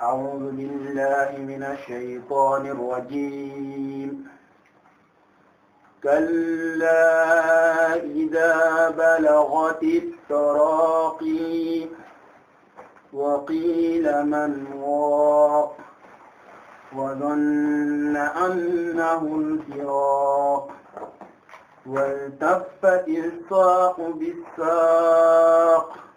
أعوذ بالله من الشيطان الرجيم كلا إذا بلغت التراقي وقيل من واق وظن أنه الفراق والتفت الساق بالساق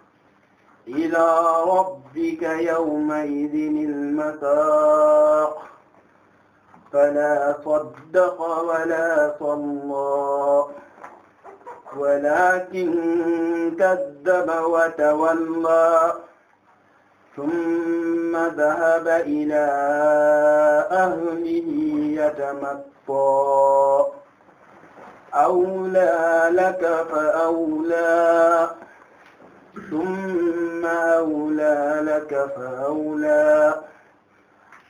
إلى ربك يومئذ المساق فلا صدق ولا صلى ولكن كذب وتولى ثم ذهب إلى أهله يتمطى أولى لك فأولى ثم أولى لك فأولى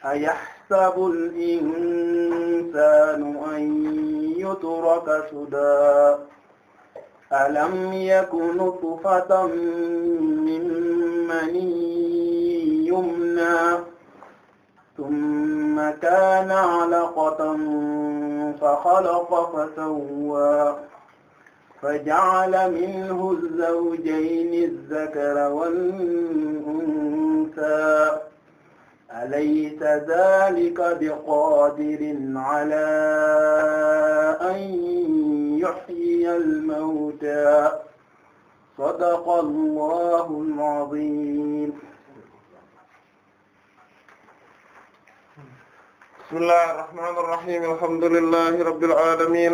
أيحسب الإنسان أن يترك سدى ألم يك نطفة من مني يمنى ثم كان علقة فخلق فسوى فجعل منه الزوجين الذكر والأنثى أليس ذلك بقادر على أن يحيي الموتى صدق الله العظيم بسم الله الرحمن الرحيم الحمد لله رب العالمين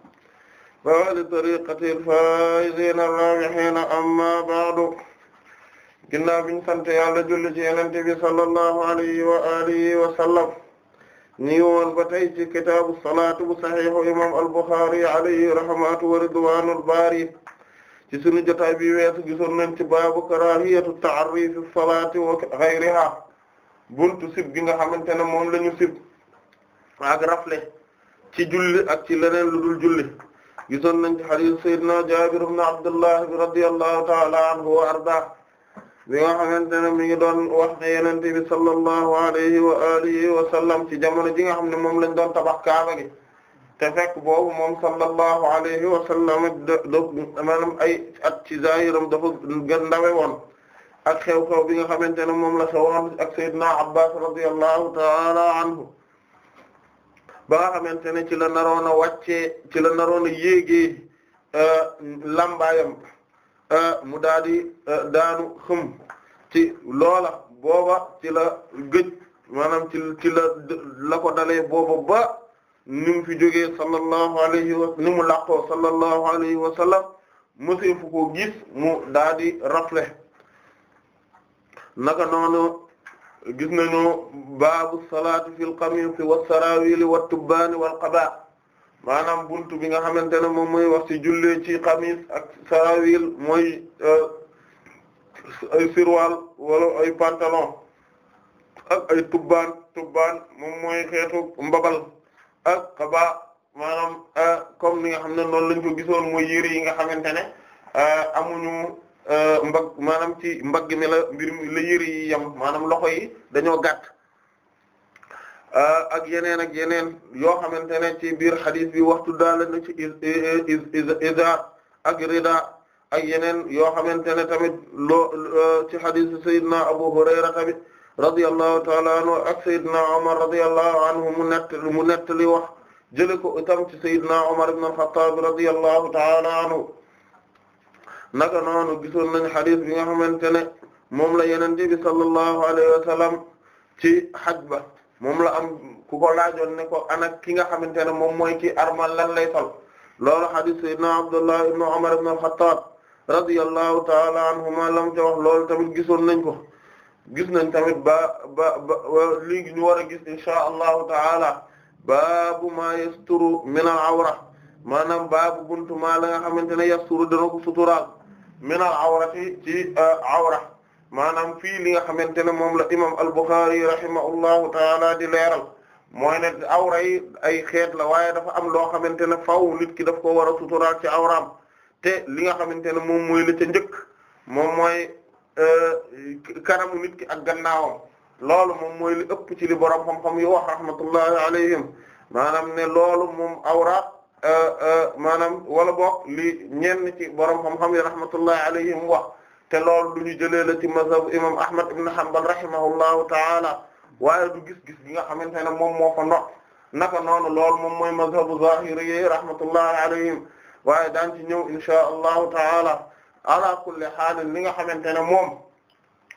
وعلى طريقة الفائزين الرابحين أما بعد ginnaaw biñ sant Yàlla julli ci Yonent bi sallallahu alayhi wa alihi wa sallam ñi woon ba tey ci kitaabu salaatu bu saxiixu imam al-Bukhari alayhi rahmatu wa ridwaanul baari ci sunu jotaay bi weesu gisoon nañ ci baabu karaahiyatu ta'arrif as-salaati wa ghayriha buntu sib gi nga xamante ne moom la ñu sib ak rafle ci julli ak ci leneen lu dul julli gisoon nañ ci hadith sayyidina Jaabir ibn Abdullah radiyallahu ta'ala anhu wa arda bi nga xamante ne mi ngi doon wax ne yenente bi sallallahu alayhi wa alihi wa sallam ci jamono ji nga xam ne moom lañ doon tabax kaaba gi te fekk boobu moom sallallahu alayhi wa sallam maanaam ay at ci zahiram dafa gën ndawe woon ak xew bi nga xamante ne moom la xewoon ak sayyidina Abbas radiyallahu ta'ala ba nga xamante ne ci la naroon a wàccee ci la naroon a yéegee euh, lambaayam euh, mu daal di euh, daanu xëm ci loola booba ci la gëj maanaam ci la la ko dalee booba ba ni mu fi jógee sallallahu alayhi ni mu laqoo sallallahu alayhi wa sallam mësee fu ko gis mu daal di rafle naka noonu gis nañu baabu salaati fil qamiisi wa saraawili wa tubbaani wal qabaa maanaam buntu bi nga xamante ne moom mooy wax ci jullee ci xamis ak sarawil mooy euh, ay sirwal wala ay pantalon ak ay tubbaan tubbaan moom mooy xeetu mbabal ak xaba maanaam euh, comme ni nga xam ne noonu lañ ko gisoon mooy yëri yi nga xamante ne euh, amuñu Euh, mbag maanaam ci mbagg mi la mbir mi la yi yam maanaam loxo yi dañoo gàtt euh, ak yeneen ak yeneen yoo xamante ne ci biir xadis bi waxtu daal na ci izar ak rida ak yeneen yoo xamante ne tamit loo euh, ci xadisu sayidna Abu Hurayra tamit radiyallahu taala anhu ak sayidna Umar radiyallahu anhu mu nett mu nettali wax jële ko itam ci sayidna Umar ibn al-Khattab radiyallahu taala naka noonu gisoon nañ xadis bi nga xamante ne moom la yenente bi sallallahu alayhi wa ci xaj ba moom la am ku ko laajoon ne ko ana ki nga xamante ne moom mooy ki armal lan lay lool loolu xadis sayyidina Abdullah ibn Umar ibn al-Khattab radiyallahu taala anhuma lam ca wax loolu tamit gisoon nañ ko gis nañ tamit ba ba ba léegi ñu war a gis inshaa allahu taala baabu maa yasturu min al awra maanaam baabu buntu maa la nga xamante ne yasturu dana ko suturaal minal awrati ci euh, awra maanaam fii li nga xamante ne moom la imam al-Bukhari rahimahullahu taala di leeral mooy ne awra yi ay xeet la waaye dafa am loo xamante ne faw nit ki daf ko war a suturaal ci awraam te li nga xamante ne moom mooy la ca njëkk moom mooy euh, kanamu nit ki ak gannaawam loolu moom mooy li ëpp ci li borom xam-xam yu wax rahmatullahi alayhim maanaam ne lool moom awra Euh, euh, maanaam wala boog li ñenn ci borom xam-xam yi rahmatullahi alayhim wax te loolu lu ñu jëlee la ci mazhab imam Ahmad ibn Hanbal rahimahullahu taala waaye du gis-gis gi nga xamante ne moom moo fa ndox naka noonu lool moom mooy mazhabu zahiri rahmatullahi alayhim waaye daan ci ñëw inshaa allahu taala ala kulli xaal li nga xamante ne moom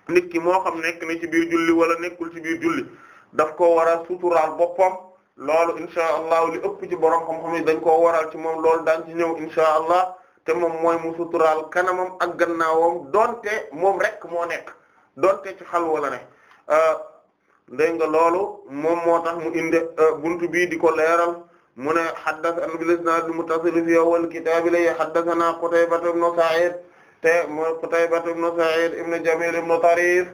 nit ki moo xam nekk na ci biir julli wala nekkul ci biir julli daf ko war a suturaal boppam loolu insha allah li ëpp ci borom xam-xam yi dañ koo waral ci moom loolu daan ci ñëw insha allah te moom mooy mu suturaal kanamam ak gannaawam donte moom rekk moo nekk donte ci xal wala ne euh, dégg nga loolu moom moo tax mu inde euh, buntu bii di ko leeral mu ne haddathana bil isnad muttasil fi awwal kitab li haddathana Qutaybah ibn Sa'id te mooy Qutaybah ibn Sa'id ibn Jamil ibn Tarif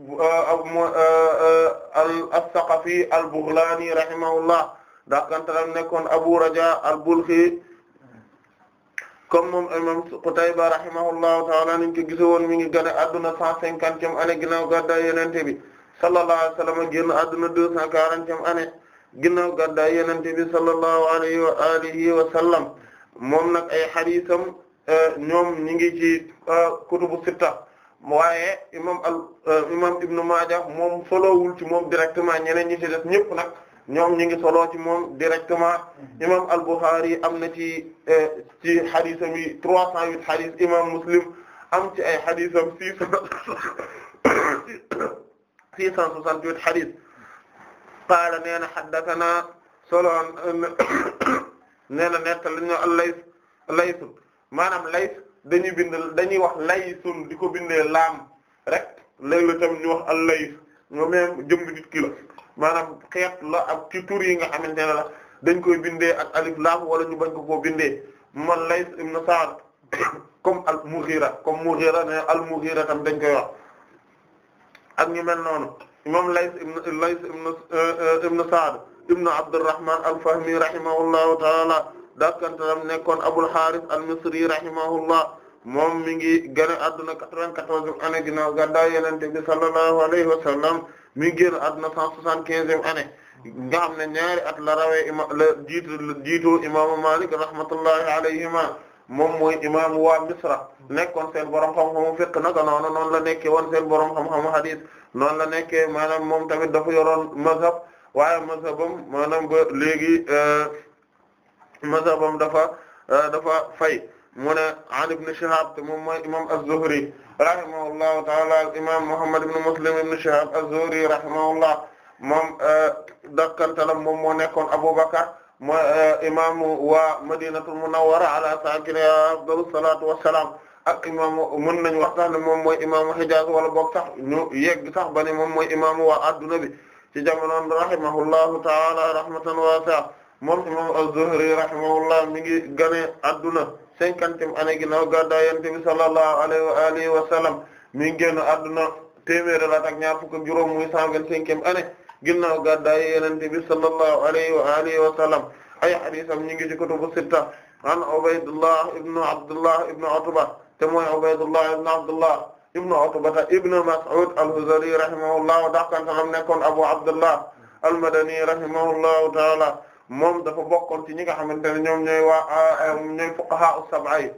Euh, euh, euh, as-Saqafi al-Baghlani rahimahullah dakantalam nekkoon Abu Raja al-Balkhi comme moom imam Qutayba rahimahullahu ta'ala niñ ko gisoon mi ngi gane adduna cent cinquantième année ginnaaw gàddaay Yonent bi sallallahu alayhi wa sallam génn adduna deux cent quarantième année ginnaaw gàddaay Yonent bi sallallahu alayhi wa alihi wa moom nag ay hadiisam ñoom ñi ngi ci kutubu sitta waaye imam al euh, imam Ibn Maaja moom solowul ci moom directement ñeneen ñi ci def ñëpp nag ñoom ñi ngi soloo ci moom directement mm-hmm. imam al Bukhari am na ci euh, ci xadisam yi trois cent huit xadis imam Muslim am ci ay xadisam six cent six cent soixante huit xadis qaala nee na xaddatanaa soloon nee na nettal lañu Layth Layth maanaam Layth dañuy bind dañuy wax laysun di ko bindee laam rek léeg-léeg ñu wax al lays ñoo même jëmb nit ki la maanaam xeet la ak ci yi nga xamante la dañ koy bindee ak alif laam wala ñu bañ ko koo bindee man lays ibn Sa'd comme al Mughira comme Mughira ne al Mughira tam dañ koy wax ak ñu mel noonu moom lays ibn lays ibn euh, euh, ibn Sa'd ibn Abdurrahman al-Fahmi rahimahullahu ta'ala dakkantalam nekkoon Abul Harith al-Misri rahimahullah moom mi ngi gën a adduna 94e année ginnaaw gàddaay Yonent bi sallallahu alayhi wa sallam mi ngi génn adduna 175e année nga xam ne ñaari at la rawee ima la jiitu jiitu imaamu Maalik rahmatullahi alayhima moom mooy imaamu waa Misra nekkoon seen borom xam-xamu fiqh naka noonu noonu la nekkee woon seen borom xam-xamu hadith noonu la nekkee maanaam moom tamit dafa yoroon mazhab waaye mazhabam maanaam ba léegi euh, mazhabam dafa euh, dafa fay. mu ne an ibn Shihab te moom mooy imam az-Zuhri rahimahullahu taala imam Muhammad ibn Muslim ibn Shihab az-Zuhri rahimahullah moom euh, dakkantalam moom moo nekkoon Abubakar mooy euh, imaamu waa Madinatul Munawwara ala saakinihaa afdalu salaatu wa salaam ak imaamu mën nañu wax sax ne moom mooy imaamu Hijaaz wala boog sax ñu yegg sax ba ne moom mooy imaamu waa adduna bi ci jamonoon rahimahullahu taala rahmatan waasi'a moom imaamu az-Zuhri rahimahullah mi ngi gane adduna. cinquantième année ginnaaw gàddaay Yonent bi sallallahu alayhi wa alihi wa sallam mi ngi génn adduna téeméer la ak ñaar fukk ak juróom muy cent vingt-cinquième année ginnaaw gàddaay Yonent bi sallallahu alayhi wa alihi wa sallam ay hadiisam ñu ngi ci kutubu sitta an Ubaydullah ibn Abdullah ibn Ubaydullah ibn Abdullah ibn Utba ibn Mas'ud al-Huzali rahimahullahu daqan salam nekkoon Abu Abdullah al-Madani rahimahullahu ta'ala moom dafa bokkoon ci ñi nga xamante ne ñoom ñooy waa euh, euh, ñooy fuqaha as-sab'a yi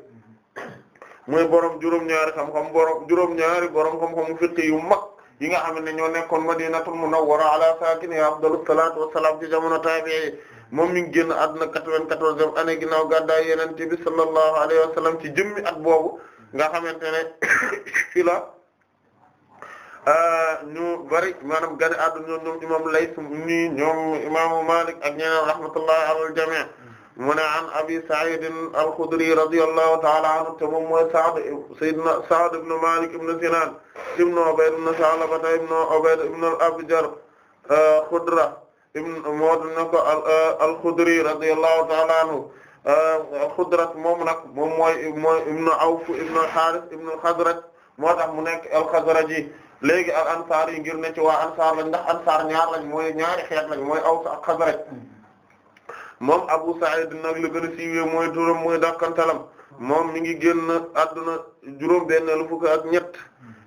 mooy borom juróom-ñaari xam-xam borom juróom-ñaari borom xam-xamu fiqh yu mag yi nga xam ne ñoo nekkoon ma mu munawwara ala saakinihaa afdalus salaatu wassalaam ci jamono taabi'i moom mi ngi génn àdduna 94e année ginnaaw gàddaay Yonent bi sallallahu alayhi wa sallam ci jëmmi at boobu nga xamante ne fi ñu bari maanaam gane adduna ñoom imam Layth ni ñoom imaamu Malik ak ñeneen rahmatullahi alal jami' mu ne an Abi Sa'id al-Khudri radiyallahu ta'ala anhu te moom mooy Sa'd sayyidina Sa'd ibn Malik ibn Sinan ibn Ubayd ibn Sa'laba ibn Ubayd ibn al-Abjar Khudra ibn moo dina ko al-Khudri radiyallahu ta'ala anhu Khudrat moom nag moom mooy mooy ibn Awf ibn al-Harith ibn al-Khazraj moo tax mu nekk al-Khazraji léegi al ansaar yi ngir ne ci waa ansaar lañ ndax ñaar lañ mooy ñaari xeet lañ mooy aw ak xasraj moom Abu Sa'id nag la gën a siiwee mooy turam mooy dakkantalam moom mi ngi génn adduna juróom benneelu fukk ak ñett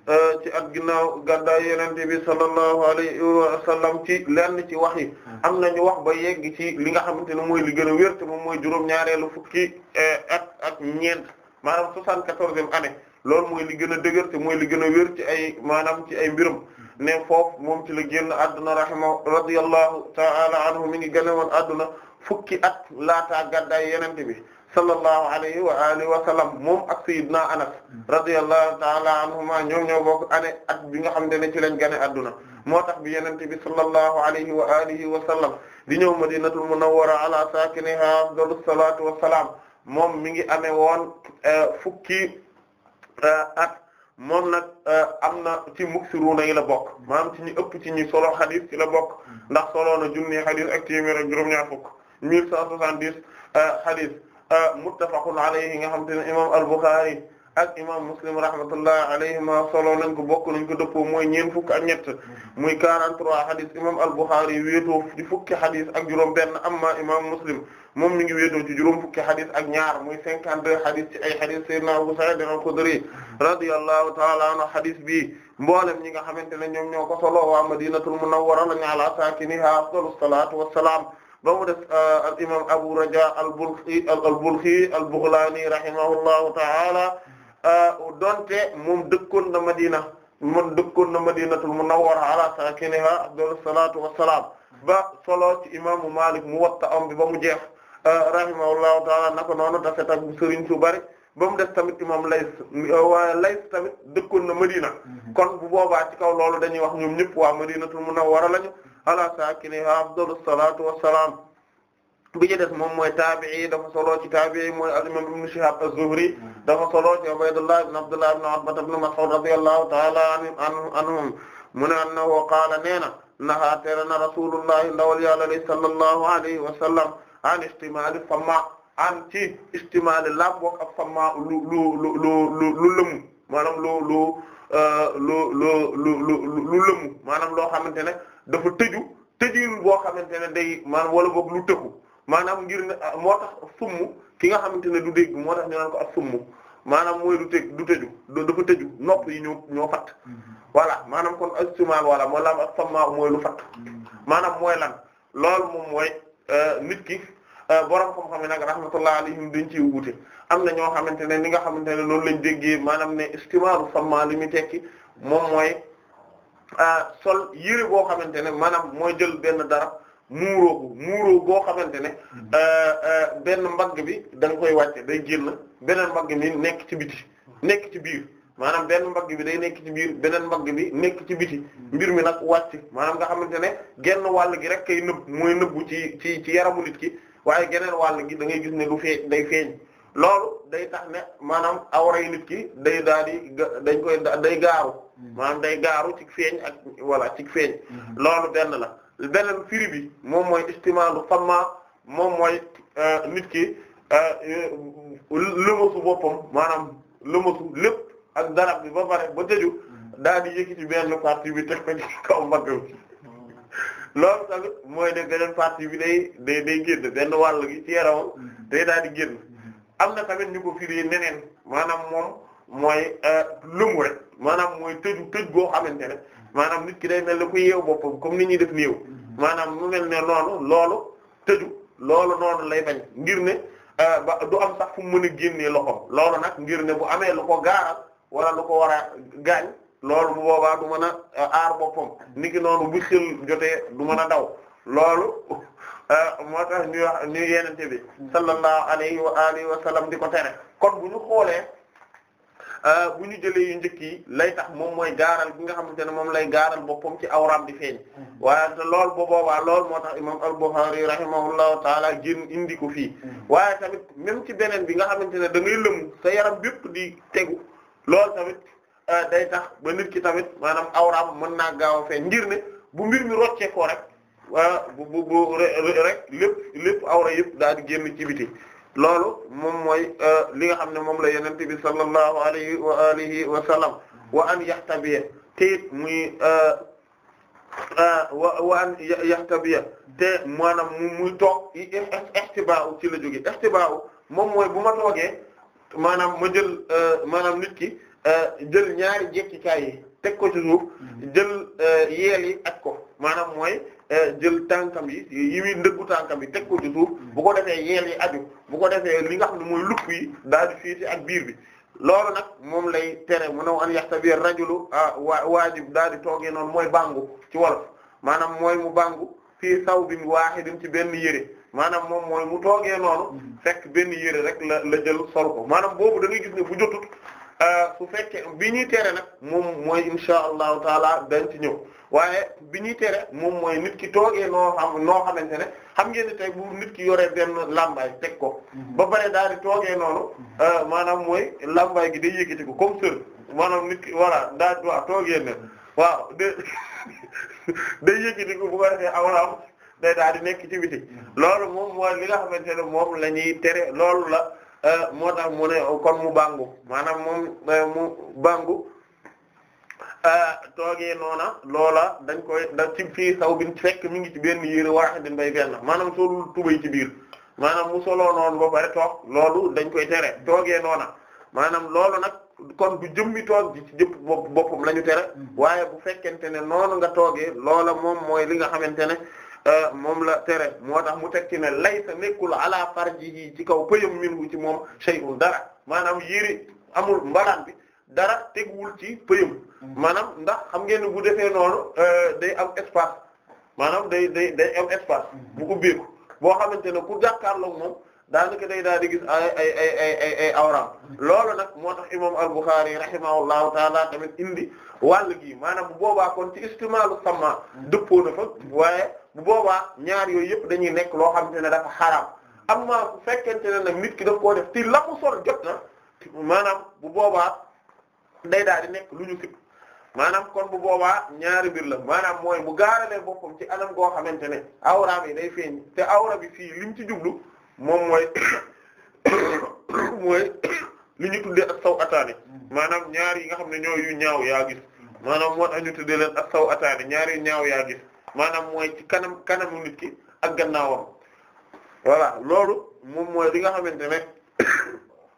euh, ci at ginnaaw gàddaay yenente bi sallallahu alayhi wa ci ci lenn ci wax yi am nañu wax ba yegg ci li nga xamante ne mooy li gën a wér te moom mooy juróom ñaareelu fukki euh, at ak ñeent maanaam soixante-quatorzième loolu mooy li gën a dëgër te mooy li gën a wér ci ay maanaam ci ay mbirum ne foofu moom ci la génn adduna rahima radiyallahu ta'ala anhu mi ngi gane woon adduna fukki at laataa gaddaay yenente bi sallallahu alayhi wa alihi wa sallam moom ak sayyidna anas radiyallahu ta'ala anhuma ñoom ñoo bokk année at bi nga xamante ne ci lañ gane adduna moo tax bi yenente bi sallallahu alayhi wa alihi wa sallam di ñëw madinatul munawwara ala saakiniha afdalus salatu wassalaam moom mi ngi amee woon eh, fukki Euh, at moom nag euh, am na ci muksiruna yi la bokk maanaam ci ñu ëpp ci ñu solo xadis ci la bokk ndax solo na junni xadis ak téeméer ak juróom-ñaar fukk mille cent soixante-dix euh, xadis muttafaqun alayhi nga xam te ne imam al-Bukhari ak imam Muslim rahmatullah alayhima solo lañ ko bokk nañ ko dëppoo mooy ñeen fukk ak ñett muy 43 hadith imam al-Bukhari wéetoo ci fukki hadith ak juróom benn amma imam Muslim moom mi ngi wéetoo ci juróom fukki hadith ak ñaar muy 52 hadith ci ay hadith sayyidina Abu Sa'id al-Khudri radiyallahu ta'ala anhu hadith bi mboolem ñi nga xamante a ñoom ñoo ko solo waa Madinatul Munawwara lañu ala sakiniha afdalus salatu wassalam ba mu def euh, al imam Abu Raja al-Balkhi al-Balkhi al-Baghlani rahimahullahu donte moom dëkkoon na Madina moom dëkkoon na Madinatul Munawwara ala saakiniha afdalu salaatu salaam ba solo ci imaamu Maalik Muwatta am bi ba mu jeex rahimahullahu taala naka noonu ta tag sëriñ su bari ba mu des tamit imam Lays waa Lays tamit dëkkoon na Madina mhm. kon bu boobaa ci loolu dañuy wax ñoom ñëpp waa Madinatul Munawwara lañu ala saakiniha afdalu salaatu wassalaam bi ci des moom mooy taabi'i dafa solo ci taabi'i mooy al-imam ibn Shihab az-Zuhri dafa solo ci Ubaydullah ibn Abdullah ibn Utba ibn Mas'ud radiyallahu ta'ala anhu anhum mu ne annahu na nahaa tere na rasulullahi ndawal yàlla li sallallahu alayhi wa sallam an istimaali famma an ci istimaali làmboog ak famma lu lu lu lu lu lëmu maanaam lu lu euh, lu lu lu lu maanaam loo xamante ne dafa tëju tëjiin boo xamante ne day maanaam wala boog lu tëku maanaam ngir ne ah, moo tax summ ki nga xamante ne du dégg moo tax ñu naan ko ak summ maanaam mooy du tëj du tëju dafa tëju nopp yi ñoo ñoo fatt mm-hmm. voilà maanaam kon ak sumaal wala moo la am ak samma mooy mm-hmm. maanaam mooy lan loolu moom mooy euh, nit ki euh, borom xam-xam yi nag rahmatullah alayhim dañ ciy wuute am na ñoo xamante ne li nga xamante ne loolu lañ déggee maanaam ne istimaalu samma li muy tekki moom mooy euh, sol yére boo xamante ne maanaam mooy jël benn dara muuroogu muuroo boo xamante ne mm-hmm. euh, euh, benn mbagg bi da koy wàcce day génn beneen mbagg bi nekk ci biti nekk ci biir maanaam benn mbagg bi day nekk ci biir beneen mbagg bi nekk ci biti mm-hmm. mbir mi nag wàcc maanaam nga xamante ne genn wàll gi rek kay nëbb mooy nëbbu ci ci ci yaramu nit ki waaye geneen wàll gi da ngay gis ne du fee day feeñ loolu day tax ne maanaam awray nit ki day daal di dañ koy day gaaru mm-hmm. maanaam day gaaru ci feeñ ak walla ci feeñ loolu benn la beneen firi bi moom mooy istimaalu fama moom mooy euh, nit ki euh, lëmasu boppam maanaam lëmasu lépp ak darab bi ba pare ba tëju daal di yëkkati benn partie bi teg ko ci kaw mbagg bi loolu tamit mooy ne beneen partie bi day day day génn benn wàll gi ci yaramam day daal di génn am na tamit ni ko firi neneen maanaam moom mooy euh, lëmu rek maanaam mooy téj tëj boo xamante ne maanaam nit ki day mel ne ku yeew boppam comme ni ñuy def néew maanaam mu mel ne noonu loolu tëju loolu noonu lay bañ ngir ne euh, du am sax fu mu mën a génnee loxo loolu nag ngir ne bu amee lu ko gaaral wala lu ko war a gaañ loolu bu boobaa du mën a euh, aar boppam niki noonu bu xel jotee du mën daw loolu euh, moo tax ñuy wax ñuy bi sallallahu alayhi wa alihi wa sallam di ko tere kon bu ñu xoolee Euh, bu ñu jëlee yu njëkk yi lay tax moom mooy gaaral bi nga xamante ne moom lay gaaral boppam ci awram di feeñ mm-hmm. waaye te lool boo boobaa lool moo tax imam al-Bukhari rahimahullahu taala génn indi ko fii mm-hmm. waaye tamit même ci beneen bi nga xamante ne da ngay lëmu sa yaram bépp di tegu lool tamit euh, day tax ba nit ki tamit maanaam awram mën naa gaaw a feeñ ngir ne bu mbir mi roccee ko rek euh, bu bu lépp lépp awra yëpp daal di génn ci biti loolu moom mooy euh, li nga xam ne moom la yonent bi sallallahu alayhi wa alihi wa sallam wa an yahtabiya te it muy euh, euh, wa wa an yahtabiya te maanaam mu muy toog ihtibaa ci la jóge ihtibaa moom mooy bu ma toogee maanaam ma jël maanaam ki jël ñaari jekkikaay yi teg ko ci mm-hmm. jël yeel yi ak ko maanaam mooy Eh, jël tànkam yi yi muy ndëggu tànkam yi teg ko ci bu ko defee yeel yi aju bu ko defee li nga xam ne mooy lupp yi daal di fiiti ak biir bi loolu nag moom lay tere mu naw an yaxtabi rajulu ah, wa waajib daal di toogee noonu mooy bangu ci wolof maanaam mooy mu bàngu fii sawbin waahidin ci benn yére maanaam moom mooy mu toogee noonu mm-hmm. fekk benn yére rek la la jël sol ko maanaam boobu da ngay gis ne bu jotut su euh, fekkee bi ñuy tere nag moom mooy insha allahu taala dañ ci ñëw waaye bi ñuy tere moom mooy nit ki toogee noo noo xamante ne xam ngeen ne tey bu nit ki yoree benn làmbaay teg ko mhm. ba pare daal di toogee noonu mhm. euh, maanaam mooy làmbaay gi day yëkkati ko comme sër maanaam nit ki voilà daa waaw toogee ne waaw day yëkkati ko bu ko defee di nekk ci biti mhm. loolu moom mooy li nga xamante ne moom la tere loolu la Euh, moo tax mu ne kon mu bangu maanaam moom euh, mu bàngu euh, toogee noona loola dañ koy da ci fii saw bin fekk mi ngi ci benn yére waaxidin bay fenn maanaam solul tubay ci biir maanaam mu solo noonu ba pare toog loolu dañ koy tere toogee noona maanaam loolu nag kon du mi toog ji ci jëpp boppam la tere mm-hmm. waaye bu fekkente ne noonu nga toogee loola moom mooy li nga xamante ne Euh, moom la tere moo tax mu teg ci ne laysa nekkul ala farjihi ci kaw pëyam minhu ci moom shay'un dara maanaam yiri amul mbalaan bi dara teguwul ci pëyam mm-hmm. maanaam ndax xam ngeen ne bu defee noonu euh, day am espace maanaam day day day am espace mm-hmm. bu ubbeeku boo xamante ne ku jàkkaarloog moom daanaka day daal di gis ay ay ay ay ay awram loolu nag moo tax imam al-Bukhari rahimahullahu taala tamit indi wàll gi maanaam bu boobaa kon ci istimaalu sama dëppoo na fa waaye bu boobaa ñaar yooyu yëpp dañuy nekk loo xamante ne dafa xaraam amma bu fekkente ne nag nit ki daf ko def ti la ko sol jot na maanaam bu boobaa day daal di nekk lu ñu sib maanaam kon bu boobaa ñaari mbir la maanaam mooy bu gaaralee boppam ci anam goo xamante ne awraam yi day feeñ te awra bi fii lim ci jublu moom mooy mooy li ñu tuddee ak saw ataani maanaam ñaar yi nga xam ne ñoo yu ñaaw yaa gis maanaam moo a ñu tuddee leen a saw ataani ñaar ñaaw yaa gis maanaam mooy ci kanam kanamu nit ki ak gannaawam voilà loolu moom mooy li nga xamante ne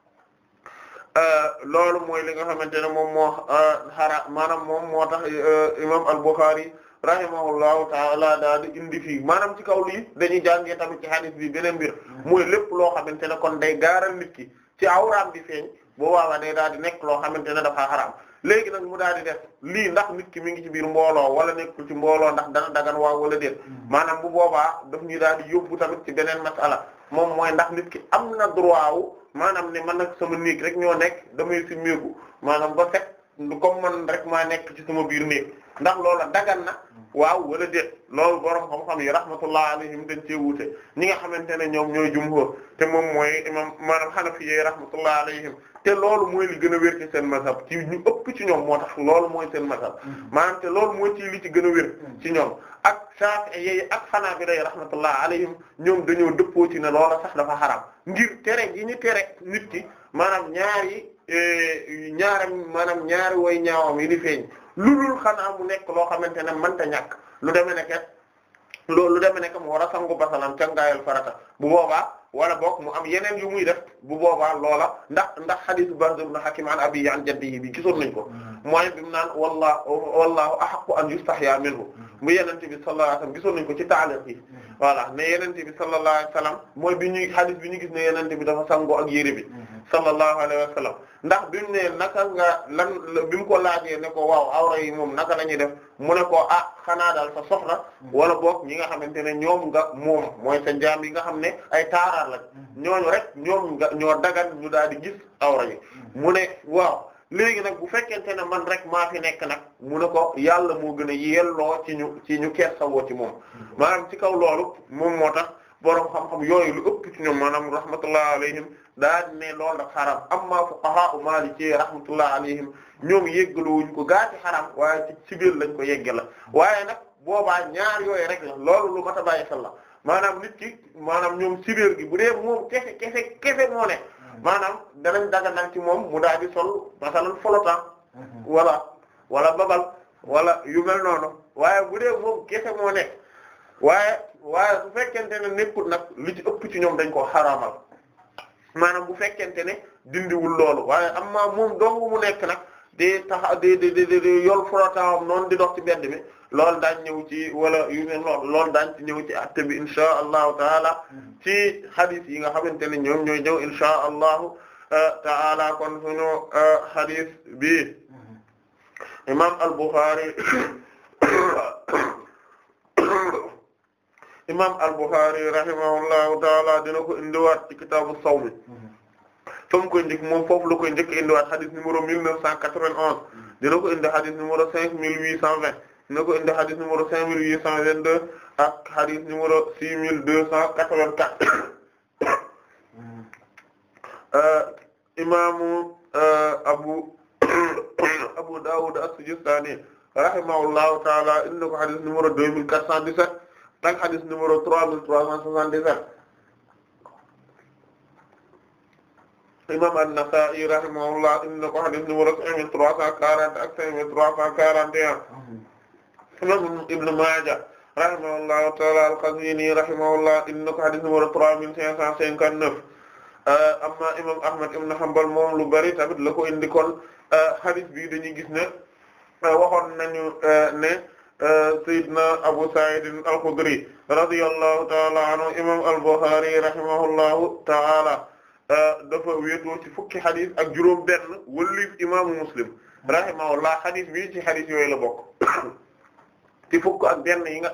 euh, loolu mooy li nga xamante ne moom moo euh, xara maanaam moom moo tax euh, imam al-Bukhari rahimahullahu taala daal di indi fii maanaam ci kaw lii dañuy jàngee tamit ci hadith bi beneen mbir mooy lépp loo xamante ne kon day gaaral nit ki ci awraam bi feeñ boo waawaa day daal di nekk loo xamante ne dafaa xaraam léegi nag mu daal di def lii ndax nit ki mi ngi ci biir mbooloo wala nekkul ci mbooloo ndax dana dagan waaw wala déet maanaam bu boobaa daf ñuy daal di yóbbu tamit ci beneen masala moom mooy ndax nit ki am na droit wu maanaam ne man nag sama néeg rek ñoo nekk damay simmeeku maanaam ba fekk comme man rek maa nekk ci sama biir néeg ndax loola dagan na mm. waaw wala déet loolu borom xam-xam yi rahmatullah alayhim dañ cee wuute ñi nga xamante ne ñoom ñooy jumhur te moom mooy imam maanaam xanafi yi rahmatullah alayhim te loolu mooy li gën a wér ci seen mazhab ci ñu ëpp ci ñoom moo tax loolu mooy seen mazhab mm. maanaam te loolu mooy ci li ci gën a wér mm. ci ñoom ak Shafi'i yi ak Hanabila yi rahmatullah alayhim ñoom dañoo dëppoo ci ne loola sax dafa xaram ngir tere gi ñu tere nit ki maanaam ñaari eh, ñaaram maanaam ñaari way ñaawam yi di feeñ lu dul xanaa mu nekk loo xamante ne mënta ñàkk lu demee ne kat loolu lu demee ne que mu war a sangu basalam cangaayal farata bu boobaa wala boog mu am yeneen yu muy def bu boobaa loola ndax ndax xadiisu Barz ibn Hakim an abiihi an jaddihi bi gisoon nañ ko mm-hmm. mooy bi mu naan o wallaahu ahaqqu an yustahyaa minhu mm-hmm. mu Yonent bi sallallahu alayhi wasallam gisoon nañ ko ci taaliq yi mm-hmm. voilà ne yeneen bi sallallahu alayhi mooy bi ñuy xadiis bi ñu gis ne Yonent bi dafa sango ak yére bi sallallahu alayhi wasallam ndax bi mu ne naka nga lan bi mu ko laajee ne ko waaw awra yi moom naka la ñuy def mu ne ko ah xanaa daal sa soxna mm. wala boog ñi nga xamante ne ñoom nga moom mooy sa njaam yi nga xam ne ay taaraar la mm. ñooñu rek ñoom nga ñoo dagan ñu daal di gis awra yi mm. mu ne waaw léegi nag bu fekkente ne man rek maa fi nekk nag mu ne ko yàlla moo gën a yelloo ci ñu ci ñu kees sa woo ci moom maanaam ci kaw loolu moom moo tax boroom xam-xam yooyu lu ëpp ci ñoom maanaam rahmatullah alayhim daa ne loolu daf xaram amma fuqaha maliki rahmatullah alayhim ñoom yéggalowuñ ko gaa ci xaram waaye ci cibir lañ ko yegge la waaye nag boobaa ñaar yooyu rek la loolu lu mat a la maanaam nit ki maanaam ñoom cibir gi bu dee moom kese kese kese moo ne maanaam danañ daganal ci moom mu daal di sol masalan flottant mhm. wala wala babal wala yu mel noonu waaye bu dee moom kese moo nekk waaye waaye su fekkente ne nekkul nag li ci ëpp ci ñoom dañ koo xaraamal maanaam bu fekkente ne dindiwul loolu waaye amma moom dong mu nekk nag di tax di di di di yor frottaam ci mbedd mi loolu daañ ñëw ci wala yu mel noonu loolu daañ ci ñëw ci acte bi inshaa allahu taala ci hadith yi nga xamante ne ñoom ñooy ñëw inshaa allahu uh, taala kon suñu uh, hadith bi mm-hmm. imam al-Bukhari imam al-Bukhari rahimahullahu taala dina ko indiwaat ci kitaabu sawmi fa mu koy njëkk moom foofu la koy njëkk indiwaat hadith numéro 1991 dina ko indi hadith numéro 5820 dina ko indi hadith numéro 5822 ak hadith numéro 6284 euh, imaamu euh, abu Dawud as-Sijistani rahimahullahu taala indi na ko hadith numéro 2417 ak xadis numéro trois mille trois cent soixante sept imam an rahimahullah indi na numéro trois cent quarante ak imam Ibn Maaja rahimahullahu ta'ala al rahimahullah indi na numéro trois mille cinq cent cinquante-neuf euh, amma imam Ahmad ibn Hanbal moom lu bari tamit la ko indi kon euh, bi dañuy gis ne euh, waxoon nañu ne Euh, Seydina Abu Sa'id al-Khudri radiyallahu ta'ala imam al-Bukhari rahimahullahu ta'ala euh, dafa wéetoo ci fukki xadis ak juróom benn wëlif imaamu Muslim rahimahullah xadis bii ci xadis yooyu la bokk ci fukk ak benn yi nga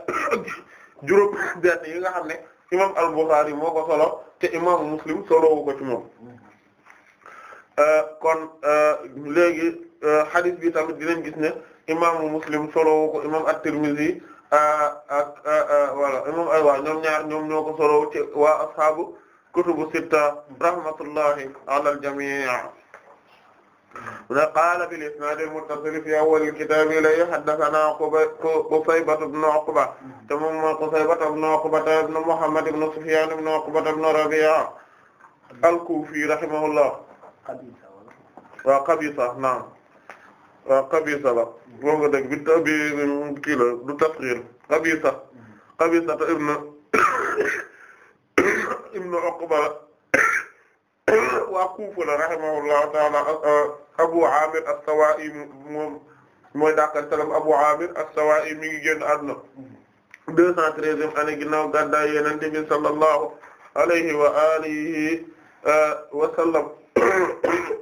juróom benn yi nga xam ne imam al-Bukhari moo ko solo te imaamu Muslim soloowu ko ci moom euh, kon léegi xadis bi tamit dinañ gis ne imaamu muslim solo ko imaam at-Tirmidhi ak voilà imaam aywa ñoom ñaar ñoom ñoo ko solo ci waa ashaabu kutubu sitta rahmatullahi ala al-jamii' qaala bil isnaad al-muttasil fi awwal al-kitaab ilayhi haddathanaa Qutaybatu ibn Uqba te moom mooy Qutaybatu ibn Uqba ibn Muhammad ibn Sufyaan ibn Uqba ibn Rabi'a al-Kuufi rahimahullah. Qabisa waaw Qabisa naam. xabisa la boo nga dégg bi ta bi kii la du tasxiir xabisa xabisa ta ibnu ibnu Uqba waa Kuufa la rahimahullahu taala euh, Abu Amir as-Sawa'i moom mooy dàkkal salam Abu Amir as-Sawa'i mi ngi génn àdduna deux cent treizième année ginnaaw gàddaay Yonent bi sallallahu alayhi wa alihi euh, wa sallam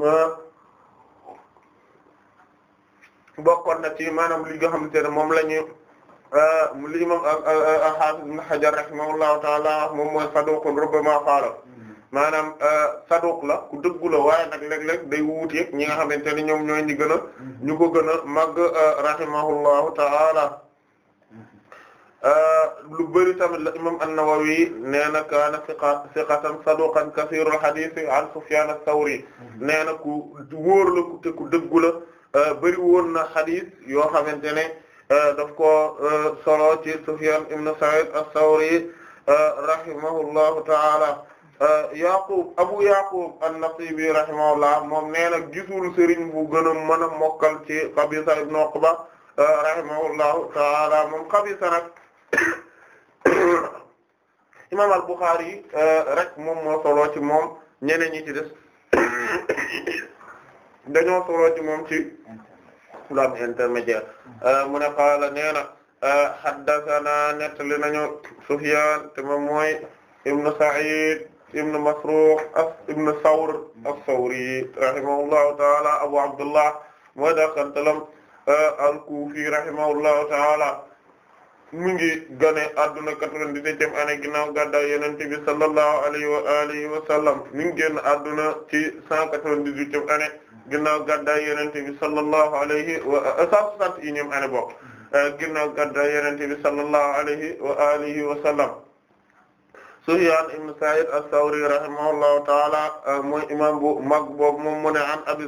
ma bokkoon na ci maanaam li nga xamante ne moom la ñu ah, li imam al-Hafiz ibn Hajar rahimahullahu ta'ala moom mooy saduqun rubbama xaala maanaam ah, saduq la ku dëggu la waaye nag léeg-léeg day wuuteeg ñi nga xamante ne ñoom ñooy ñi gën a mm-hmm. ñu ko gën a màgg ah, rahimahullahu ta'ala Euh, lu bëri tamit la imam an-Nawawi nee na kaana siqa siqatan saduqan kasiirul hadiis an Sufyaan ath-Thawri nee na ku wóor la ku te ku dëggu la euh, bëri woon na xadis yoo xamante ne euh, daf ko solo ci Sufyaan ibn Sa'iid ath-Thawri rahimahullahu ta'ala Yaqub Abu Yaqub an-Naqibi rahimahullah moom nee na gisul sëriñ bu gën a mën a mokkal ci Qabisa ibn Uqba rahimahullahu ta'ala moom Qabisa nag imaam al-Bukhari yi euh, rek moom moo solo ci moom ñeneen ñi ci des dañoo solo ci moom ci lu am intermédiaire euh, mu ne qaala nee na euh, haddathana nettali nañu Sufyan te moom mooy ibnu Sa'id ibnu Masruq ak ibnu Sawr as-Sawri rahimahullahu ta'ala Abu Abdullah mooy dakantalam al-Kufi rahimahullahu ta'ala mu ngi gane adduna quatre-vingt-dix-septième année ginnaaw gàddaay yonent bi sallallahu alayhi wa alihi wa sallam mi ngi génn adduna ci cent quatre-vingt-dix-huitième année ginnaaw gàddaay yonent bi sallallahu alayhi wa cent soixante-unième année bokk euh, ginnaaw gàddaay yonent bi sallallahu alayhi wa alihi wa sallam Sufyaan ibn Sa'iid as-Sawri rahimahullahu ta'ala euh, mooy imam bu mag boobu an Abi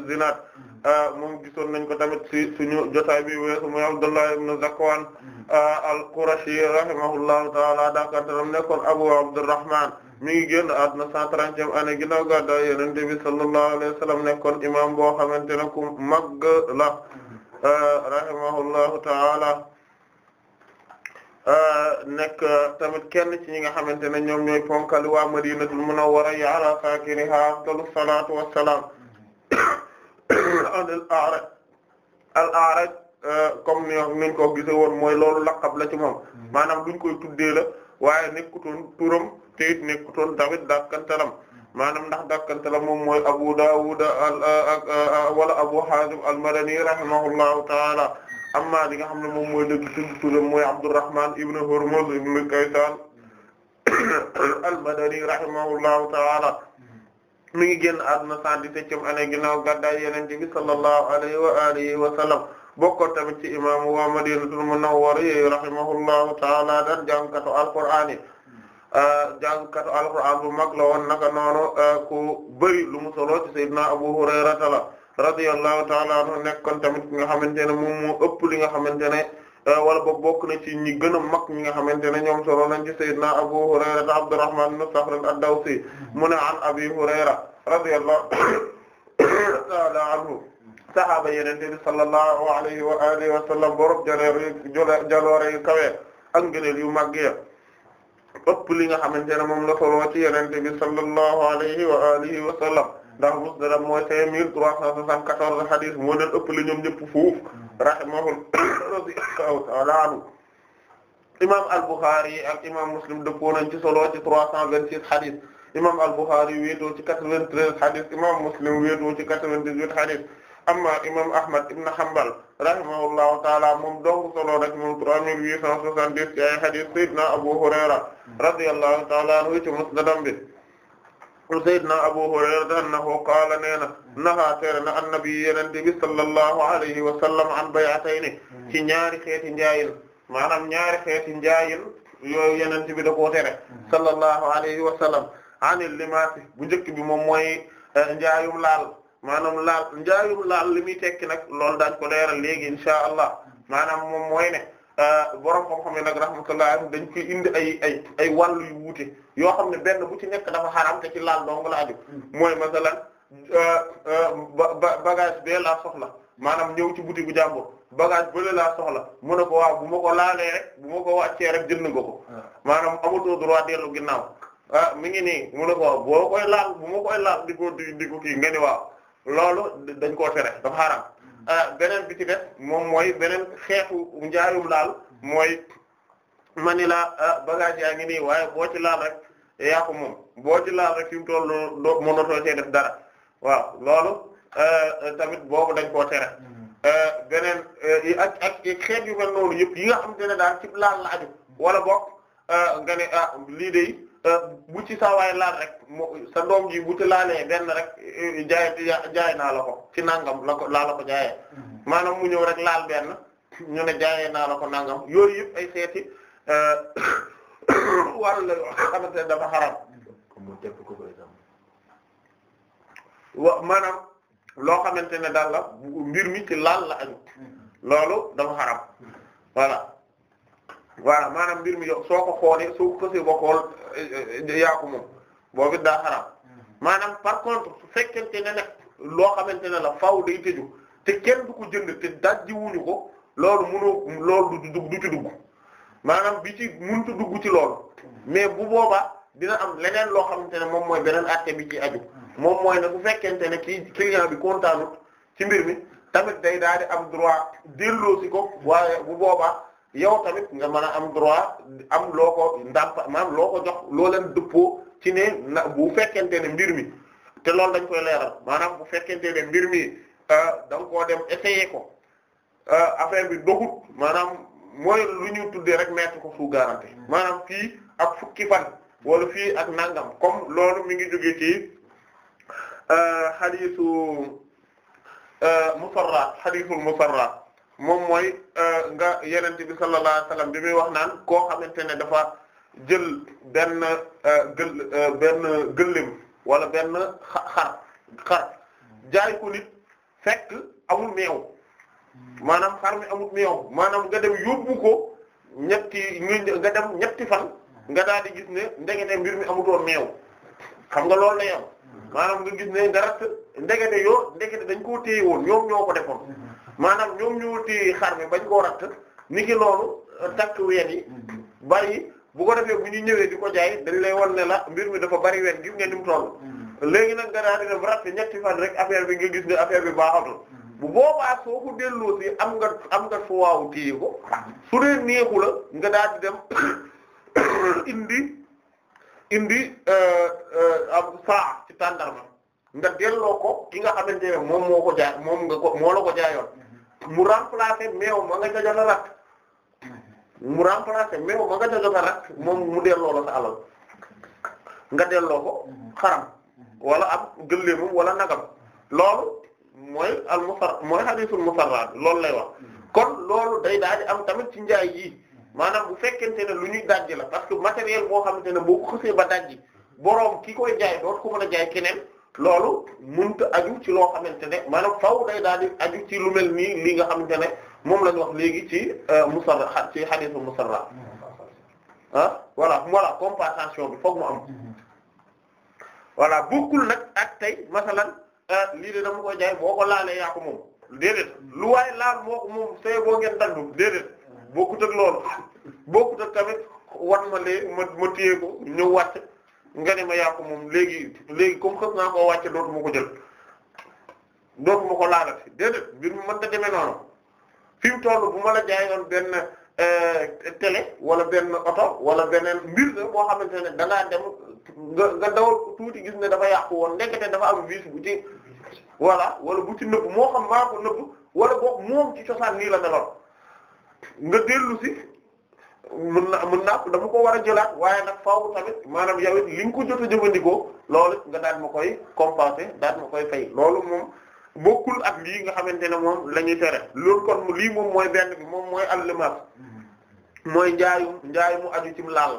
Ah, moom gisoon nañ ko tamit ci suñu jotaay bi weesu muy Abdullah ibn Zakwan mm-hmm. ah, al-Qurashi rahimahullahu ta'ala dakantaram nekkoon Abu Abdurrahman mi ngi génn àdduna 130e année ginnaaw gàddaay Yonent bi sallallahu nekkoon imam boo xamante ne ku màgg la mm-hmm. ah, rahimahullahu ta'ala nekk tamit kenn ci ñi nga xamante ne ñoom ñooy ponkali waa Madinatul Munawwara ala saakinihaa afdalu salaatu wassalaam mm-hmm. al-A'raj al-A'raj euh, comme ni ko woon mooy loolu laqab la ci moom hmm. maanaam luñ koy tuddee la waaye nekkutoon turam te it nekkutoon tamit dakkantalam maanaam ndax dakkantalam moom mooy Abu Dawud euh, wala Abu Hazim al-Madani rahimahullahu ta'ala amma li nga xam ne moom mooy dëgg tudd turam mooy Abdurrahman ibn Hurmuz ibn Kaysan hmm. al-Madani rahimahullahu ta'ala mi ngi génn àdduna 117e année ginnaaw gàddaay Yonent bi sallallahu alayhi wa alihi wa sallam bokkoon tamit ci imaamu waa Madinatul Munawwara yi rahimahullahu ta'ala daan jàngkatu alqur'aan yi hmm. ah, jàngkatu alqur'aan bu mag la woon naka noonu ah, ku bëri lu mu solo ci Sayyidina Abu Hurayrata la radiyallahu ta'ala anhu nekkoon tamit nga xamante ne moo ëpp li nga xamante ne Euh, wala boog bokk na ci ñi gën a mag ñi nga xamante ne ñoom solo nañ ci sayyidina Abu Hurayra ta Abdurrahman ibn Sakhr ad-Dawsi mu ne an Abi Hurayra radiyallahu ta'ala anhu sahaaba yenente bi sallallahu alayhi wa kawe ak ngëneel yu màgg ya li nga xamante ne moom la solo ci yenente bi sallallahu alayhi wa alihi ndax musnadam mooy cinq mille trois cent soixante hadith moo leen ëpp la ñoom ñëpp fuuf rahimahullahu ta'ala anhu imam al-Bukhari ak imam Muslim dëppoo nañ ci solo ci trois cent vingt-six hadith imam al Muslim wéetoo ci quatre vingt dix hadith amma imam Ahmad ibn Hanbal rahimahullahu taala moom dong solo rek moom trois mille huit cent soixante-dix hadith sayyidina Abu Hurayra radiyallahu taala anhu ci musnadam bi sayyidina Abu Hurayra annahu qaala nee na nahaa tere na annabi yenente bi sallallahu alayhi wa sallam an bay'atayni ci ñaari xeeti njaayin maanaam ñaari xeeti njaayin yooyu yenente bi da koo tere sallallahu alayhi wa sallam anil limaasi bu njëkk bi moom mooy eh, njaayum laal maanaam laal njaayum laal li muy tekki nag loolu daañ ko leeral léegi inshaa Allah maanaam moom mooy ne Euh, borom xam-xam yi nag rahmatullahi alayhi dañ koy indi ay ay ay yu wuute yoo xam ne benn bu ci nekk dafa xaram te ci laal dong la aju hmm. mooy masalan euh, euh, bagage bee laa soxla maanaam ñëw ci boutique bu jàmbur bagage bële laa mu ne ko waaw bu ma ko laalee rek bu ma ko wàccee rek jënd nga ko ah. maanaam amatoo droit dellu ginnaaw ah mi ngi nii mu ne ko waaw boo koy laal bu ma koy laal di ko di ko waaw loolu dañ koo tere dafa xaram Ah, beneen bi ci def moom mooy beneen xeetu njaayum laal mooy mani la ah, bagage yaa ngi nii waaye boo ci laal rek yaa moom boo ci laal rek fi mu toll doo mënatoo cee def dara waaw loolu ah, tamit boobu dañ koo tere mm-hmm. beneen ak ak xeet yu mel noonu yëpp yi nga xamante ne daal ci laal la aju wala bokk nga ne lii de Euh, bu ci saa waay laal rek sa doom ji bu laalee benn rek eh, jaay jaay naa la ko ci nangam la ko laa la ko jaayee mhm. maanaam mu ñëw rek laal benn ñu ne jaayee naa la ko nangam yooyu yëpp ay seeti euh, wàllu la yoo xamante ne dafa xaram. comme loo xamante ne daal la mbir mi ci laal la añu mhm. loolu dafa xaram voilà. voilà maanaam mbir mi yow soo ko xoolee soo ko kësee ba xool eh, eh, yaa ko moom boobu daa xaraam mm-hmm. maanaam par contre su fekkente ne na loo xamante ne la faaw day tëju te kenn du ko jënd te dajji wuñu ko loolu mënoo loolu du du ci dugg maanaam bi ci mënut a dugg ci lool mm-hmm. mais bu boobaa dina am leneen loo xamante ne moom mooy beneen acte bi ci aju mm-hmm. moom mooy ne bu fekkente ne kii client bi kontaanut ci mbir mi tamit day daal di am droit delloosi ko waaye bu boobaa. yow tamit nga mën a am droit am loo ko ndàmpa maanaam loo ko jox loo leen ci ne na bu fekkente ne mbir mi te loolu dañ koy leeral maanaam bu fekkente ne mbir mi euh, da nga koo dem essayer ko euh, affaire bi dogut maanaam mooy lu ñu tuddee rek mettre ko sous garantie maanaam fii ak fukki fan wala fii ak nangam comme loolu mi ngi jóge ci xadiisu euh, musarra xadiisul musarra moom mooy nga yeneen yenente bi sallallahu alayhi wasallam bi muy wax naan koo xamante ne dafa jël benn euh, gël euh, benn gëllëm wala benn xar xar jaay ko nit fekk amul meew maanaam xar mi amul meew maanaam nga dem yóbbu ko ñetti nga dem ñetti fan nga daal di gis ne ndegete mbir mi amutoon meew xam nga loolu lay am maanaam nga gis ne nga rat ndegete yoo ndegete dañ ko téye woon ñoom ñoo ko defoon mm-hmm. maanaam ñoom ñoo xar mi bañ koo ratt ni ki loolu uh, takk ween yi mm-hmm. bari bu ko defee bu ñu ñëwee di ko jaay dañ lay wan ne mbir mi dafa bari ween gis ngeen ni mu toll mm-hmm. léegi nag nga daal di ratt ñetti fan rek affaire bi nga gis ne affaire bi baaxatul mm-hmm. bu boobaa soo ko delloo si am nga am nga suwaaw téye ko su dee la nga di dem indi indi uh, uh, am saa ci tàndarma nga delloo ko ki nga xamante ne moom moo ko jaay moom nga ko moo la ko jaayoon mu remplacer meew ma nga ca ratt mu remplacer mais ma nga jox rak moom mu delloo la sa nga delloo ko xaram wala ab gëléemam wala nagam loolu mooy al musar mooy hadisul musarrar loolu lay wax kon loolu day daal di am tamit ci njaay yi maanaam bu fekkente ne lu ñuy dajji la parce que matériel boo xamante ne boo ko xësee ba dajji boroom ki koy jaay doot ko mën a jaay keneen loolu mënta aju ci loo xamante ne maanaam faw day daal di aju ci lu mel nii li nga xamante ne moom lañu wax léegi ci euh, musarra ci hadithu musarra ah voilà voilà compensation bi foog mu am voilà bokkul nag ak tey masalan euh, lii de dama koy jaay boo ko laalee yaa ko moom déedéet lu waaye laal moo ko moom sooy boo ngeen dandu déedéet bokkut ak loolu bokkut ak tamit wan ma lee ma ma téye ko ñëw wàcc nga ne ma yaa ko moom léegi léegi comme xës naa koo wàcc dootu ko jël dootu ko laalati déedéet mbir mu mën na demee noonu fi mu toll bu ma la jaayoon benn euh, télé wala benn oto wala beneen mbir la boo xamante ne da ngaa dem nga nga dawal tuuti gis ne dafa yàqu woon ndekete dafa am vis bu ci voilà wala bu ci nëbb moo xam maa ko nëbb wala boog moom ci cosaan nii la meloon nga dellu mu mën na mën naa ko dama ko war a jëlaat waaye nag faaw tamit maanaam yow it li nga ko jot a jëfandikoo loolu nga daan ma koy compenser daan ma koy fay loolu moom. bokkul at lii nga xamante ne moom lañuy ñuy tere loolu kon lii moom mooy benn bi moom mooy allimas mooy njaayum njaayum mu aju cim laal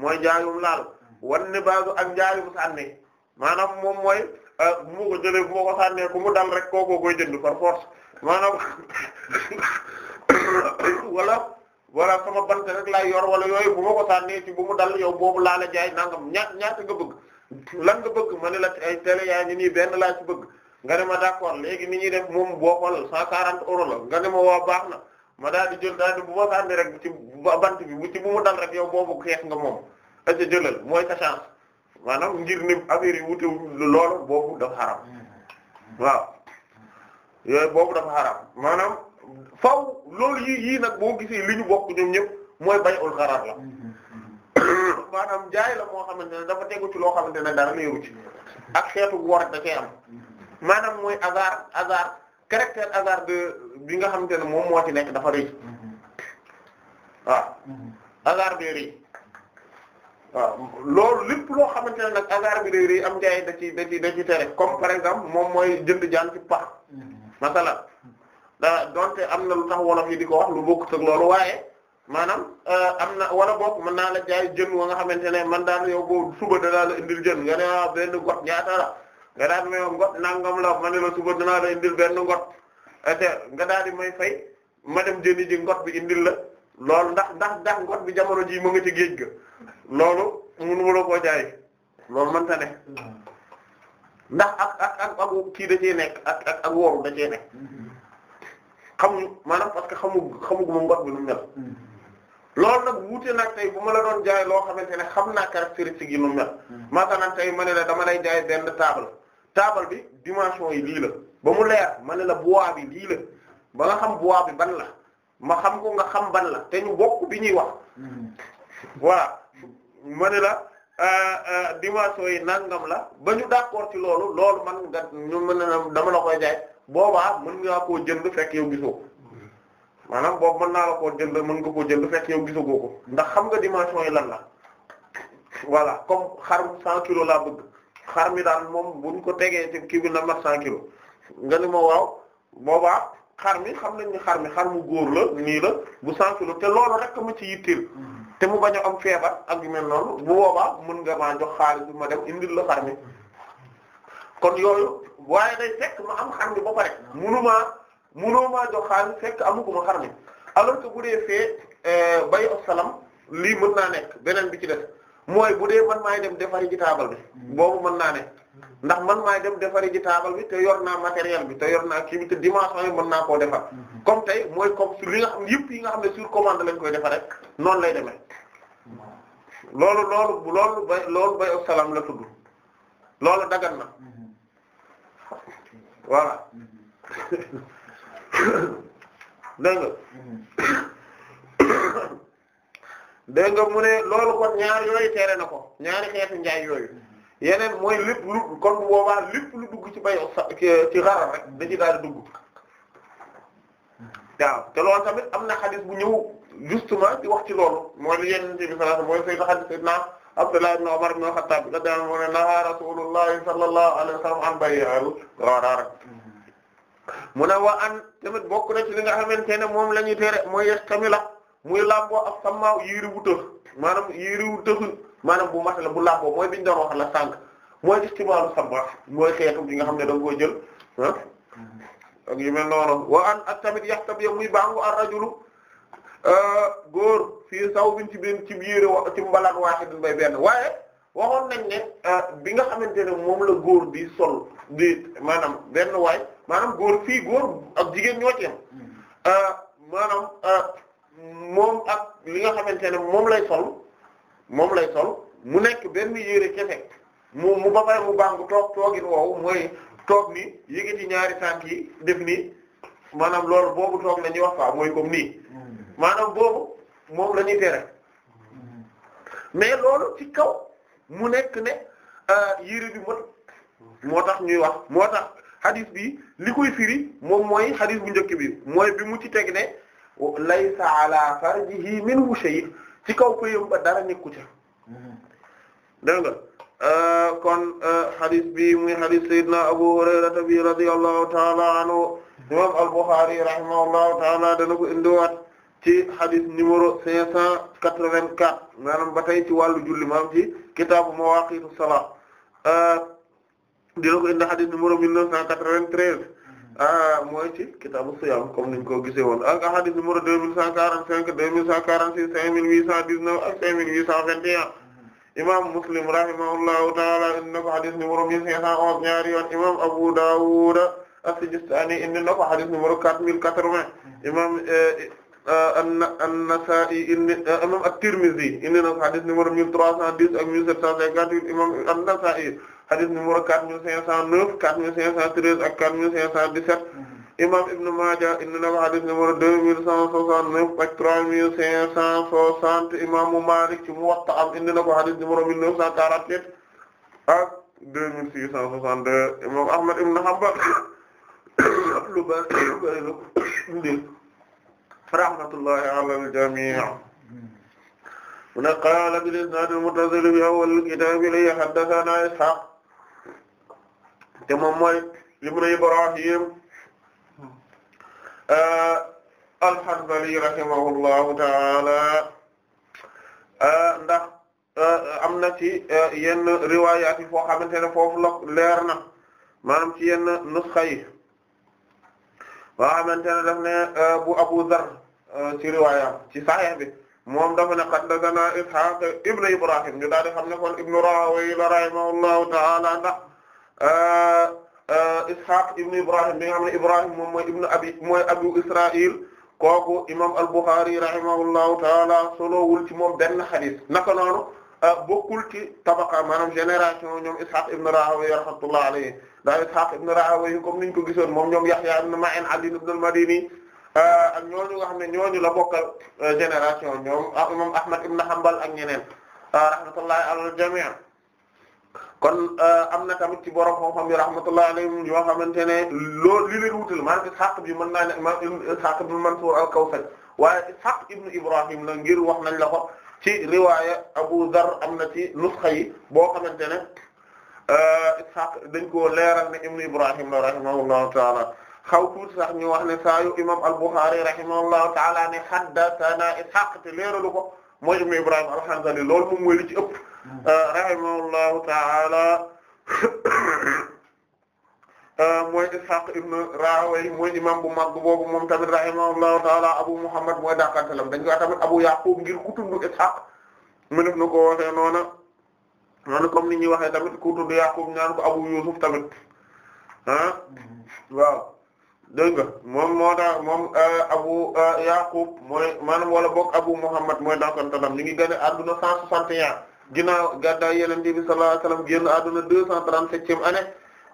mooy njaayum laal wan ne baasu ak njaayum sànni maanaam moom mooy euh, bu ma ko jëlee mu dal rek kookoo koy jënd par force maanaam wala sama bant rek lay yor wala yooyu bu ma ko sànnee ci bu mu dal yow boobu laa la jaay nangam ñaat ñaata nga bëgg lan nga bëgg ma ne la ay télé yaa ngi nii benn laa ci bëgg nga ne ma d'accord léegi ni ñuy def moom boo xool cent quarante euros la nga ne ma waa baax na ma daal di jël daal di bu ma sànni rek ci bant bi bu ci bu mu dal rek yow boobu xeex nga moom a ca jëlal mooy sa chance maanaam ngir ni affaire yi wute loolu boobu dafa xaram waaw yooyu boobu dafa xaram maanaam faw loolu yi yii nag boo gisee li ñu bokk ñoom ñëpp mooy bay ul xaraar la maanaam jaay la moo xamante ne dafa tegu ci loo xamante ne la leeru ci ak xeetu war da cee am maanaam mooy hasard hasard caractère hasard de bi nga xamante ne moom moo ci nekk dafa rëy mm-hmm. waaw mm-hmm. hasard bi rëy waaw loolu lépp loo xamante ne nag hasard bi day rëy am jaay da ci da da ci tere comme par exemple moom mooy jënd jaan ci pax mm-hmm. masala da donte am na lu tax wolof yi di ko wax lu bokkut ak loolu waaye maanaam euh, am na wala bokk mën naa la jaay jën wa nga xamante ne man daal yow boo suba da la indil jën nga ne ah, benn got ñaata la nga daal may ngot nangam la ma ne la suba la indil benn ngot nga daal di may fay ma dem jëndi ji ngot bi indil la lool ndax ndax ndax ngot bi jamono ji ma nga ci géej ga loolu mënu la koo jaay loolu mënta ne ndax ak ak ak ak kii da cee nekk ak ak ak wóoru da cee nekk xamuñu maanaam parce que xamu xamuguma ngot bi nu mel loolu nag wuute nag tey bu ma la doon jaay loo xamante ne xam naa caractéristique yi nu mel mm. masalan tey ma ne la dama lay jaay benn table taabal bi dimension yi lii la ba mu leer ma ne la bois bi lii la ba nga xam bois bi ban la ma xam ko nga xam ban la te ñu bokk bi ñuy wax waa ma ne la euh, euh, dimension yi nangam la ba ñu d'accord ci loolu loolu man nga ñu mën na dama la koy jaay boobaa mën ngaa koo jënd fekk yow gisoo maanaam boobu mën naa la koo jënd mën nga koo jënd fekk yow gisagoo ko ndax xam nga dimension yi lan la voilà comme xar 100 kilos laa bëgg xar mi daal moom buñ ko tegee ci kii bi na mat cent kilos nga ni ma waaw boobaa xar mi xam nañ ni xar mi xar mu góor la nii la bu cent kilos te loolu rek ma ci yitteel mm-hmm. te mu bañ a am feebar ak yu mel noonu bu boobaa mën nga maa jox xaalis bi ma dem indil la xar mi kon yooyu waaye day fekk ma am xar mi ba pare mm-hmm. munumaa munoo maa jox xaalis fekk amu ko ma xar mi alors que bu dee fee euh, bay of salam lii mën naa nekk beneen bi ci def mooy bu dee man maay dem defari ji taabal bi boobu mën naa ne ndax man maay dem defari ji taabal bi te yor naa matériel bi te yor naa kii bi te dimension yi mën naa koo defar comme tey mooy comme sur li nga xam yëpp yi nga xam ne sur commande lañ koy defar rek noonu lay demee loolu loolu loolu bay loolu bay la tudd loolu dagan na voilà dégg nga mm-hmm. dégg nga mu ne loolu kon ñaar yooyu tere na ko ñaari xeetu njaay yooyu yeneen mooy lépp lu kon boobaa lépp lu dugg ci bay ci xaram rek da ci dugg te loolu tamit am na xadis bu ñëw justement di wax ci loolu mooy li yenente bi sallallahu alayhi wasallam mooy sayyidu xadis sayyidina Abdullah ibn Umar ibn Khattab bi radiyallahu anhu ne naha rasulullahi sallallahu alayhi wasallam an mm-hmm. mu ne wa an tamit bokk na ci li nga xamante moom lañuy ñuy tere mooy yestamila muy làmboo ak samaaw yéeri wu tëx maanaam yéeri wu maanaam bu mat la bu làmboo mooy biñ doon wax la sànq mooy istimaalu sabba mooy xeetu gi nga xam ne da nga koy jël ah ak yu mel noonu wa an tamit yaxtab ya muy bangu ar rajulu euh, fii saw biñ ci benn ci yéere wa ci mbalaan waahidin bay benn waaye waxoon nañ ne euh, bi nga xamante ne moom la góor bi sol di maanaam benn waay maanaam góor fii góor ak jigéen ñoo ci moom ak li nga xamante ne moom lay sol moom lay sol mu nekk benn yére kese mu mu ba pare mu bàngu toog toogin woowu mooy toog ni yëgati ñaari tànk yi def nii maanaam loolu boobu toog nañuy wax fa mooy comme nii mm-hmm. maanaam boobu moom la ñuy tere mm-hmm. mais loolu ci kaw mu nekk ne euh, yére bi mot moo tax ñuy wax moo tax hadith bi li koy firi moom mooy hadith bu njëkk bi mooy bi mu ci teg ne laysa ala farjihi minhu shay ci kaw pëyam ba dara nekku ca mhm. dégg euh, kon euh, hadith bi muy hadith sayyidina Abu Hurayrata bi radiyallahu ta'ala anhu imam al-Bukhari rahimahullahu ta'ala dana ko indiwaat hadith numéro cinq cent quatre-vingt-quatre maanaam ba tey ci wàllu julli maam ci kitaabu mawaqitu salat euh, dina Ah, mooy ci kitaabu siyaam comme niñ ko gisee woon ak hadith numéro deux mille cent quarante cinq deux mille cent quarante six cinq mille huit cent dix neuf ak cinq mille huit cent vingt un imam Muslim rahimahullahu taala indi na ko hadith numéro mil cinq cent onze ñaari yoon imam Abu Dawud as-Sijistani na ko hadith numéro quatre mille quatre-vingts imam eh, eh, an-Nasa'i indi eh, imam at-Tirmidhi indi na ko hadith imam an-Nasa'i hadith numéro 4509 4513 ak 4517 mhm. imam Ibn Maaja indi na ko hadith numéro 2169 ak 3560 imaamu Maalik ci Muwatta am indi na ko hadith numéro 1947 ak 2662 imam Ahmad ibn Hanbal lu bari bari la indi rahmatullahi ala al-jamii' من قال بالإسناد المتصل في أول الكتاب إليه حدثنا te moom mooy ibnu Ibrahim hmm. eh, al-Hanbali taala eh, ndax eh, am na ci yenn riwaayaat yi foo xamante ne foofu la leer na maanaam ci yenn nusxa yi boo xamante ne daf ne bu Abu Dharr ci riwaayam ci Sahih bi moom dafa ne haddathana Ishaq ibnu Ibrahim ñu xam ne kon ibnu Rahawayh rahimahullahu taala ndax Euh, euh, Ishaq ibn Ibrahim bi nga xam ne Ibrahim moom mooy ibn Abi mooy Abu Israa'il kooku imam al-Bukhari rahimahullahu taala solowul ci moom benn xadis naka noonu euh, bokkul ci tabaqa maanaam génération ñoom Ishaq ibn Rahawayh rahmatullahi alayhi daa Ishaq ibn Rahawayh comme niñ ko gisoon moom ñoom Yahya ibn Ma'in Ali ibn al-Madini ak ñooñu nga xam ne ñooñu la bokkal génération ñoom imam Ahmad ibn Hanbal ak ñeneen rahmatullahi ala al-jami' kon euh, am na tamit ci borom xam-xam yi rahmatullah alayhim yoo xamante ne loolu li leen wutal maanaam Ishaq bi mën naa ne imam Ishaq ibn Mansur al-Kawsaj waaye Ishaq ibn Ibrahim na ngir wax nañ la ko ci riwaaya Abu Dharr am na ci nusxa yi boo xamante ne euh, Ishaq dañ koo leeral ne ibn Ibrahim la rahimahullahu taala xaw tuuti sax ñu wax ne saa yu imam al-Bukhari rahimahullahu taala ne haddathana Ishaq te leeralu ko mooy ibn Ibrahim al-Hanzali loolu moom mooy li ci ëpp Euh, rahimahullahu ta'ala euh, mooy Ishaq ibn Rahawayh mooy imam bu mag boobu moom tamit rahimahullahu ta'ala Abu Muhammad mooy daakantalam dañ koy tamit Abu Yaqub ngir ku tudd Ishaq mu def na ko waxee noona noonu comme ni ñuy waxee tamit ku tudd Yaqub ñaan ko Abu Yusuf tamit ah waaw dégg nga moom moo tax moom euh, Abu Yaqub mooy maanaam wala bokk Abu Muhammad mooy daakantalam ñu ngi gën a adduna 161 ginnaaw gàddaay yonent bi sallallahu alayhi wa sallam génn àdduna deux cent trente-septième année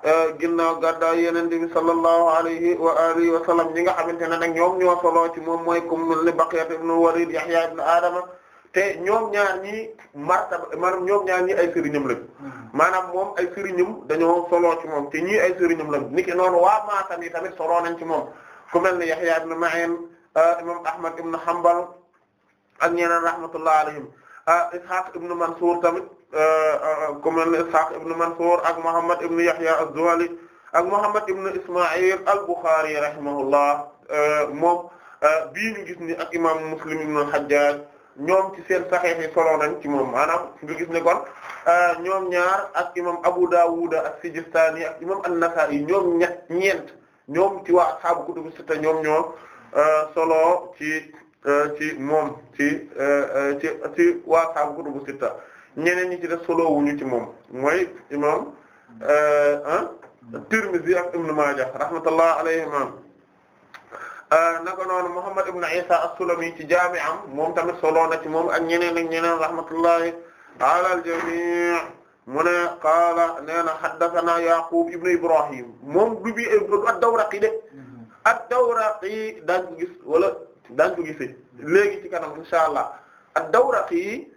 euh, ginnaaw gàddaay yonent bi sallallahu alayhi wa alihi wa sallam ñi nga xamante ne nag ñoom ñoo solo ci moom mooy comme mel ni Baqiyat ibn Walid Yahya ibn Adama te ñoom ñaar ñi martaba maanaam ñoom ñaa ñi ay sëriñam lañ hmm. maanaam moom ay sëriñam dañoo solo ci moom te ñii ay sëriñam lañ niki noon waa Matam yi tamit solo nañ ci moom ku mel ni Yahya ibn Ma'in euh, imam Ahmad ibn Hanbal ak ñeneen rahmatullah alayhim Ah, Ishaq ibn Mansour tamit euh, euh, ku mel ne Ishaq ibn Mansour ak Muhammad ibn Yahya az ak Muhammad ibn Isma'il al-Bukhari rahimahullah euh, moom bii ñu gis ni ak imam Muslim ibn al ñoom ci seen saxiix yi solo nañ ci moom maanaam nga gis ne kon ñoom ñaar ak imam Abu Dawud as-Sijistani ak imam an-Nasa'i ñoom ñett ñeent ñoom ci waa ashaabu kutubu sitta ñoom ñoo solo ci. Euh, ci moom ci euh, euh, ci ci waa saabu kutubu sitta ñeneen ñi ci def solo wuñu ci moom mooy imam ah Tirmidhi ak Ibn Maaja rahmatullah alayhima naka noonu Muhammad ibn Isa as-Sulami ci jaami'am moom tamit solo na ci moom ak ñeneen ak ñeneen rahmatullahi ala al-jami' mu ne qaala nee na haddathana Yaqub ibn Ibrahim moom du bi ad-Dawraqi de mm-hmm. ad-Dawraqi daan gis wala. daañu ko gisee léegi ci kanam insha allah ak Dawraqi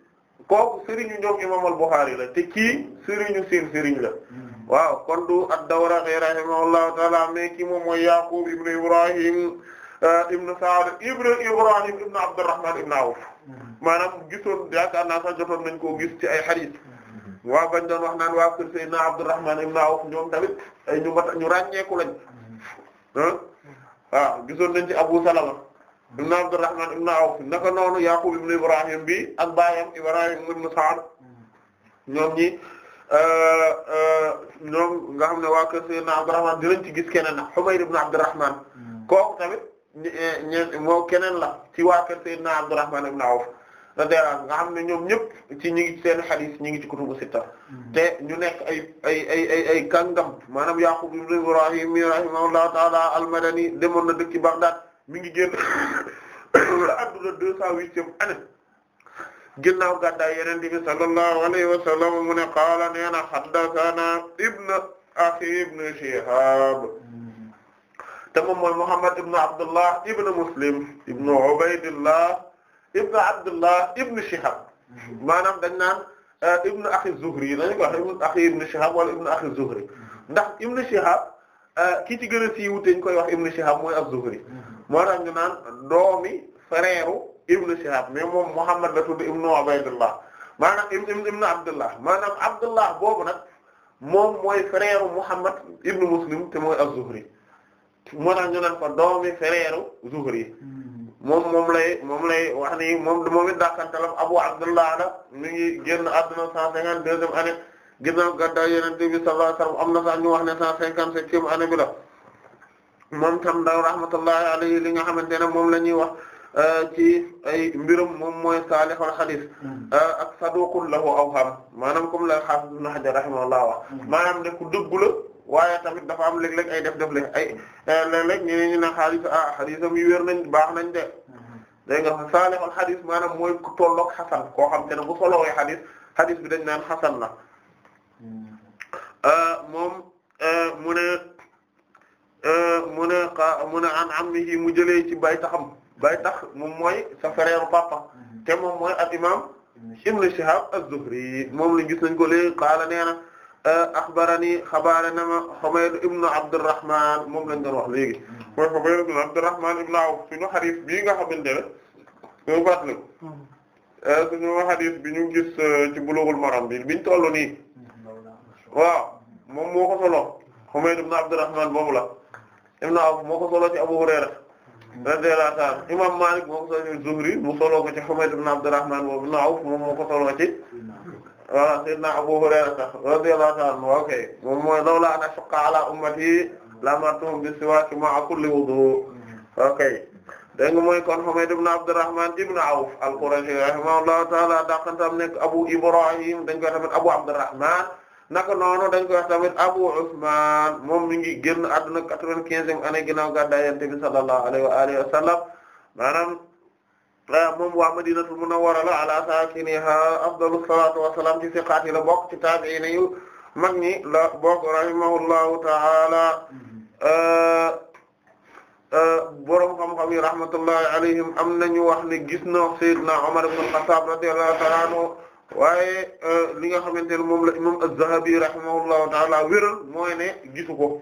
kooku sëriñu ñoom imam al-Bukhari la te kii sëriñu seen sëriñ la hmm. waaw kon du ad-Dawraqi rahimahullahu ta'ala mais kii moom mooy Yaqub ibn Ibrahim euh, ibn Sa'd ibn Ibrahim ibn Abdurrahman ibn Awf hmm. maanaam gisoon yaakaar naa sax jotoon nañ koo gis ci ay hadith hmm. waaw bañ doon wax naan waa naa Seydina Abdurrahman ibn Awf ñoom tamit ay ñu ñu ràññeeku lañ ah waaw gisoon nañ ci Abu Salama ibn Abdurrahman ibn Awf naka noonu Yaqub ibn Ibrahim bi ak baayam Ibrahim ibn Sa'd ñoom ñi euh, euh, ñoom nga xam ne waa kër Sayyidina Abdurrahman dinañ ci gis keneen nag Humayr ibn Abdurrahman hmm. kooku tamit eh, moo keneen la ci waa kër Sayyidina Abdurrahman ibn Awf deraa nga xam ne ñoom ñëpp ci ñi ngi ci seen xadiis ñi ngi ci kutubu sitta hmm. te ñu nekk ay ay ay ay ay kàngam maanaam Yaqub ibn Ibrahim rahimahullahu ta'ala al-Madani demoon na dëkk ci mi ngi génn adduna deux cent huitième année ginnaaw gàddaay yonent bi sallallahu alayhi wa sallam mu ne qaala neena haddathana ibn akhi ibn Shihab te moom mooy Muhammad ibn Abdullah ibn Muslim ibn Ubaydillah ibn Abdullah ibn Shihab maanaam dañ naan euh, ibn akhi Zuhri dañu ko wax ibn akhi ibn Shihab wala ibn akhi Zuhri ndax ibn Shihab euh, ki ci gën a siiw te ñu koy wax ibn Shihab mooy az-Zuhri moo tax ñu naan doomi frère ibnu Shihab mais moom Muhammad la tudd ibnu Ubaydullah maanaam ibnu ibnu Abdullah maanaam Abdullah boobu nag moom mooy frère Muhammad ibnu Muslim te mooy az-Zuhri moo tax ñu naan ko doomi frère Zuhri hmm. moom moom lay moom lay wax ni moom moom it dàkkantalam Abu Abdullah la mi ngi génn àdduna cent cinquante deuxième année ginnaaw gàddaay Yonent bi sallallahu alayhi wasallam am na sax ñu wax ne cent cinquante septième année bi la moom tam da rahmatullahi alayhi li nga xamante ne moom la ñuy wax euh, ci ay mbirum moom mooy saalihul hadith mm. euh, ak saduqul lahu awham maanaam comme la hafiz ibn Hajar rahimahullah wax mm. maanaam ne ku dëggu la waaye tamit dafa am léeg-léeg ay def def le ay euh, léeg-léeg ñu ne ñu naan hadith yu wér nañ baax nañ de mm-hmm. dégg nga saalihul hadith maanaam mooy ku tolloog ko koo xam te ne bu solowee hadith hadith bi dañ naan hasan la mm-hmm. moom mu ne. Euh, mu ne xa mu ne an ammihi mu jëlee ci bay taxam bay tax moom mooy sa frère papa mhm. te moom mooy al imam ibn Shihab az-Zuhri moom lañ gis nañ ko léegi qaala nee na euh, axbarani xabaare na ma Humayd ibn Abdurrahman moom lañ doon wax léegi mhm. mooy Humayd ibn Abdurrahman ibn Awf suñu xadis bii nga xamante ne suñu fàttali mhm. euh, suñu xadis bi ñu gis ci Bulughul Maram bi biñ toll nii waaw moom moo ko solo Humayd ibn Abdurrahman la ibn Awf moo ko Abu Hurayra radiyallahu imam Malik moo ko solo ci Zuhri mu solo ko ci wa ibn Awf moom moo ko Abu Hurayra sax radiyallahu ta'ala an ashaqqa ala ummati lamartuhum bis-siwaak ma'a kulli wudu waaw kay dégg nga mooy kon Humayd ibn Abdurrahman ibn Awf al-Qurashi ta'ala daqantam nekk Abu Ibrahim dañ koy Abu Abdurrahman naka noonu dañ koy wax Abu Usman moom mi ngi génn àdduna quatre-vingt-quinzième année ginnaaw gàddaay Yonent bi sallallahu alayhi wa alihi wa sallam maanaam ah, moom waa Madinatul Munawwara la ala saakiniha afdalu salaatu wa ci siqaat yi bokk ci taabi'iin yu mag ñi la bokk rahimahullahu ta'ala ah, ah, borom xam-xam rahmatullahi alayhim am nañu wax ne gis na Umar ibn Khattab radiyallahu ta'ala anhu waaye euh, li nga xamante ne moom la imam az-Zahabi rahimahullahu taala wéral mooy ne gisu ko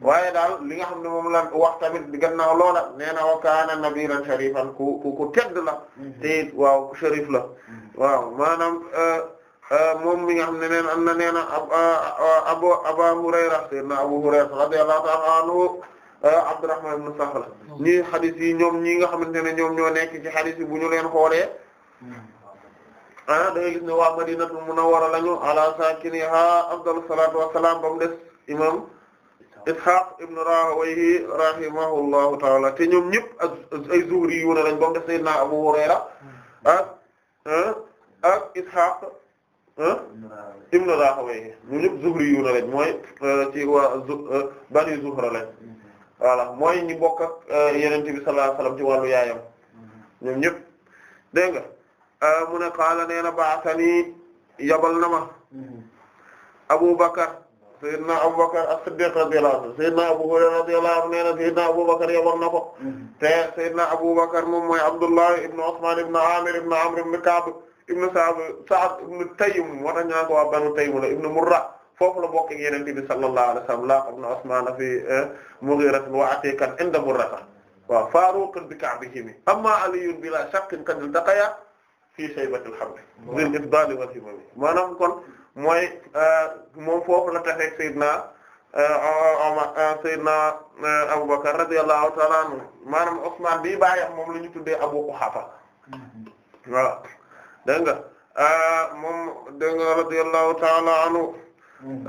waaye daal li nga xam ne moom la wax tamit gannaaw loola nee na wa kaana nabiran sharifan ku ku ku tedd la mhm. te waaw ku sharif la mhm. waaw maanaam euh, euh, moom li nga xam ne nee na am na nee na abu abu Hurayra sayyidina Abu Hurayra radiyallahu ta'ala anhu Abdurrahman ibn Sakhra oh. ñi ñoom ñii nga xamante ne ñoom ñoo nekk ci hadith bu ñu leen xoolee mhm. ah da ngay gis ne waa Madinatul Munawwara lañu ala saakinihaa afdalu salaatu wa salaam ba des imam Ishaq ibn Rahawayhi rahimahullahu taala te ñoom ñëpp ak ay Zuhri yu ne lañ ba mu des Seydina Abu Hurayra ak ah, ak Ishaq ah, ibn Rahawayhi ñoom ñëpp Zuhri mooy ah, ci Zuhra lañ voilà mooy ñi bokk ak Yonent bi sallallahu alayhi wasallam ci wàllu yaayam ñoom ñëpp dégg nga. Ah, mu ne qaala nee na ba'athani yabal na ma mm-hmm. Abu Bakar Seydina Abu Bakar as-Siddiq radiyallahu anhu Seydina Abu Hurayra radiyallahu anhu nee na Seydina Abu Bakar yabal na ko mm-hmm. te Seydina Abu Bakar moom mooy Abdullah ibn Usman ibn Amir ibn Amr ibn Ka'b ibn Sa'd Sa'd ibn Taym wala ñu naan ko waa Banu Taym la ibn Murra foofu la bokk ak Yonent bi sallallahu alayhi wa sallam laqa ibn Usman fi eh, Mughira wa Atiqa inda Murra waaw faaruqan bi ka'bihima amma Aliyyun bila shaqqin qad iltaqaya fii shaybatil hamd zil ifdali wal himami maanaam kon mooy euh, moom foofu la taxeeg Seydina euh, euh, Seydina Aboubacar radiyallahu ta'ala anhu maanaam Ousmane bii bàyyax moom la ñu tuddee Abu Quhafa waaw mm-hmm. dégg nga moom dégg nga radiyallahu ta'ala anhu mm-hmm.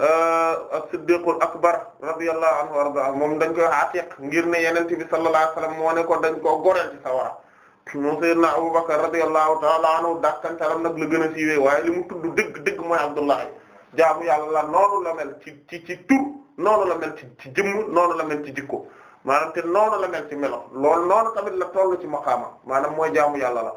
as-Siddiqul akbar radiyallahu anhu warda moom dañ koy Atiq ngir ne Yonent bi sallallahu alayhi wasallam moo ne ko dañ koo goreel ci sawara moom na Abubakar radiyallahu ta'ala anhu dakkantalam nag la gën a siiwee waaye li mu tudd dëgg dëgg mooy Abdullahi jaamu yàlla la noonu la mel ci ci ci tur noonu la mel ci ci jëmm noonu la mel ci jikko maanaam te noonu la mel ci melo loolu noonu tamit la toll ci maqaama maanaam mooy jaamu yàlla la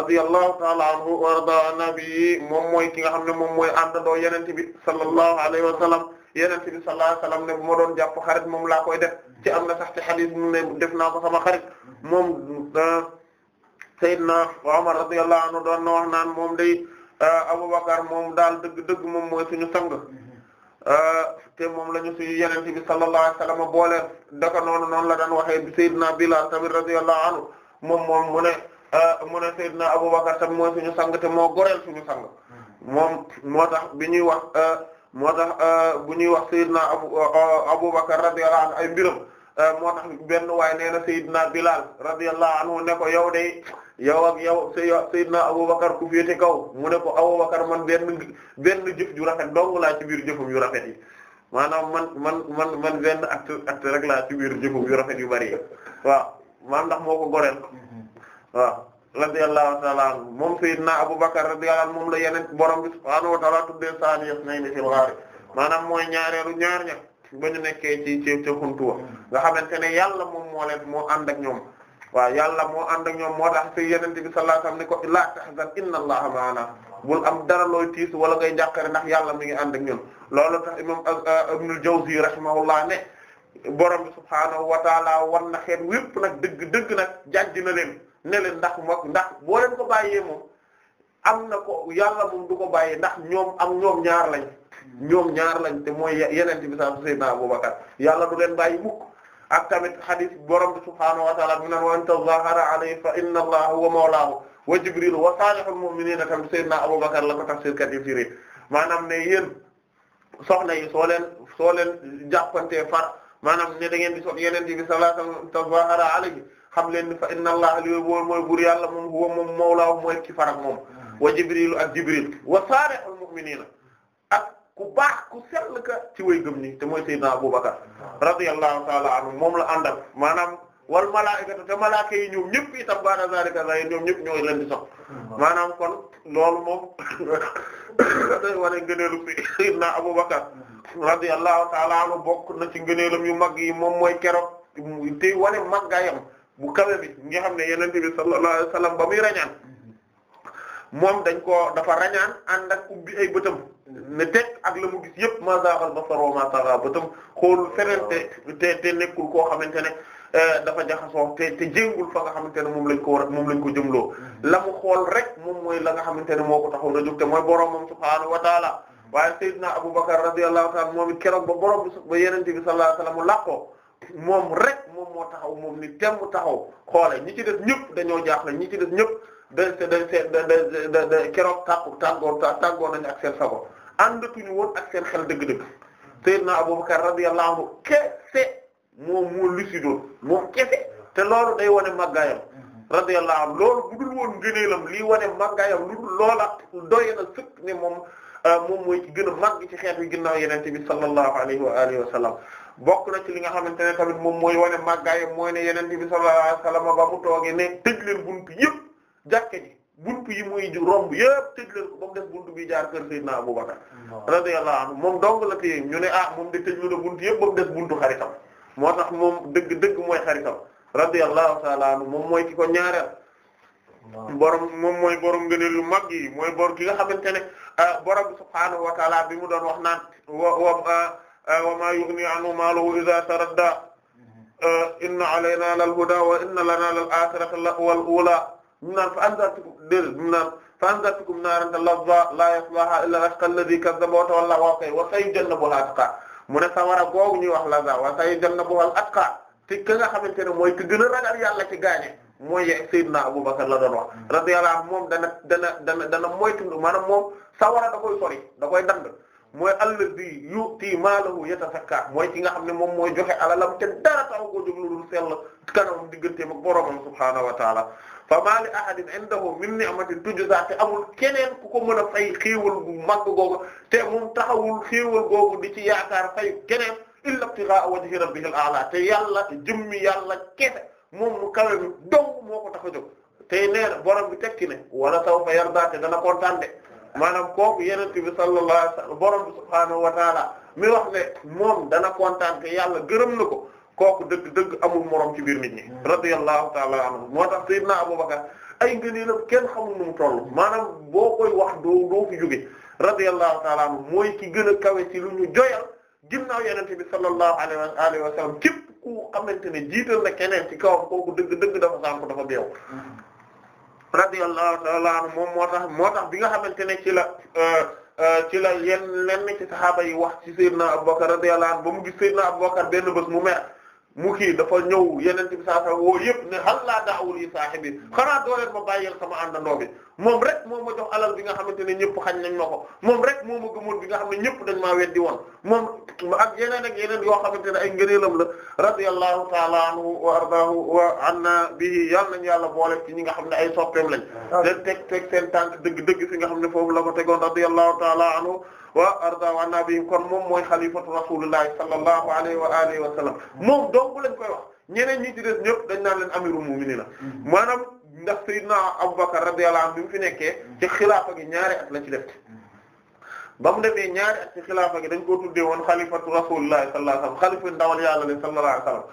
radiyallahu ta'ala anhu wa arda nabi moom mooy ki nga xam ne moom mooy àndandoo yenente bi sallallahu alayhi wa sallam yenente bi sallallahu alayhi wa sallam ne bu ma doon jàpp xarit moom laa koy def ci am na sax ci hadith naa ko sama xarit moom euh, Seydina Omar radiyallahu anhu doon na naan moom day euh, Abubakar moom daal dëgg-dëgg moom mooy suñu sang euh, te moom lañu ñu suñu yonent bi sallallahu alayhi boole daka noonu noonu la daan waxee bi Seydina Bilal tamit radiyallahu anhu moom moom mu ne euh, mu ne Seydina Abubakar tamit mooy suñu sang te moo goreel suñu sang moom moo tax bi ñuy wax moo tax bu ñuy wax Seydina Abu Abubakar radiyallahu anhu ay mbiram. Euh, moo tax benn waaye nee na Seydina Bilal radiyallahu anhu ne ko yow de yow ak yow Seydina Aboubacar ku féete kaw mu ne ko Aboubacar man benn benn jëf ju rafet dong laa ci biir jëfum yu rafet yi maanaam man man man man benn acte acte rek laa ci biir jëfum yu rafet yu bari waaw maam ndax moo ko goreel waaw radiyallahu ta'ala anhu moom Seydina Aboubacar radiyallahu anhu moom la yeneen borom bi subhaanahu wa ta'ala tuddee saani yas ni fil ghaar maanaam mooy ñaareelu ñaar ña. ba ñu nekkee ci ci ci nga xamante ne yàlla moom moo leen moo ànd ñoom waaw yàlla moo ànd ak ñoom moo tax ci yenente bi sallallahu alayhi wasallam ni ko la tahzan inna allaha ma'ana bul am dara looy tiis wala ngay jàqare ndax yàlla mi ngi ànd ak ñun loolu tax imam euh, euh, ibn al-Jawzi rahimahullah ne borom bi subhaanahu wa taala war na xeet wépp nag dëgg dëgg nag jàjj na leen ne leen ndax moom ndax boo leen ko bàyyee moom am na ko yàlla moom du ko bàyyee ndax ñoom am ñoom ñaar lañ ñoom ñaar la te mooy yeneen bi sa Seydina Abubakar yàlla du leen bàyyi mukk ak tamit hadith borom bi subhaanahu wa ta'ala bi naan wa an tazahara alayhi fa inna allaha huwa mawlaahu wa jibril wa salihul mu'minin tamit la ko tafsirkat yi firi maanaam ne yéen soxna yi soo leen soo leen jàppantee far maanaam ne da ngeen di so yeneen bi sallallahu alayhi wa sallam tazahara alayhi leen fa inna allaha li boo mooy buur yàlla moom huwa moom mawlaahu mooy ci farak moom wa jibril ak jibril wa salihul mu'minin ak ku baax ku sell ka ci way gëm ñi te mooy Seydina Abubakar radiyallahu ta'ala anhu moom la àndal maanaam wal malaa'ikatu te malaaka yi ñoom ñëpp itam ba'da zaalika zahiir ñoom ñëpp ñooy leen di sox maanaam kon loolu moom day wane ngëneelu Seydina Abubakar radiyallahu ta'ala anhu bokk na ci ngëneelam yu mag yi moom mooy keroog tey wane maggaayam bu kawe bi nga xam ne yenente bi sallallahu ba muy rañaan moom dañ ko dafa rañaan ànd ak ubbi ay bëtam ne teg ak la mu gis yëpp ma zaaxal basar wa ma tagha bëtam xoolul feneen te te te nekkul koo xamante ne euh, dafa jaxasoo te te jéngul fa nga xamante ne moom lañ ko war moom lañ ko jëmloo mm-hmm. la mu xool rek moom mooy la nga xamante ne moo ko taxaw na jóg te mooy boromam subhaanahu wa taala mm-hmm. waaye Seydina Aboubacar radiyallahu ta'ala moom keroog bo borom bi ba yenente bi sallallahu alayhi wasallam mu làqoo moom rek moom moo taxaw moom ni temm taxaw xoole ñi ci des ñëpp dañoo jaaxle ñi ci des ñëpp da da da da keroog tàggu tàggoo tàggoo nañu ak seen sago àndatuñu woon ak seen xel dëgg-dëgg Seydina Abubakar radiyallahu anhu kese moom moo lucidoon moom kese te loolu day wane màggaayam radiyallahu am loolu bu dul woon ngëneelam lii wane màggaayam lu dul loola doy na sëkk ne moom euh, moom mooy ci gën a màgg ci xeet wi ginnaaw yenente bi sallallahu alayhi wa alihi wa sallam bokk na ci li nga xamante ne tamit moom mooy wane màggaayam mooy ne yenente bi sallallahu alayhi wa sallam ba mu toogee ne tëj leen buntu yëpp jàkke ji bunt yi muy romb yëpp tëj leen ko ba mu bunt bi jaar kër Seydina Abubakar radiyallahu anhu moom dong la téye ñu ne ah moom de tëj lu na bunt yëpp ba mu buntu xaritam moo tax moom dëgg dëgg mooy xaritam radiyallahu ta'ala anhu moom mooy ki ko ñaareel borom moom mooy borom ngëneel yu mag yi mooy bor ki nga xamante ne ah, borom subhaanahu wa bi mu doon wax naan wa ah, ah, ma yughni anhu maaluhu idha taradda mm-hmm. inna alayna lal huda wa inna lana lal akhirata mu naan fa anzartukum déedéet mu naan fa anzartukum naaran talazza la yaslaha la al-ashqa alladhi kazzaba wa tawalla wa kay wa sayujannabuha al-atqa mu ne sawara googu ñuy wax lazza wa sayujannabuha al-atqa te ka nga xamante ne mooy ki gën a ragal yàlla ci gaañe mooy Seydina Abubakar la doon wax radiyallahu anhu moom dana dana dana dana moytu maanaam moom sawara da koy sori da koy dand mooy allazi yu'ti maalahu yatazakka mooy ki nga xam ne moom mooy joxe alalam te dara taxu koo jóg lu dul sell kanamam digganteem ak boroomam subhaanahu wa taala fa maa li ahadin indahu min ni'matin tujza te amul keneen ku ko mën a fay xéewal bu mag googu te moom taxawul xéewal googu di ci yaakaar fay keneen illa ibtighaa wajhi rabbihil a'la te yàlla jëmmi yàlla kese moom mu kawe mi dong moo ko tax a jóg te nee na borom bi tekki ne wala sawfa yarda te dana kontaan de maanaam kooku yenente bi sallallahu alayhi wa sallam borom bi subhaanahu mi wax ne moom dana kontaan te yàlla gërëm na ko kooku dëgg dëgg amul morom ci biir nit ñi hmm. radiyallahu taala anhu moo tax sayyidna Abubakar ay ngëneelam kenn xamul nu mu toll maanaam boo koy wax doo doo fi jóge radiyallahu taala anhu mooy ki gën a kawe ci lu ñu joyal ginnaaw naa bi sallallahu alayhi alihi wa sallam ku xamante ne jiital na keneen ci kawam kooku dëgg dëgg dafa sànk dafa beew hmm. radiyallahu ta'ala anhu moom moo tax moo tax bi nga xamante ne ci la euh, euh, ci la yenn lenn ci sahaaba yi wax ci Seydina Abubakar radiyallahu anhu ba mu gis Seydina Abubakar benn bés mu mer mu kii dafa ñëw yeneen bi saa saa woo yëpp ne hal laa daawul yi saahibi xanaa doo leen ma bàyyil sama àndandoo bi moom rek moo ma jox alal bi nga xamante ne ñëpp xañ nañ ma ko moom rek moo ma gëmoon bi nga xam ne ñëpp dañ maa weddi woon moom ak yeneen ak yeneen yoo xamante ne ay ngëneelam la radiyallahu ta'ala anhu wa ardaahu wa anna bihi yal nañ yàlla boole ci ñi nga xam ne ay soppeem lañ ah. leen teg teg seen tànk dëgg dëgg fi nga xam ne foofu la ko tegoon radiyallahu ta'ala anhu wa arda wa nabi kon moom mooy xalifatu rasulillahi sallallahu alayhi wa alihi wa sallam moom donc lañ koy wax ñeneen ñi ci des dañ naan leen amirul mu'minina mm-hmm. maanaam ndax sayyidina Abubakar radiyallahu anhu bi mu fi nekkee mm-hmm. ci xilaafa gi ñaari at ci def mm-hmm. ba mu demee ñaari at ci gi dañ koo tuddee woon xalifatu rasulillahi sallallahu alayhi wa sallam xalifa ndawal yàlla le sallallahu alayhi wa sallam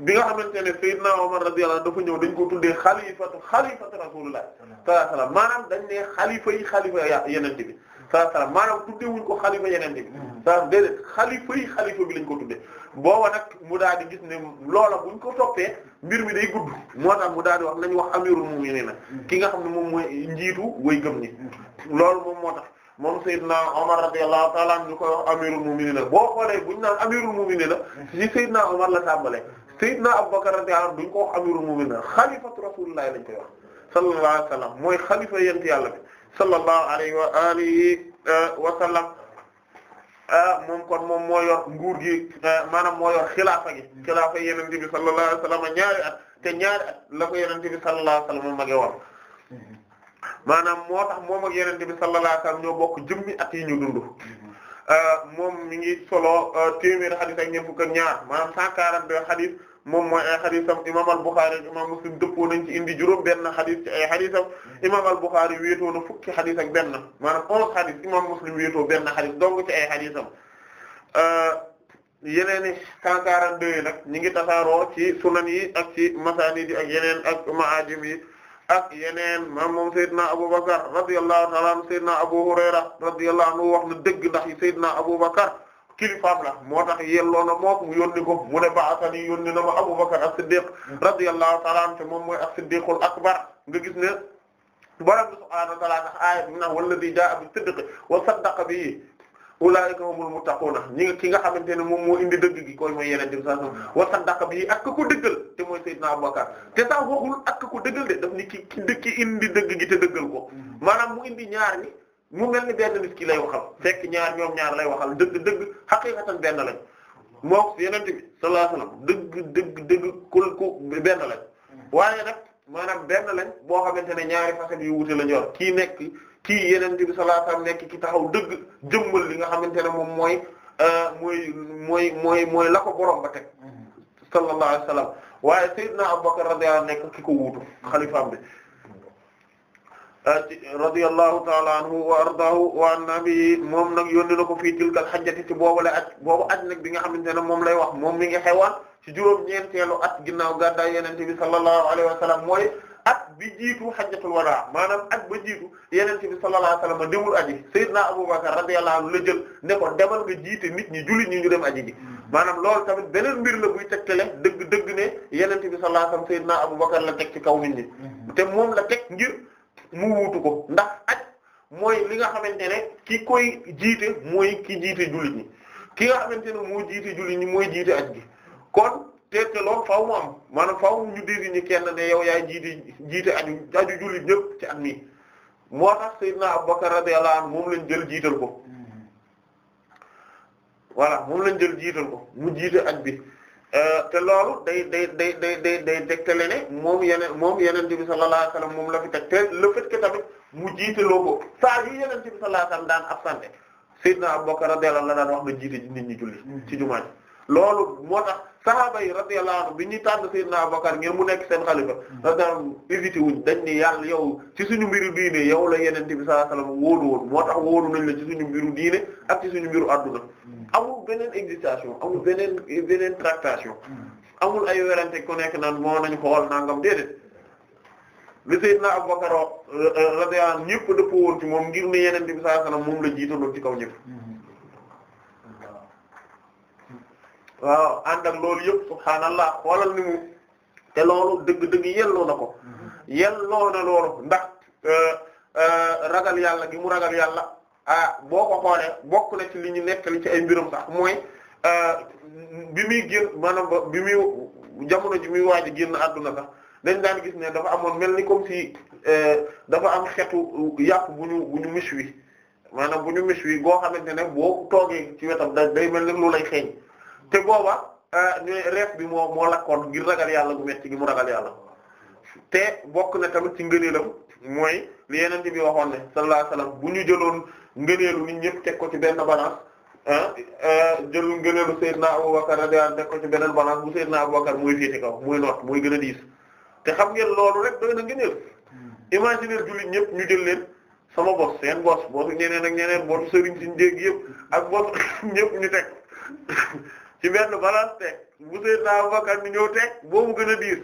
bi nga xamante ne sayyidina dañ ko tuddee xalifatu xalifatu rasulullah sallallahu alayhi wasallam maanaam dañ ne yi xalifa ya yenente saa salaam maanaam tudde wuñ ko xalifa yeneen bi mhm. saa déedéet xalifa yi xalifa bi lañ ko tudde booba nag mu daal di gis ne loola buñ ko toppee mbir mi day gudd moo tax mu daal di wax nañ wax amirul mu'minin mhm. ki nga xam ne moom mooy njiitu way gëm ni mhm. loolu moom moo tax moom Seydina Omar radiyallahu ta'ala anhu ñu koy wax amirul mu'minin boo xoolee buñ naan amirul mu'minin la ci la tàmbalee Seydina Abubakar radiyallahu duñ ko wax amirul mu'minin xalifatu rasulillahi lañ koy wax sallallahu alayhi wasallam mooy xalifa yent yàlla bi sallallahu alayhi wa alihi uh, wa sallam uh, moom kon moom moo yor nguur gi uh, maanaam moo yor xilaafa gi xilaafa yenente bi sallallahu alayhi wa sallam ñaari at te ñaari at la ko yenente bi sallallahu alayhi wa mage woon maanaam moo tax moom ak yenente bi sallallahu alayhi wa sallam ñoo bokk jëmmi at yi ñu dund moom mi ngi solo téeméer xadis ak ñeent fukk ak ñaar maanaam cent quarante-deux xadis moom mooy ay xadisam imam al-Bukhari ak imam Muslim dëppoo nañ ci indi juróom benn xadis ci ay xadisam hmm. imam al-Bukhari wéetoo na fukki xadis ak benn maanaam onze xadis imam Muslim wéetoo benn xadis dong ci ay xadisam yeneen i 142 yi nag ñu ngi tasaaroo ci sunan yi ak ci masaanid yi ak yeneen ak maajim yi ak yeneen maam moom Seydina Aboubacar radiyallahu ta'ala anhu Seydina Abu Hurayra radiyallahu anhu wax na dëgg ndax abu Aboubacar kilifaam la moo tax yelloo na mook mu yónni ko mu ne ba'athani yónni na ma Abubakar as-Siddiq radiyallahu ta'ala anhu te moom mooy as-Siddiqul akbar nga gis ne borom bi subhaanahu wa ta'ala tax aaya bi naan walladhi jaa'a bis-sidqi wa saddaqa bihi ulaa'ika humul muttaquuna nii nga ki nga xamante ne moom moo indi dëgg gi koy mooy yeneen dem sax wa saddaqa bihi ak ko dëggal te mooy Seydina Abubakar te sax waxul ak ko dëggal de daf ni ki ki indi dëgg gi te dëggal ko mm-hmm. maanaam mu indi ñaar ñi mu mel ni benn nit ki lay waxal fekk ñaar ñoom ñaar lay waxal dëgg dëgg xaqiqatan benn lañ moo yeneen bi sallallahu dëgg dëgg dëgg kul ku benn lañ waaye nag maanaam benn lañ boo xamante ne ñaari façon yu wute lañ yor kii nekk kii yeneen bi sallallahu nekk ki taxaw dëgg jëmmal li nga xamante ne moom mooy euh, mooy mooy mooy mooy la ko borom ba teg mhm. sallallahu alayhi wasallam waaye sayyidna Abubakar radiyallahu anhu nekk ki ko wuutu xalifaam bi radiyallahu ta'ala anhu wa ardaahu wa an nabi moom nag yónni na ko fii tilkal xajjati ci la at boobu at nag bi nga xamante ne moom lay wax moom mi ngi xewaan ci juróom-ñeenteelu at ginnaaw gàddaay yonent bi sallallahu alayhi wa salaam mooy at bi jiitu xajjatul wadaa maanaam at ba jiitu yonent bi sallallahu alayhi wa sallam demul aji Seydina Abubakar radiyallahu anhu la jël ne ko demal nga jiite nit ñi juli ñi ñu dem aji gi. maanaam lool tamit beneen mbir la buy tegtale dëgg dëgg ne yonent bi sallallahu alayhi wa sallam Seydina Abubakar la teg ci kaw nit ñi. Mm-hmm. mu wuutu ko ndax aj mooy li nga xamante ne ki koy jiite mooy ki jiite jullit ñi ki nga xamante ne moo jiite jullit ñi mooy jiite aj gi kon te te loolu faaw mu am maanaam faaw ñu désigner kenn ne yow yaay jiite jiite aju aju jullit ci at mi moo tax Seydina Abubakar radiyallahu anhu moom lañ jël jiital ko mm-hmm. voilà moom lañ jël jiital ko mu jiite aj bi Euh, te loolu day day day day day day tegtale ne moom yeneen moom yenente bi sallallahu alayhi moom la fi teg te le fait que tamit mu jiite loo ko saa yi yenente bi a alayhi wasallam daan absenté Seydina Abubakar radiyallahu anhu daan wax na jiite nit ñi julli mm. ci jumaa ji loolu moo tax sahaaba yi radiyallahu anhu bi ñuy tànn Seydina Abubakar ngeen mu nekk seen xalifa radiyallahu mm. évité wuñ dañ ni yàlla yow ci suñu mbiru diine yow la yenente bi sallallahu alayhi moo tax wóolu nañ la ci suñu mbiru diine ak ci suñu mbiru adduna mm. amul beneen excitation amul beneen tractation amul ay werante ku nekk naan moo nañ xool nangam déedéet li Seydina Abubakar euh, radiyallahu anhu ñëpp dëppoo woon ci moom ngir ne yeneen bi sallallahu alayhi wasallam moom la jiitaloon ci kaw ñëpp waaw ànd ak loolu yëpp subhaanallah xoolal ni mu te loolu dëgg-dëgg yelloo na ko mm-hmm. yelloo na loolu ndax euh, euh, ragal yàlla gi mu ragal yàlla ah boo ko xoolee bokk na ci li ñu nekkali ci ay mbiram sax mooy ah, bi muy génn maanaam bi muy jamono ji muy waaj a génn àdduna sax dañ daan gis ne dafa amoon mel ni comme si eh, dafa am xetu yàpp bu ñu bu ñu wi maanaam bu ñu miss wi goo xamante ne boo toogee ci wetam da day mel ni lu lay xeeñ te booba ah, ñooy reef bi moo moo lakkoon ngir ragal yàlla gu metti gi mu ragal yàlla te bokk na tamit ci ngëneelam mooy li yeneen bi waxoon ne sallallahu bu ñu jëloon ngëneelu ni ñëpp teg ko ci benn balance ah jël ngëneelu Seydina Abubakar radiyallahu teg ko ci beneen balance bu Seydina Abubakar mooy féete kaw mooy noot mooy gën a diis te xam ngeen loolu rek doy na hmm. jullit ñëpp ñu jël leen sama bos seen bos boosu ñeneen ak ñeneen boosu sëriñ siñ dégg yëpp ak bos ñëpp ñu teg ci benn balance teg bu Seydina Abubakar ñu ñëw teg mu gën a diis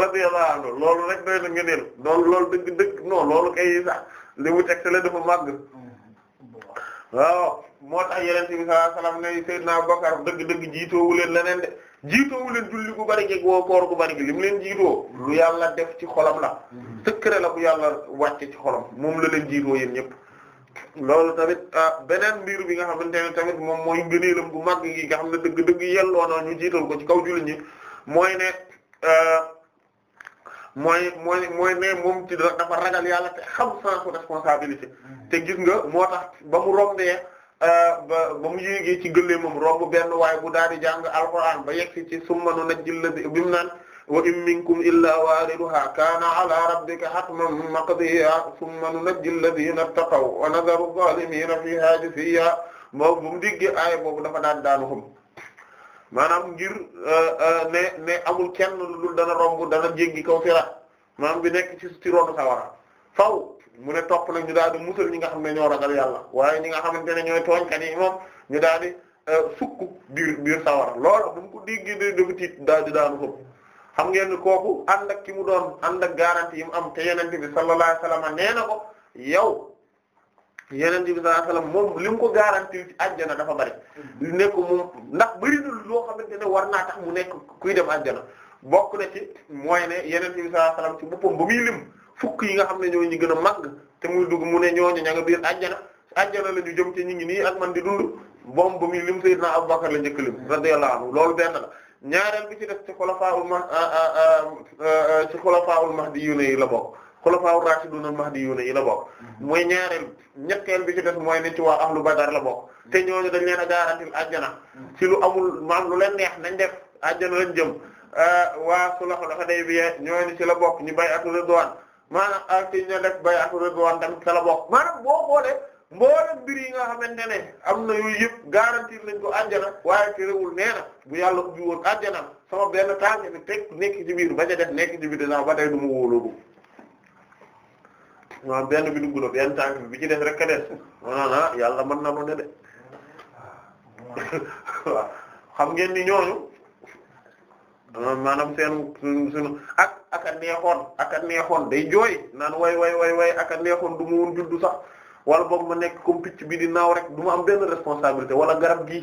radiyallahu anhu loolu rek doy na ngëneel loolu loolu dëgg dëgg non loolu kay sax li mu teg la dafa màgg hmm. waaw moo tax yeneen bi sallallahu alayhi wasallam ne Seydina Abubakar dëgg-dëgg jiitoowu leen leneen de jiitoowu leen julli gu bari gi woo koor gu bari gi li mu leen jiitoo lu yàlla def ci xolam la secret la bu yàlla wàcce ci xolom moom la leen jiitoo yéen ñëpp loolu tamit ah, beneen mbir bi nga xamante ne tamit moom mooy ngëneelam bu mag gi nga xam ne dëgg-dëgg yelloo na ñu jiital ko ci kaw julli ñi mooy ne ah, mooy mooy mooy ne moom ci dafa ragal yàlla te xam sensu responsabilité hmm. te gis nga moo tax ba mu rombee euh, ba ba mu yéegee ci gëllee moom romb benn waay bu daal di jàng alquran ba yegg ci summa nunajjil la bi mu naan wa in minkum illaa waariduhaa kaana ala rabbika hatman maqdiya summa nunajjil ladina ttaqaw wa nadharu zaalimiina fiihaa jithiya moom bu mu diggee aaya boobu dafa daan daanu xam maanaam ngir euh, euh, ne ne amul kenn lu dul dana romb dana jéggi kaw sirat maanaam bi nekk ci ci roonu sawara faw mu ne topp nag ñu daal di musal ñi nga xam ne ñoo ragal yàlla waaye ñi nga xamante ne ñooy tooñkat yi moom ñu daal di euh, sukk biir biir sawara loolu bu mu ko diggi di dafa tiit daal di daanu xëpp xam ngeen ni kooku ànd ak ki mu doon ànd ak garantie yi mu am te yenente bi sallallahu alayhi wasallam nee na ko yow yeneen bi sallallahu alayhi wasallam moom li mu ko garanti ci àjjana dafa bari nekk moom ndax bari na loo xamante ne war naa tax mu nekk kuy dem àjjana bokk na ci mooy ne yeneen bi sallallahu alayhi wasallam ci boppam ba lim fukk yi nga xam ne ñoo ñu gën a màgg te muy dugg mu ne ñooñu ña nga biir àjjana àjjana la ñu jëm ci ñu ngi nii ak man di dund moom ba muy lim Seydina Abubakar la njëkk lim radiyallahu anhu loolu benn la ñaareel bi ci def ci xulafaa'ul ma ah, ah, ah, ci xulafaa'ul mahdiyyuun yi la bokk xulafaa raashidun mahdiyun yi la bokk mooy mhm. ñaareel ñetteel bi ci def mooy ne ci waa ahlu badar la bokk mhm. te ñooñu dañ leen a garantil ajjana mhm. ci lu amul maam lu leen neex nañ def ajjana lañ jëm euh, waa sulhul Hudaybiya ñooñu ci la bokk ñu bay'atu ridwaan maanaam ak ci ñu def bay'atu ridwaan tamit ci la bokk maanaam boo xoolee mboolem mbir yi nga xamante ne am na yooyu yëpp garantir lañ ko ajjana waaye terewul nee na bu yàlla ubbi woon ajjana sama benn tànk bi te nekk ci biir ba ca def nekk ci biir dinaa ba tey du ma wóoloobu maanaam benn bi dugg na benn tànk bi bi ci des rek ka des maanaam ah mën na nu ne de xam ngeen ni ñooñu maanaam seen sunu ak ak a neexoon day jooy naan way way way way ak a neexoon du ma woon juddu sax wala boog ma nekk comme picc bi di naaw rek du ma am benn responsabilité wala garab gi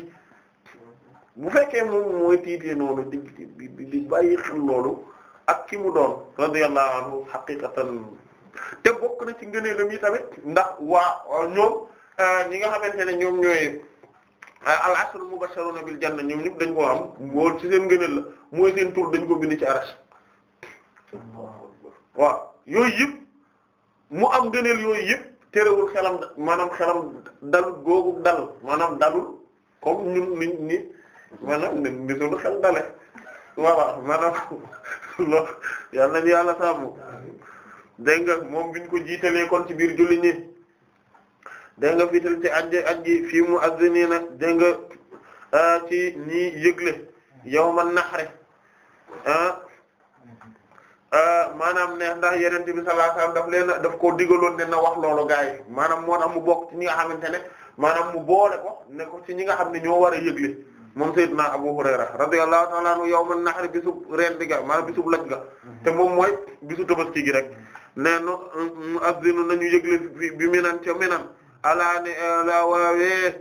bu fekkee moom mooy tiitee noonu di di di bàyyi xel loolu ak ki mu doon radiyallahu anhu haqiqatan te bokk na ci ngëneelam yi tamit ndax waa ñoom euh, ñi nga xamante ne ñoom ñooy al asr al mubashsharuna bil janna ñoom ñëpp dañ koo am wool ci seen la mooy seen tur dañ ko bind ci arash mu am ngëneel yooyu yëpp terewul xelam maanaam xelam dalul googu dal maanaam dalul comme ñun nit ñi maanaam ne ni xel dale voilà maanaam loolu yàlla nañu yàlla sàmm dégg nga moom biñ ko jiitalee kon ci biir julli ñi nga fiital ci ajj ajji fii mu azziniina dégg nga ah, ci ñii yëgle yawman nahri ah, ah, maanaam ne ndax yeneen bi sallallahu daf leen daf ko digaloon ne na wax loolu gaa maanaam moo tax mu bokk ci ñi nga xamante maanaam mu boole ko ci ñi nga xam ne ñoo war a yëgle moom Seydina Abu Hurayra radiyallahu ta'ala anhu yawman nahri bisub reen bi ga maanaam bisub laj ga te moom mooy bisu tabaski gi rek nee na mu azzinu nañu yëgle bi minan ca minan alaa ne laa waawee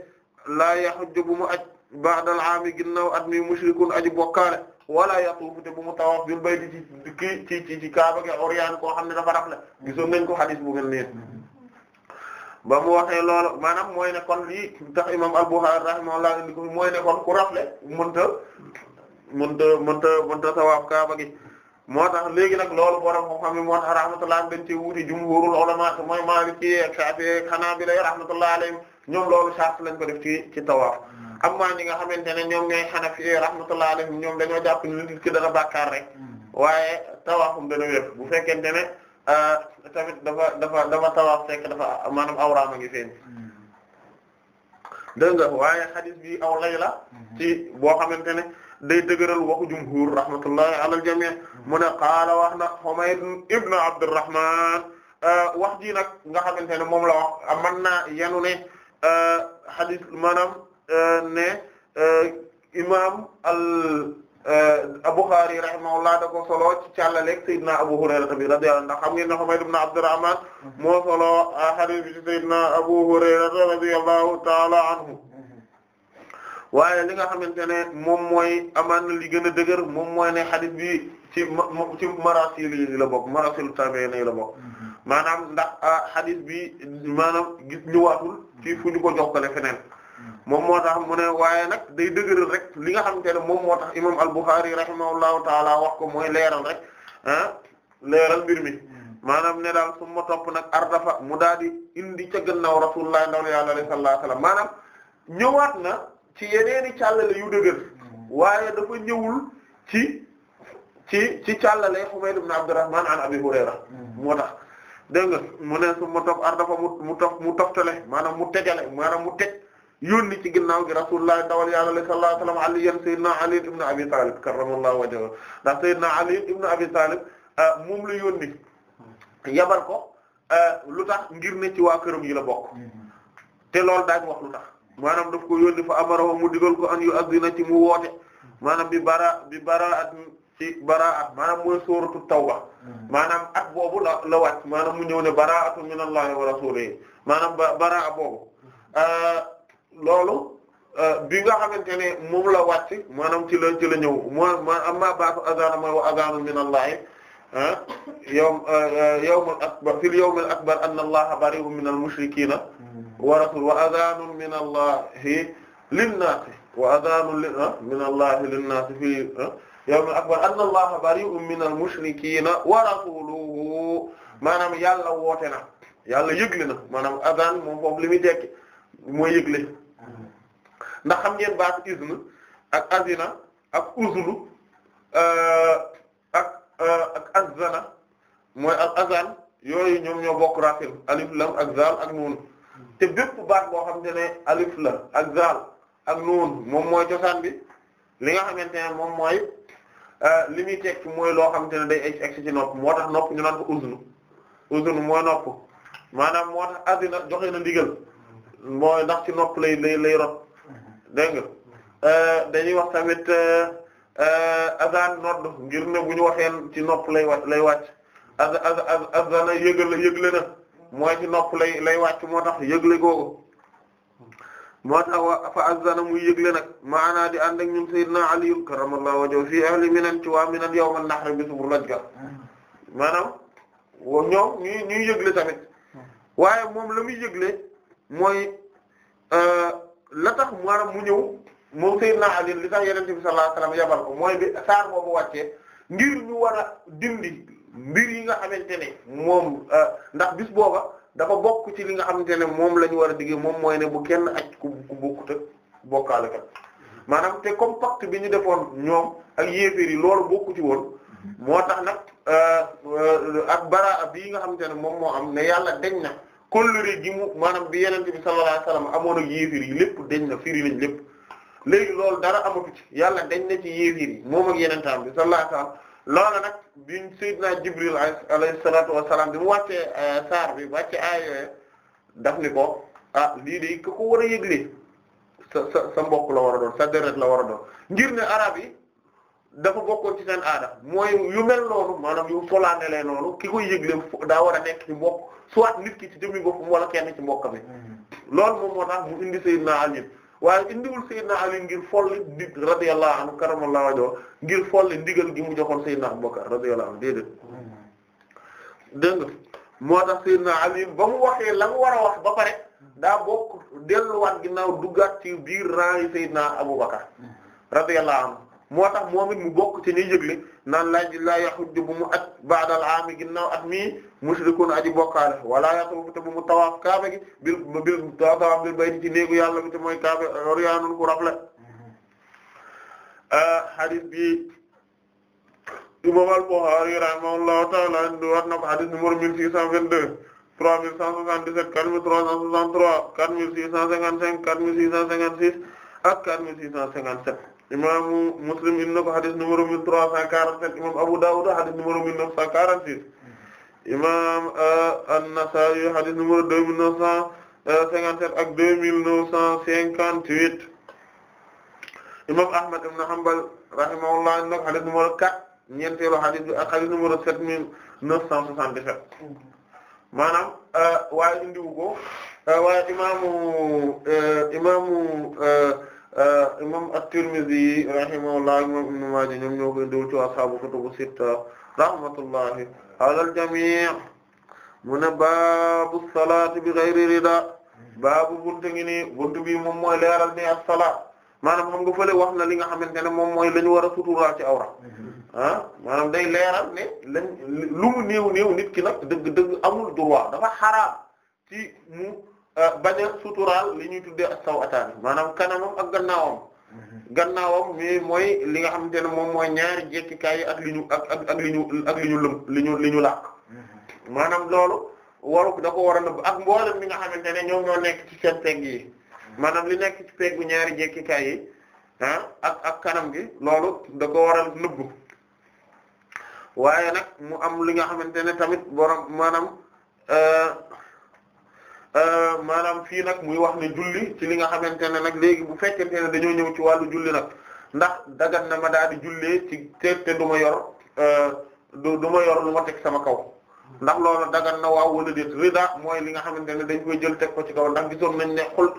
laa yahujju bu mu aj ba'dal aami ginnaaw at mi mushrikun aji bokkaale wala yatuufu te bu mu tawaaf bil bayti ci ci ci ci kaaba gi uryaan ko xam ne dafa rafle gisoon nañ ko hadis bu mel nii ba mu waxee loolu maanaam mooy ne kon i tax imam al-Bukhari rahimahullah indi mooy ne kon ku rafle mënta mënta mënta mënta tawaaf kaaba gi moo tax léegi nag loolu borom xam-xam yi moo tax rahmatullah dañ ci wuti jumhurul ulama mooy Maliki ak Shafi'i Hanabila rahmatullah alayhim ñoom loolu sart lañ ko def ci ci hmm. am amma ñi nga xamante ne ñoom ñooy Hanafi rahmatullah alayhim ñoom dañoo jàpp ni nit ki dana bàkkaar rek hmm. waaye tawaafum dana wér bu fekkente ne euh, tamit dafa dafa dafa tawaaf fekk dafa maanaam awraama ngi feeñ hmm. dégg nga waaye hadith bi aw lay la ci boo xamante ne day dëgëral waxu jumhur rahmatullahi ala al-jami' mu ne qaala wax na Humayd ibn Abdurrahman euh, wax ji nag nga xamante ne moom la wax mën naa yanu ne euh, hadith maanaam euh, ne imaam al Bukhari rahimahullah da ko solo ci càllaleeg Seydina Abu Hurayra bi radiyallahu anhu ndax xam ngeen ne Humayd ibn Abdurrahman moo solo hadith bi ci Seydina Abu Hurayra radiyallahu ta'ala anhu waaye li nga xamante ne moom mooy amaan na li gën a dëgër moom mooy ne xadis bi ci ci marasil yi la bokk marasil tabi'in yi la bokk mm-hmm. maanaam ndax ah, xadis bi maanaam gis ñëwaatul ci fu ñu ko jokkale feneen mm-hmm. moom moo tax mu ne waaye nag day dëgëral rek li nga xamante ne moom moo tax imam al-Bukhari rahimahullahu taala wax ko mooy leeral rek ah leeral mbir mi mm-hmm. maanaam ne daal su ma topp nag ardafa mu daal di indi ca gannaaw rasulullah sallallahu alayhi wasallam maanaam ñëwaat na ci yeneeni càllale yu dëgër waaye dafa ñëwul ci ci ci càllale Humayd ibn Abdurrahman an Abi Hurayra moo tax dégg nga mu ne su mu tof ar dafa mu mu tof mu toftale maanaam mu tegale maanaam mu teg yónni ci ginnaaw gi rasulullah dawal yàlla la sallallahu alayhi wa sallam ali yan sayyidina Ali ibn Abi Talib karramallahu wajhahu ndax sayyidina Ali ibn Abi Talib euh, moom la yónni yabal ko euh, lu tax ngir ne ci waa këram yi la bokk mm-hmm. te loolu daañu wax lu tax maanaam daf ko yónni fa amarahu mu digal ko an yu addina ci mu woote maanaam bi bara bi bara ci baraa maanaam mooy suuratu tawba hmm. maanaam at boobu la la wàcc mu ñëw ne baraatu minallahi wa rasuulihi maanaam ba baraa boobu hmm. euh, loolu euh, bi nga xamante ne moom la wàcc maanaam ci la ci la ñëw mooy ma amma baatu azaan mooy wa azaanu minallahi euh, yawm yawmul akbar fil yawmil akbar anna allaha bari'un minal mushrikiina wa rasul wa adhanun min allahi linnaasi wa adhanun li ah, ah, akbar anna allaha bari'un minal mushrikiina wa rasuluhu maanaam yàlla woote na yàlla yëgle na maanaam adhan moo foofu li muy tekki mooy yëgle ndax xam baat izn ak azina ak uzlu eh, ak eh, ak azana mooy yooyu ñoom ñoo bokk ak zal te bépp baat boo xam te ne alif la ak zaal ak nuun moom mooy cosaan bi li nga xamante ne moom mooy euh, li muy tekki mooy loo xamante ne day egg ci nopp moo tax nopp ñu naan ko uznu uznu mooy nopp maanaam moo tax addina joxe na ndigal mooy ndax ci nopp lay lay lay rot dégg nga euh, dañuy wax tamit euh, azan nodd ngir ne bu ñu waxee ci nopp lay wàcc lay wàcc az az az azana yëgal yëgle na. mooy ci nopp lay lay wàcc moo tax yëgle googu moo tax wa fa azzana muy yëgle nag maanaa di ànd ak na sayyidina Ali karramallahu wajhu fii ahli Minan ci waa Minan yawman nahr bi subur laj ga maanaam wo ñoom ñuy ñuy yëgle tamit waaye moom la muy yëgle mooy euh, la tax mu maanaam mu ñëw moom sayyidina Ali li tax Yonent bi sallallahu alayhi wasallam yabal ko mooy bi saar boobu wàccee ngir ñu war a dindi mbir yi nga xamante ne moom euh, ndax bis booba dafa bokk ci li nga xamante ne moom la ñu war a diggee moom mooy ne bu kenn aj ku ku bokkut ak te comme pacte bi ñu defoon ñoom ak yéeféer yi loolu bokku ci woon moo tax nag euh, ak bara bii nga xamante ne moom moo am ne yàlla deñ na kóllëre gi mu maanaam bi yenente bi sallallahu alayhi yi lépp deñ na firi lépp léegi loolu dara amatu ci yàlla deñ na ci yéeféer yi bi sallallahu alayhi wasallam loolu nag biñ Seydina Jibril alayhi salaatu wa salaam bi mu wàccee euh, saar bi wàccee aayooye daf ni ko ah lii de ku ko war a yëgle sa sa sa mbokk la war a doon sa deret la war a doon ngir ne arab yi dafa bokkoon ci seen aada mooy yu mel noonu maanaam yu solaane noonu ki koy yëgle daa war a nekk ci mbokk soit nit ki ci jëmmi boppam wala kenn ci mbokk mi hmm. loolu moom moo tax mu indi Seydina Ali waaye indiwul Seydina Ali ngir folli di radiyallahu anhu karamallahu wajhahu ngir folli ndigal gi mu joxoon Seydina Abubakar radiyallahu anhu déedéet dégg nga moo tax Seydina Ali ba mu waxee la mu war a wax ba pare daa bokk delluwaat ginnaaw duggaat ci biir rang yi Seydina Abubakar radiyallahu anhu moo tax moom it mu bokk ci ñuy yëgle naan laa ji laa bu mu at ba'dal aami ginnaaw at mii mushrikun aji bokkaale wala yatawafu te bu mu tawaaf kaaba gi bil bil tawaaf bil bayti ci néegu yàlla bi te mooy kaaba oryaanun ku rafle euh, hadith bi imam al-Bukhari rahimahullahu ta'ala indi war na ko hadith numéro 1622 3177 4363 4655 4656 ak 4657 imaamu Muslim indi na ko hadith numéro 1347 imam Abu Dawud hadith numéro 1946 imam euh, an-Nasa'i hadith numéro deux mille neuf cent cinquante-sept ak deux mille neuf cent cinquante-huit imam Ahmad ibn Hanbal rahimahullah nag hadith numéro quatre ñeenteelu hadith bi ak sept mille neuf cent soixante-sept maanaam euh, waaye indiwu ko euh, waaye imaamu imaamu imam at ashaabu kutubu sitta rahmatullahi alal jamii mu ne baabu salaati bi ghayri rida baabu buntu ngi nii buntu bi moom mooy leeral ni as-salaat maanaam xam nga fële wax na li nga xamante ne moom mooy la ñu war a suturaal ci awra ah, maanaam day leeral ne lu mu néew néew nit ki nag dëgg dëgg amul droit dafa xaraam ci mu ah, bañ a suturaal li ñuy tuddee as-sawataani maanaam kanamam ak gannaawam gannaawam mi mooy li nga xamante ne moom mooy ñaari jekkikaay yi ak li ñu ak ak ak li ñu ak li ñu lëm li ñu loolu waru da ko war a nëbb ak mboolem mi nga xamante ne ñoom ñoo nekk ci seen pegg yi maanaam li nekk ci peggu ñaari jekkikaay yi ah, ak ak kanam gi loolu da ko war a nëbb waaye nag mu am li nga xamante ne tamit borom maanaam euh, Euh, maanaam fii nag muy wax ne julli ci li nga xamante ne nag léegi bu fekkee ne dañoo ñëw ci wàllu julli nag ndax dagat na ma daal di jullee ci te te du ma yor euh, du du ma yor lu ma teg sama kaw ndax loolu dagan na waaw wala déet rida mooy li nga xamante ne dañ koy jël teg ko ci kaw ndax gisoon nañ ne xul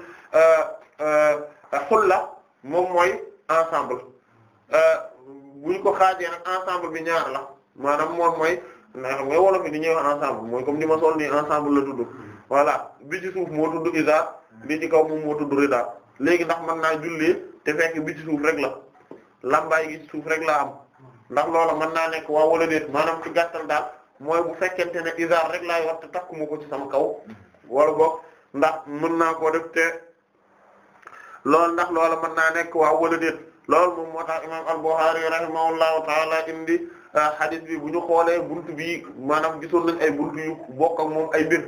euh, xul la moom mooy ensemble buñ ko xaajee nag ensemble bi ñaar la maanaam moom mooy ndax xam nga wolof yi di ñëw ensemble mooy comme ni sol nii ensemble la voilà bi ci suuf moo tudd izar bi kaw moom moo tudd rida léegi ndax mën naa julli te fekk bi ci suuf rek la lambaay gi ci suuf rek am ndax loola mën naa nekk waaw wala déet maanaam ci gàttal daal mooy bu fekkente ne izar rek laay wax te takkuma ko ci sama kaw wala boog ndax mën naa koo def te loolu ndax loola mën naa nekk waaw wala déet loolu moom moo tax imam al-Bukhari rahimahullahu taala indi ah, hadith bi bu ñu xoolee buntu bi maanaam gisoon nañ ay buntu yu bokk ak moom ay mbir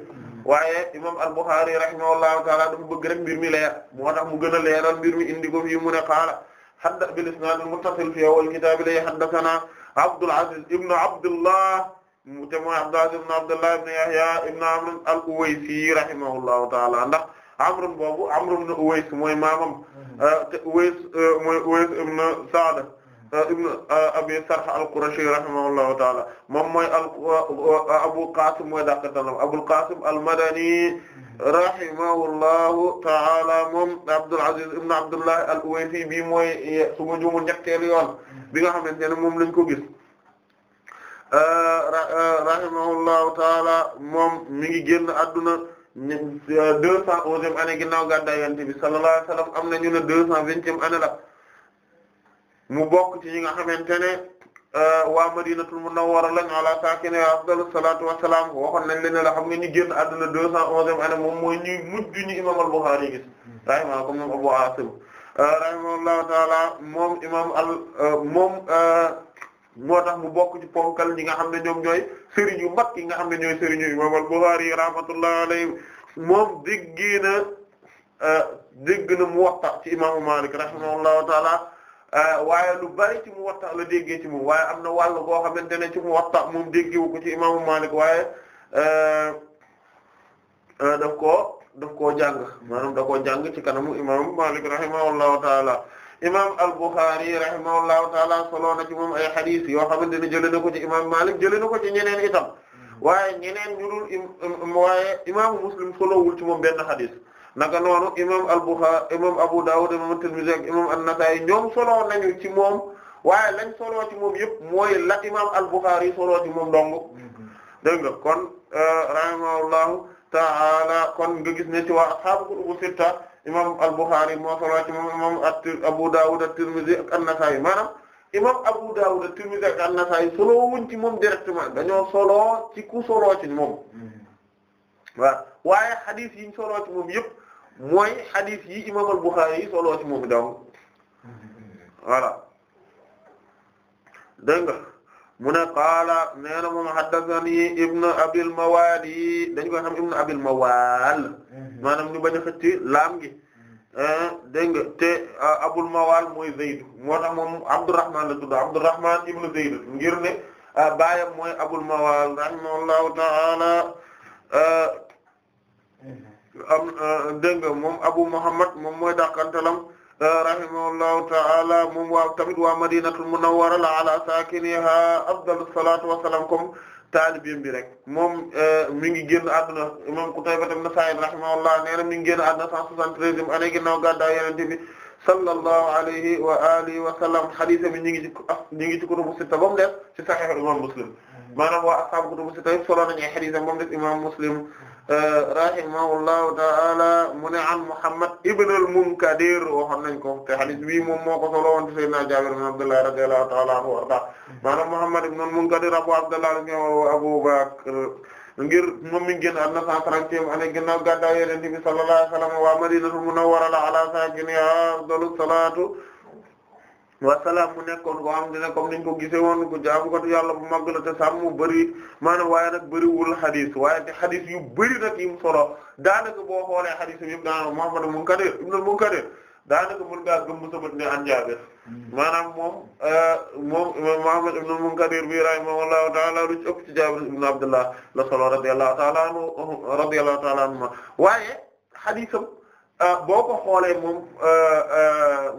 waaye imam al-Bukhari rahimahullahu taala dafa bëgg rek mbir mi leer moo tax mu gën a leeral mbir mi indi ko fii mu ne qaala hadda bil isnad al-muttasil fi awwal kitab li haddathana Abdul Aziz ibn Abdullah mu te mooy Abdul Aziz ibn Abdullah ibn Yahya ibn Amr al-Uwaysi rahimahullahu taala ndax Amr boobu Amr ibn Uways mooy maamam mm-hmm. te Uways euh, mooy Uways ibn Sa'd Euh, ibn euh, abi sarh al-qurashi rahimahullahu taala moom mooy euh, abu qasim mooy dàqatanam abul qasim al-madani rahimahullahu taala moom abdul aziz ibn abdullah al-uwaysi bi mooy suma jumul ñetteel yoon bi nga xamante ne moom lañ ko gis rahimahullahu taala moom mi ngi génn adduna deux cent onzième année ginnaaw gàddaay yonent bi sallallahu alayhi wasallam am na ñu ne deux cent vingtième année la mu bokk ci ñi nga xamante ne euh, waa mu munawwara lañ ala saakine afdalu salaatu wassalaam waxoon nañ la xam nga ñu génn àdduna deux cent onzième année moom mooy ñuy mujj ñu imam al-Bukhari gis rahimahullah euh, moom Abu euh, Asim ñi nga xam ne ñoom ñooy yu mag yi nga xam ne ñooy sëriñ yu imam al-Bukhari na mu waxta ci imaamu Malik rahimahullahu taala Eh, waaye lu bari ci Muwatta la déggee ci moom waaye am na wàll goo xamante ne ci Muwatta moom déggewu ko ci imaamu Maalik waaye eh, eh, daf koo daf koo jàng maanaam da koo jàng ci kanamu imaamu Maalik rahimahullahu taala imaam al-Bukhari rahimahullahu taala solo na ci moom ay xadiis yoo xamante ne jëlee ko ci imaamu Maalik jëlee na ko ci ñeneen itam hmm. waaye ñeneen ñu imaamu Muslim solowul ci moom benn xadiis. naka noonu imam al-Bukhari imam Abu Dawud imam at-Tirmidhi ak imam an-Nasa'i ñoom solo nañu ci moom waaye lañ solo ci moom yëpp mooy la imam al-Bukhari solo ci moom dong dégg nga kon euh, rahimahullahu ta'ala kon nga gis ne ci waa ashaabu kutubu sitta imam al-Bukhari moo solo ci moom imam Abu Dawud at-Tirmidhi ak an-Nasa'i maanaam Abu Dawud at-Tirmidhi ak an solo wuñ ci moom directement dañoo solo ci ku solo ci moom mm-hmm. waaw waaye hadith yiñ solo ci moom yëpp. mooy xadis yi imam a bukhari yi soloo daaw voilà dégg nga mu ne qaala nee na ibn abil mawali dañ koy xam ibn abil mawal mhm. eh, nga te eh, abul mawal mooy Zayd moo moom Abdurrahman la ibn Zayd ngir ne eh, baayam mooy abul mawal rahimahullahu ta'ala am euh, moom Abu Muhammad moom mooy dàqantalam euh, rahimahullahu ta'ala moom waa tamit waa Madinatul Munawwara la ala saakiniha afdalu salaatu wa salaam comme taalibeem bi rek moom euh, mi ngi génn àdduna imam Qutayba ibn Sa'id rahimahullah nee na mi ngi génn àdduna 173e année ginnaaw gàddaay Yonent bi sallallahu alayhi wa alihi wa sallam hadith bi ñu ngi ci ah, ñu ngi ci kutubu sitta ba mu def ci Sahih imam Muslim mm-hmm. maanaam waa ashaabu kutubu sitta yëpp solo nañu ay hadith ba mu def imam rahimahullahu ta'ala mu ne an Muhammad ibn al-Munkadir waxoon nañ ko te hadith bii moom moo ko solo woon sayyidina Jaabir ibn Abdullah radiyallahu ta'ala anhu warda maanaam Muhammad ibn al-Munkadir Abu Abdullah Abu Bakr ngir moom mi ngi génn àdduna 130e année ginnaaw gàddaay Yonent bi sallallahu alayhi wa Madinatul Munawwara ala saakinihaa afdalu salaatu wasalaam mu nekkoon ko am dina comme niñ ko gisee woon ko jaamu ko yàlla bu mag la te sàmm mu bëri maanaam waaye nag bëriwul xadis waaye te xadis yu bëri nag yi mu solo daanaka boo xoolee xadis yi yëpp daanaka Muhammad Munkadir ibn Munkadir daanaka mën ngaa gëm sa bët ne an Jaabir hmm. maanaam moom euh, moom Muhammad ibn Munkadir bi rahimahullahu ta'ala lu ci ëpp ci Jaabir ibn Abdullah la solo radiyallahu ta'ala anhu radiyallahu ta'ala anhu Euh, boo ko xoolee moom moom euh, euh,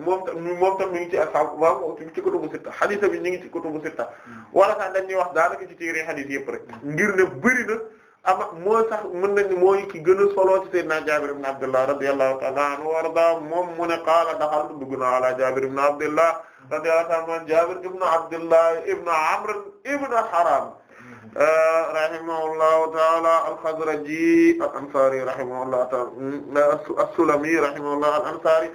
moom tam ñu ngi ci ashab waaw ci kutubu sitta hadith bi ñu ngi ci kutubu sitta hmm. wala sax dañuy wax daanaka ci téere hadith yëpp rek ngir ne bëri na ama moo sax mën nañ mooy ki gën a soloo ci sayyidina Jaabir ibn Abdullah radiyallahu ta'ala anhu wa arda moom mu ne qaala daxaltu dugg naa ala Jaabir ibn Abdullah radiyallahu ta'ala anhu Jaabir ibn Abdullah ibn Amr ibn Haram rahimahullahu taala al-Khazraji al-Ansari rahimahullahu taala as-Sulami rahimahullah al-Ansari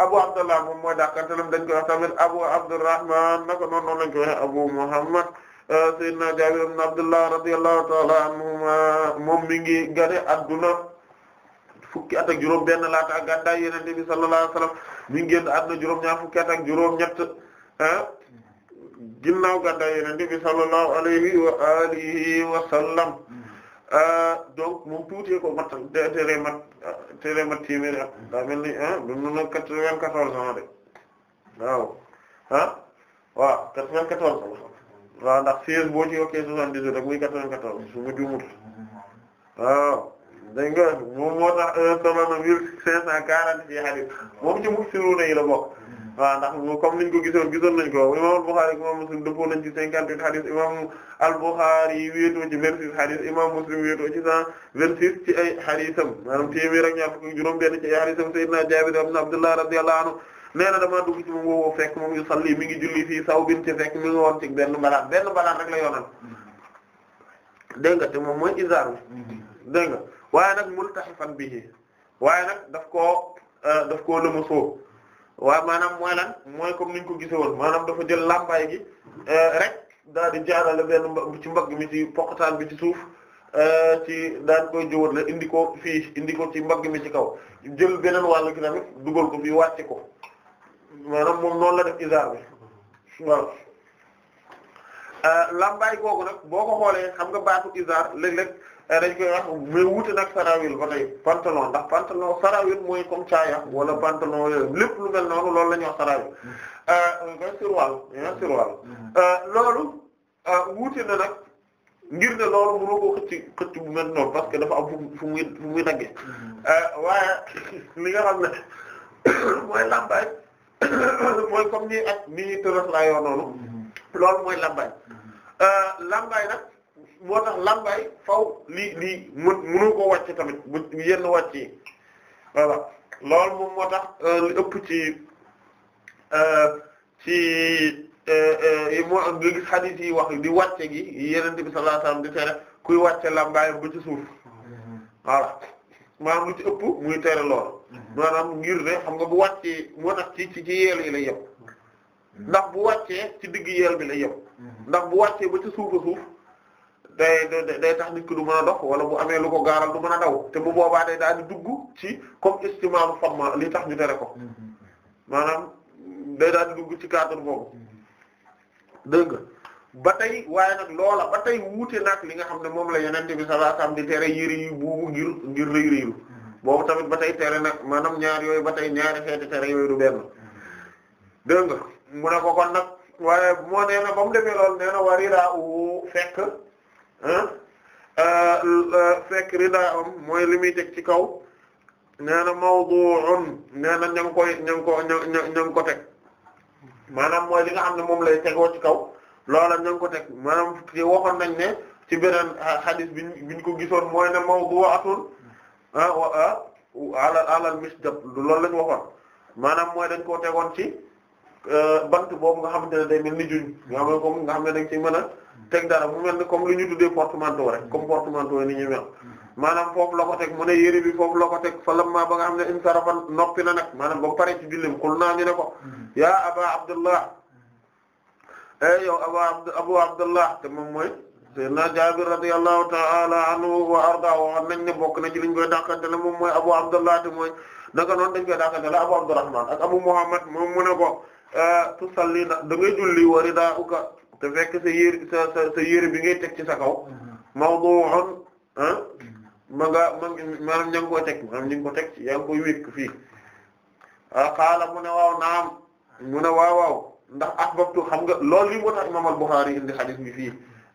Abu Abdullah moom mooy dàqanteelam dañ koy wax tamit Abu Abdurrahman naka noonu noonu lañ koy waxee Abu Muhammad euh, Sayyidina Jaabir ibn Abdullah radiyallahu taala anhuma moom mi ngi gane adduna fukki at ak juróom benn laata ak gàddaay Yonent bi sallallahu alayhi wasallam mi ngi génn adduna juróom ñaar fukki at ak juróom ñett ah. ginnaaw gàddaay Yonent bi sallallahu alayhi wa alihi wa sallam mm-hmm. euh, donc moom tuuti ko tere mat tere mat téeméeri at daa mel ni ah dund na quatre-vingt-quatorze ans de waaw ah waaw quatre-vingt-quatorze waaw ndax seize boo ci yokkee soixante-dix muy quatre-vingt-quatorze su ma juumut waaw dégg nga moom moo tax un euh, tonne mille cinq cent quarante ci hadith moom ci la bokk waaw ndax comme niñ ko gisoon gisoon nañ ko imam al-Bukhari imam Muslim dëppoo nañ ci cinquante-huit hadith imam al-Bukhari wéetoo ci vingt-six hadith imam Muslim wéetoo ci cent vingt-six ci ay haditham maanaam téeméer ak ñaar fukk juróom benn ci ay haditham Sayyidina Jaabir ibn Abdullah radiyallahu anhu nee na damaa dugg ci moom woowo fekk moom yu salli mi julli fii saw bin ci fekk mi ngi woon ci benn mbalaan benn mbalaan rek la yoonal dégg nga te moom mooy izaar bi dégg nga waaye nag multahifan bihi waaye nag daf koo euh, daf koo lëmasoo waaw maanaam mooy lan mooy comme niñ ko gisewoon maanaam dafa jël làmbaay gi euh, rek daal di jaarale benn ci mbagg mi ci poqataan bi ci suuf euh, ci daan koy jëwat la indi ko fii indi ko ci mbagg mi ci kaw jël beneen wàll gi tamit dugal ko fii wàcce ko maanaam moom noonu la def isaar bi waaw euh, làmbaay googu nag boo ko xoolee xam nga baatu isaar léeg-léeg Eh, dañ koy wax mais wuute pantalon ndax pantalon sarawil mooy comme caaya wala pantalon yooyu lu mel noonu loolu la ñuy wax sarawil nga surwaal nga nag ngir ne loolu mënoo ko xëcc bu mel noonu parce que dafa am fu fu muy fu muy mm-hmm. eh, waaye li nga xam ne mooy lambaay mooy comme ni ak ni ñuy tërës laa mm-hmm. loolu mooy lambaay mm-hmm. eh, lambaay nag moo tax làmbaay faw lii lii mën mënu ko wàcc tamit bu yenn wàcc yi voilà loolu moom moo tax euh, li ëpp ci euh, ci euh, moo am nga yi wax di wàcce gi yeneen bi sallallahu alayhi wasallam di tere kuy wàcce làmbaayam ba ci suuf voilà maanaam lu ci ëpp muy tere lool maanaam ngir ne xam nga bu wàccee moo tax ci ci yeel yi lay yem ndax bu wàccee ci digg yeel bi la yem ndax bu wàccee ba ci suufa suuf day day tax nit ki du mën a dox wala bu amee lu ko gaaral du mën a daw te bu boobaa day daal di dugg ci comme istimaalu formal li tax ñu tere ko mm-hmm. maanaam day daal dugg ci cadre boobu mm-hmm. dégg nga ba tey waaye nag loola ba tey wuute nag li nga xam ne moom la yenente bi sallallahu di tere yëri yu buubu ngir ngir mm-hmm. boobu tamit ba tey tere nag maanaam ñaar yooyu ba tey ñaari xeeti tere yooyu du benn nga mu ne ko kon nag waaye moo nee na ba mu demee lool nee na wari raa u fekk Euh, euh, fekk ridaam mooy li muy teg ci kaw nee na mawdu'un nee na ña ngi koy ko ko teg maanaam mooy li nga xam ne moom lay tegoo ci kaw loola ña ko teg maanaam te waxoon nañ ne ci beneen hadith biñ biñ ko gisoon mooy ne mawdu'atun ah, ah ala alal misdab loolu lañ waxoon maanaam mooy dañ koo tegoon ci euh, bant boobu nga xamante ne day mel ni juñ nga xam ne comme dañ ci mën a teg dara mu mel ni comme lu ñu tuddee portemanteau rek comme portemanteau ni ñu mel maanaam foofu la ko teg mu ne yére bi foofu la fa lamma ba nga xam ne insarafa noppi na nag maanaam ba pare naa ñu ne ko mm-hmm. yaa aba abdullah eh yow aba abu abdullah te moom mooy sayyidina Jaabir radiyallahu ta'ala anhu wa arda waxoon nañ ne bokk na ci liñ koy dàqante la moom mooy abu abdullah te mooy naka noonu dañ koy dàqante la abu abdurrahman abu muhammad moom mu ne ko eh, tusalli na da ngay julli wa ridaa'uka te fekk sa yére yére bi ngay teg ci sa kaw mm-hmm. mawdu'un ah mm-hmm. ma nga ma maanaam ña ngi teg maanaam ko teg ci yaa ngi koy wékk fii xaala ah, mu ne waaw naam mu ne waaw waaw ndax ahbabtu xam nga lool li moo tax imam al-Bukhari indi hadith bi fii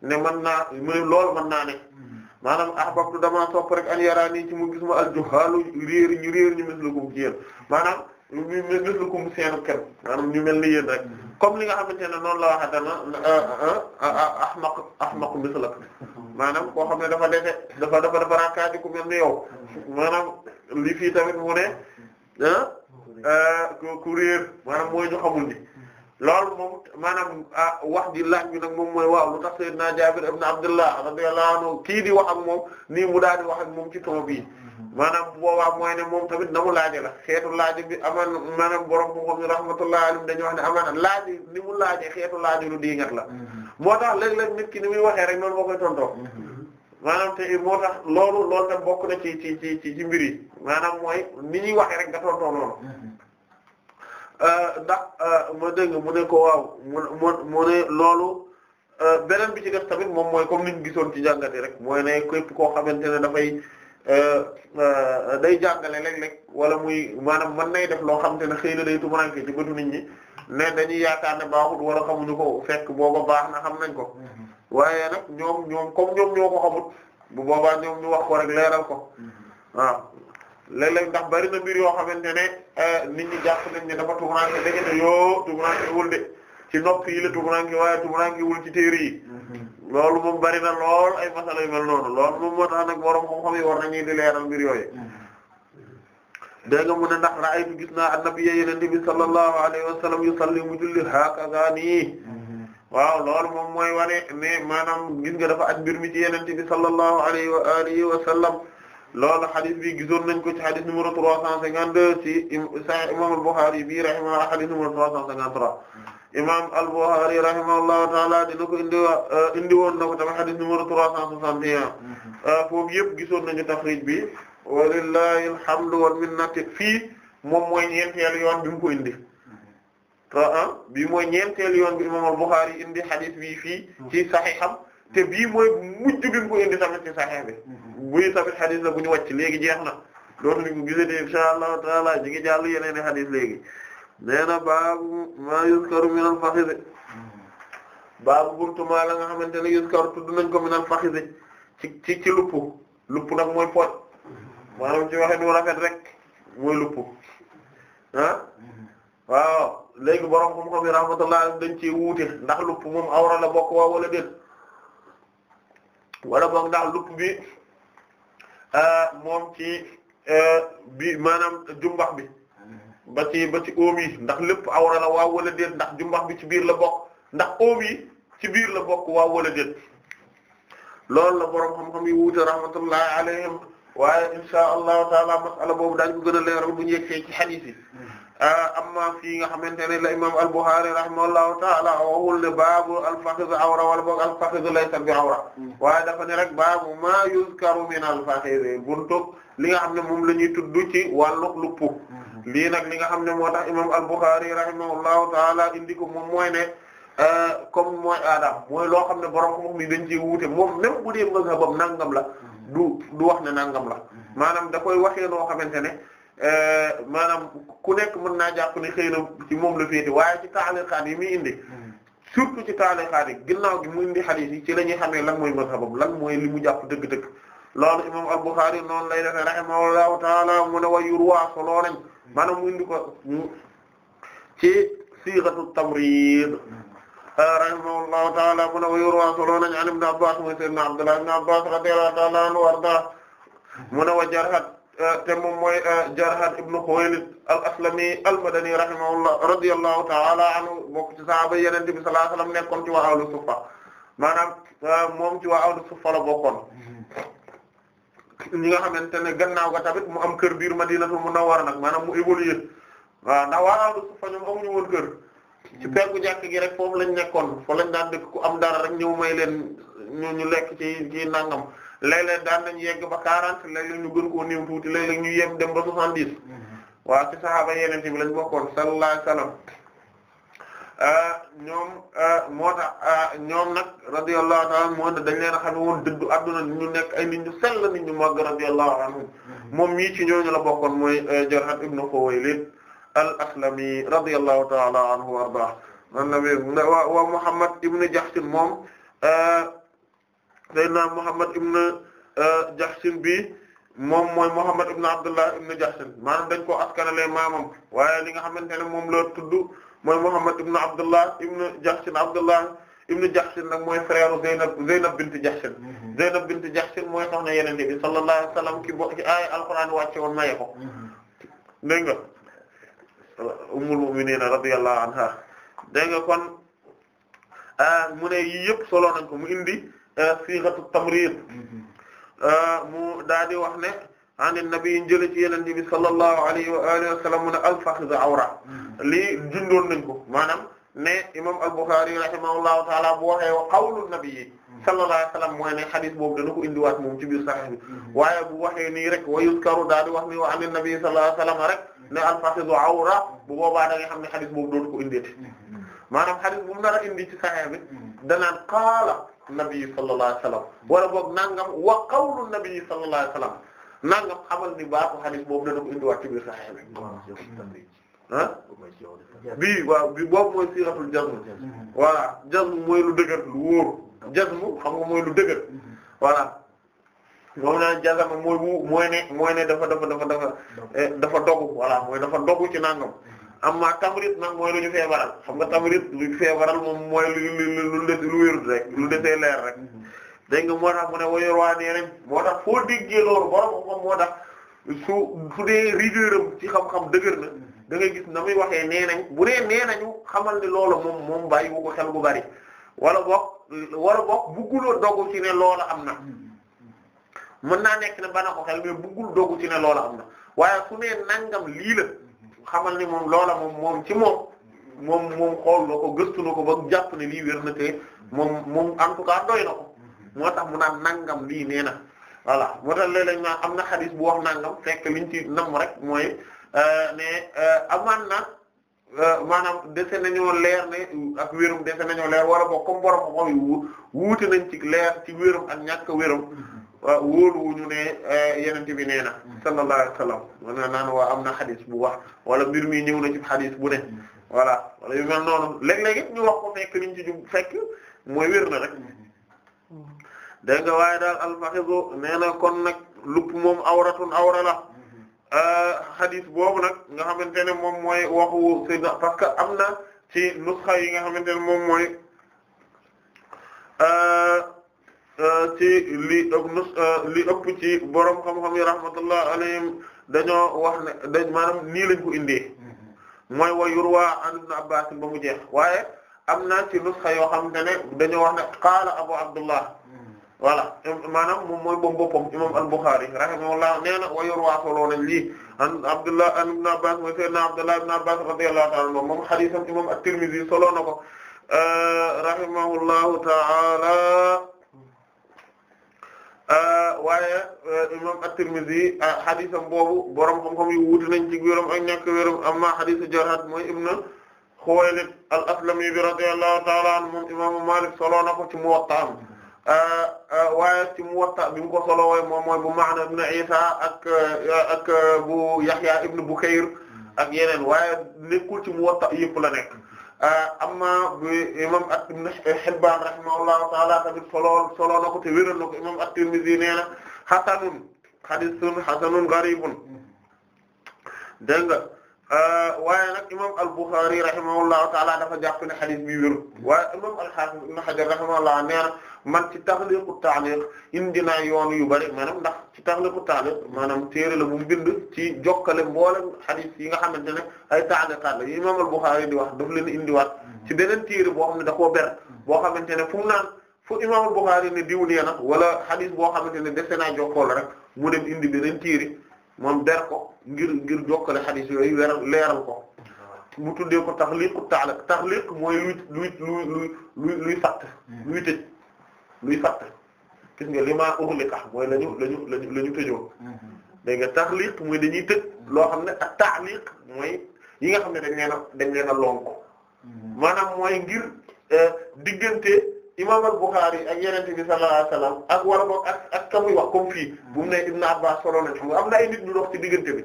ne mën naa mu ne loolu mën naa ne mm-hmm. maanaam ahbabtu damaa sopp rek an yaraani ci mu gis ma al-juhaalu réer ñu ñu mislukum ci yéen maanaam ñu mislukum seenu kenn maanaam ñu mel ni yéen rek comme li nga xam ne noonu la waxee dana euh, euh, euh, ahmaq ahmaq mislak maanaam koo xam ne dafa defe dafa dafa dafa raakaati ku mel ni yow maanaam li fii tamit mu ne ku réer maanaam mooy ñu ni loolu moom maanaam ah, wax di laaj bi nag moom mooy waaw lu tax sayyidna Jaabir ibn Abdullah radiyallahu anhu kii di wax ak moom nii mu daal di ak moom ci ton bii maanaam boobaa mooy ne moom tamit na mu laaje la xeetu laaje bi amaan maanaam borom ko xam ne rahmatullahi alayhi dañu wax ne amaan laaje ni mu laaje xeetu laaje lu diingat la mm-hmm. moo tax léeg-léeg nit ki ni waxee rek noonu moo koy tontoo mm-hmm. maanaam te moo tax loolu lool tam bokk na ci ci ci ci ci mbir yi maanaam mooy ni ñuy waxee rek nga tontoo loolu mm-hmm. euh, ndax euh, ma dégg mu ne ko waaw mu ne loolu euh, beneen bi ci def tamit moom mooy comme ni ñu gisoon ci njàngate rek mooy ne képp koo xamante ne dafay Euh, euh, day jàngale léeg-léeg wala muy maanaam mën nay def loo xam te ne xëy na day tumaranke nit ñi ne dañuy yaakaar ne baaxut wala xamuñu ko fekk booba baax na xam nañ ko mm-hmm. waaye nag ñoom ñoom comme ñoom ñoo ko xamut bu boobaa ñoom ñu wax ko rek leeral ko mm-hmm. waaw léeg-léeg ndax bari na mbir yoo xamante ne euh, nit ñi jàpp nañ ne dafa tumaranke dégg ne yoo tumaranke wul de ci nopp yi la tumuranke waaye tumuranke wul ci téere yi mm-hmm. loolu moom bari na lool ay masala yu mel noonu loolu moom moo tax nag borom xam-xam yi war nañuy di leeral mbir yooyu mm-hmm. dégg nga mu ne ndax ra'aytu gis naa annabiyya yonent bi sallallahu alayhi wa sallam yusalli mu julli hakaza nii mm-hmm. waaw loolu moom mooy wane ne maanaam gis nga dafa at mbir mi ci yonent bi sallallahu alayhi wa alihi wa sallam loolu xadis bi gisoon nañ ko ci xadis numéro 352 ci Sahih Imam al-Bukhari bi rahimahullah xadis numéro 353 imam al-Bukhari rahimahullahu taala dina ko indi eh, indi woon na ko tamit hadith numéro trois cent soixante et un eh, foofu yëpp gisoon nañu taxrij bi walillahi alhamdu wal minnati fii moom mooy ñeenteel yoon bi mu ko indi ah bii mooy ñeenteel yoon bi imam al-Bukhari indi hadith bi fii ci saxiixam te bii mooy mujj bi mu ko indi tamit ci saxiix bi buy tamit bu ñu wàcc léegi jeex na dootuñu ko gisatee insha allahu taala ji ngi jàll yeneen i hadith léegi nee na baabu ma yuskaru min al fakhidh baabu burtuma la nga xamante ne yuskaru tudd nañ ko min al fakhidh ci ci ci lupp luppu nag mooy pooj maanaam ci waxe nu rafet rek mooy lupp ah waaw léegi borom xam-xam yi rahmatullah dañ ci wuute ndax lupp moom awra la bokk waa wala déet wala boog ndax lupp bi ah, moom ci eh, bi maanaam jumbax bi ba ci ba ci oom yi ndax lépp awra la waaw wala déet ndax jumbax bi ci biir la bokk ndax oom yi ci biir la bokk waaw wala déet loolu la borom xam-xam yi wuute rahmatullahi alayhim waaye insha allahu taala masala boobu daañu ko gën a leeral bu ñu yegsee ci hadith yi ah, nga xamante ne la imam al-Bukhari rahimahullahu taala waxul ne baabu al-fakhiz awra wala boog al-fakhiz laysa bi awra waaye dafa ne rek baabu ma yuzkaru min al-fakhiz buntu li nga xam ne moom la ñuy tudd ci lii nag li nga xam ne moo tax imam al-Bukhari rahimahullahu taala indi ko moom mooy ne euh, comme mooy aadaam mooy loo xam ne borom ko moom yi dañ ci wuute moom même bu dee mazhabam nangam la du du wax ne nangam la maanaam da koy waxee noo xamante ne euh, maanaam ku nekk mën naa jàpp ne xëy na ci moom la féete waaye ci taaliqaat yi muy indi surtout ci taaliqaat yi ginnaaw gi mu indi hadith yi ci la ñuy xamee lan mooy mazhabam lan mooy li mu jàpp dëgg-dëgg loolu imam al-Bukhari noonu lay defee rahimahullahu taala mu ne wa yurwa solo nañ maanaam mu indi ko ci siixatu tamrid rahimahullahu ta'ala mu ne wa yurwa solo nañ an ibn Abbas mooy sayyidina Abdullah ibn Abbas radiyallahu ta'ala anhu warda mu ne wa Jarhad te moom mooy Jarhad ibn Khuwaylid al-Aslami al-Madani rahimahullah radiyallahu ta'ala anhu bokk ci sahaaba Yonent bi sallallahu alayhi wa sallam nekkoon ci waa ahlu suffa maanaam moom ci waa ahlu suffa la bokkoon ñi nga xamante ne gannaaw ga tamit mu am kër biir Madinatul Munawwara nag maanaam mu évolué waaw ndax waa su fa ñoom amuñu woon kër ci hmm. peggu jàkk gi rek foofu lañ nekkoon fa lañ daan dëkk ku am dara rek ñëw may leen ñu ñu lekk ci ci nangam léeg-léeg daan nañ yegg ba 40 léeg-léeg ñu gën koo néew tuuti léeg-léeg ñu yem dem ba 70 hmm. waaw ci sahaaba yeneen bi lañ bokkoon sallallahu alayhi wasallam Euh, ñoom euh, moo tax euh, ñoom nag radiyallahu ta'ala moo tax dañ leen a xam woon dëddu adduna ñu nekk ay nit ñu sell nit ñu màgg mm-hmm. moom mii ñooñu la bokkoon mooy Jarhad ibn Khuwaylid al-Aslami radiyallahu ta'ala anhu wa arda wa wa Muhammad ibn moom sayyidina Muhammad ibn Jahsh bi moom mooy Muhammad ibn Abdullah ibn Jahsh maanaam dañ waaye li nga xamante ne moom la tudd mooy Muhammad ibn Abdullah ibn Jahsh Abdullah ibn Jahsh nag mooy frère Zeynab Zeynab bint Jahsh mhm. Zeynab bint Jahsh mooy soxna Yonent bi sallallahu alayhi wa sallam ki bo ci ay alquran wàcce woon maye ko mhm. dégg nga ummul mu'minin radiyallahu anha dégg nga kon mu ne yii yëpp solo nañ ko mu indi sighatu tamrid mhm. mu daal di wax ne an nabi jële ci yeneen bi sallallahu alayhi wa alihi wa sallam mu ne alfakhidh awra lii jundoon nañ ko maanaam ne imam al-Bukhari rahimahullahu taala bu waxee wa qawlu nabi sallallahu alayhi wa sallam mooy ne xadis boobu dana ko indiwaat moom ci biir Sahih bi waaye bu waxee nii rek wa yuzkaru daal di wax ni wa an nabi sallallahu alayhi wa sallam rek ne alfakhidh awra bu boobaa da nga xam ne xadis boobu dootu ko indeeti maanaam xadis bu mu nar a indi ci Sahih bi danaan qaala nabi sallallahu alayhi wa sallam wala boog nangam wa qawlu nabi sallallahu alayhi wa sallam nangam xamal ni baaxu xadis boobu dana ko indiwaat ci biir Sahih bi ah bii waaw bii boobu mooy siratul jazm hmm. voilà jazm mooy lu dëgër lu wóor jazm xam nga mooy lu dëgër voilà moom mooy dafa dafa dafa dafa eh, dafa dogu voilà mooy dafa dogu ci nangam amma tamrit nag mooy lu ñu feebaral xam nga tamrit lu feebaral moom mooy lu lu lu wérut rek lu desee leer rek dégg nga war tax mu ne woyur waa nee nañ moo tax foo déggee loolu borom moom moo tax su su dee rigueuram ci xam-xam dëgër na da gis na muy waxee nee nañ bu dee nee nañu xamal ni loolu moom moom bàyyi wu ko xel bu bari wala boog wala boog bugguloo dogu ci ne loola am na mën naa nekk bana ko xel mais buggul dogu ci ne loola am na waaye su nee nangam lii la xamal ni moom loola moom moom ci moom moom xool na ko gëstu na ko ba jàpp ne lii wér na te moom moom en tout cas na ko moo tax mu naan nangam lii nee na voilà moo tax léeg-léeg am na xadis bu wax nangam fekk liñ ci nam rek mooy euh, ne euh, amaan na euh, maanaam dese nañoo leer ne ak wérum dese nañoo leer wala boog comme borom xol yu wuute nañ ci leer ci wérum ak ñàkk wérum wóoluwuñu ne yeneen bi nee na sallallahu alayhi wasallam mana naan waa am na xadis bu wax wala mbir mi ñëw na ci xadis bu ne voilà wala yu mel noonu léeg-léeg ñu wax ko fekk liñ ci jub fekk mooy wér na rek dégg nga waaye daal alfaxizu nee na kon nag lupp moom awratun awra la hadith mm-hmm. euh, boobu nag nga xamante ne moom mooy waxu parce que am na ci nusxa yi nga xamante ne moom mooy euh, euh, ci li ëpp nus li ëpp ci borom xam-xam yi alayhim dañoo wax ne dañ maanaam nii lañ ko indi mm-hmm. mooy wa yurwa an ibn abbas ba mu jeex waaye am na ci nusxa yoo xam ne dañoo wax ne qaala abu abdullah voilà maanaam moom mooy boom imam al-Bukhari rahimahullah nee na wayor waasoloo nañ lii an Abdullah an ibn Abbas mooy sayyidina Abdullah ibn Abbas radiyallahu ta'ala anhu moom hadisam imam at-Tirmidhi soloo na ko rahimahullahu ta'ala e, imam at-Tirmidhi hadisam boobu borom xam-xam yu nañ ci wéram ak ñàkk wéram amma hadisu Jarhad mooy ibn Khuwaylid al-Aslami bi radiyallahu ta'ala anhu moom Malik soloo na ci Muwatta Euh, euh, waaye ci Muwatta bi mu ko solowee moom mooy bu Ma'na ibn Isa ak euh, ak bu Yahya ibn Bukayr ak yeneen waaye nekkul ci Muwatta yëpp la nekk amma bi imam ibn Hibban rahimahullahu ta'ala tamit solo solo na ko te wéral na ko imam at-Tirmidhi nee na hasanun hadithun hasanun gharibun mm-hmm. dégg nga Euh, waaye nag imam al-Bukhari rahimahullahu taala dafa jàpp ne xadis bi wéru waaye imam al-Hafiz ibn Hajar rahimahullah nee na man ci taxliqu ta'liq indi naa yoon yu bari maanaam ndax ci taxliqu ta'liq maanaam téere la bu mu bind ci jokkale mboolem xadis yi nga xamante ne ay ta'liqaat la yi imam al-Bukhari di wax daf leen indiwaat ci beneen téere boo xam ne da koo boo xamante ne fu mu naan fu imam al-Bukhari ne diw nee na wala xadis boo xamante ne dese naa jokkoo la rek mu dem indi beneen téere moom ber ko ngir ngir jokkale xadis yooyu weral leeral ko mu tuddee ko taxliqu taala taxliq mooy luy luy luy luy luy fatt luy tëj luy fatt gis nga limaa uxliqa mooy lañu lañu lañu la ñu tëjoon dégg nga taxliq mooy dañuy tëj loo xam ne ak taxliq mooy yi nga xam ne dañ leen a dañ leen a lonko mm-hmm. maanaam mooy ngir euh, diggante imam al-Bukhari ak yenente bi sallallahu alayhi wasallam ak wala boog ak ak ka wax comme fii bu mu ne Ibn Abbas solo nañ xam am na ay nit ñu ci diggante bi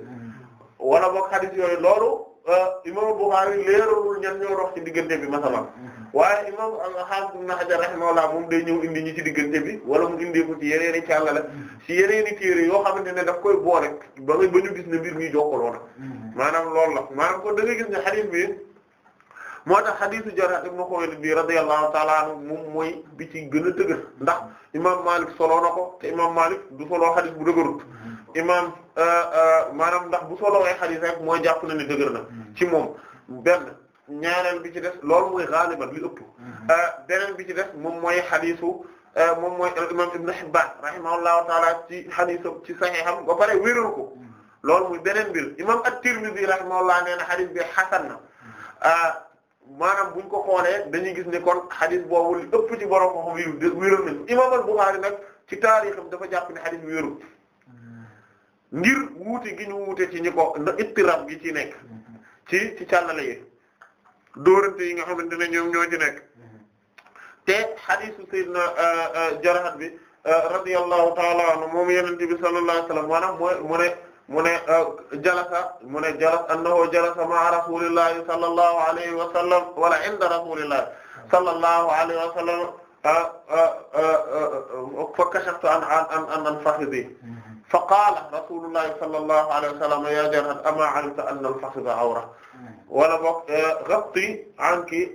wala boog xadis yooyu loolu euh, imam al-Bukhari leeralul ñan ñoo dox ci diggante bi masalan waaye imam al-Hafiz a Hajar rahimahullah moom day ñëw indi ñi ci diggante bi wala mu indi ko ci yeneeni càllale ci yeneeni téere yoo xamante ne daf koy boole ba nga ba ñu gis ne mbir mi jokkaloo na mm-hmm. maanaam loolu la bi moo tax xadiisu Jarraad ibn Xuwaylid bi radiyallahu ta'ala anhu moom mooy bi ci gën a ndax imaam Maalik solo na ko te imaam Maalik du soloo xadiis bu dëgërut imaam euh, euh, maanaam ndax bu soloo ay xadiis rek mooy jàpp na ne dëgër na ci moom benn ñaareel bi ci def loolu mooy gaaliban li ëpp mm-hmm. euh, beneen bi ci def moom mooy xadiisu moom mooy imaam Ibn Hibbaan rahimahullahu ta'ala ci xadiisam ci saxiixam ba pare wéral ko mm-hmm. loolu muy beneen mbir imaam At-Tirmidhi rahimahullah nee na xadiis bi xasan na mm-hmm. maanaam buñ ko xoolee dañuy gis ni kon xadis boobu li ëpp ci borom xam yu wéral nañ imam al nag ci taarixam dafa jàpp ni xadis bi wérul hmm. ngir wuute gi ñu wuute ci ñi ko na ittirab gi ci nekk hmm. ci ci càllale yi dóorante yi nga xamante ne ñoom ñoo ci nekk hmm. te xadisu sayyidina euh, euh, jarahat bi euh, radiyallahu ta'ala anhu moom yenente bi sallallahu alayhi wasallam maanaam ne mu ne euh, jalasa mu ne jalas annahu jalasa ma'a rasulillahi sallallahu alayhi wa sallam wala inda rasulillahi sallallahu alayhi wa sallam euh, euh, fa kashaftu an an an an fakhidhi fa qaala rasulullahi sallallahu alayhi wa sallam ya jarhad ama alimta anna al-fakhidha awra wala boog ghabti anki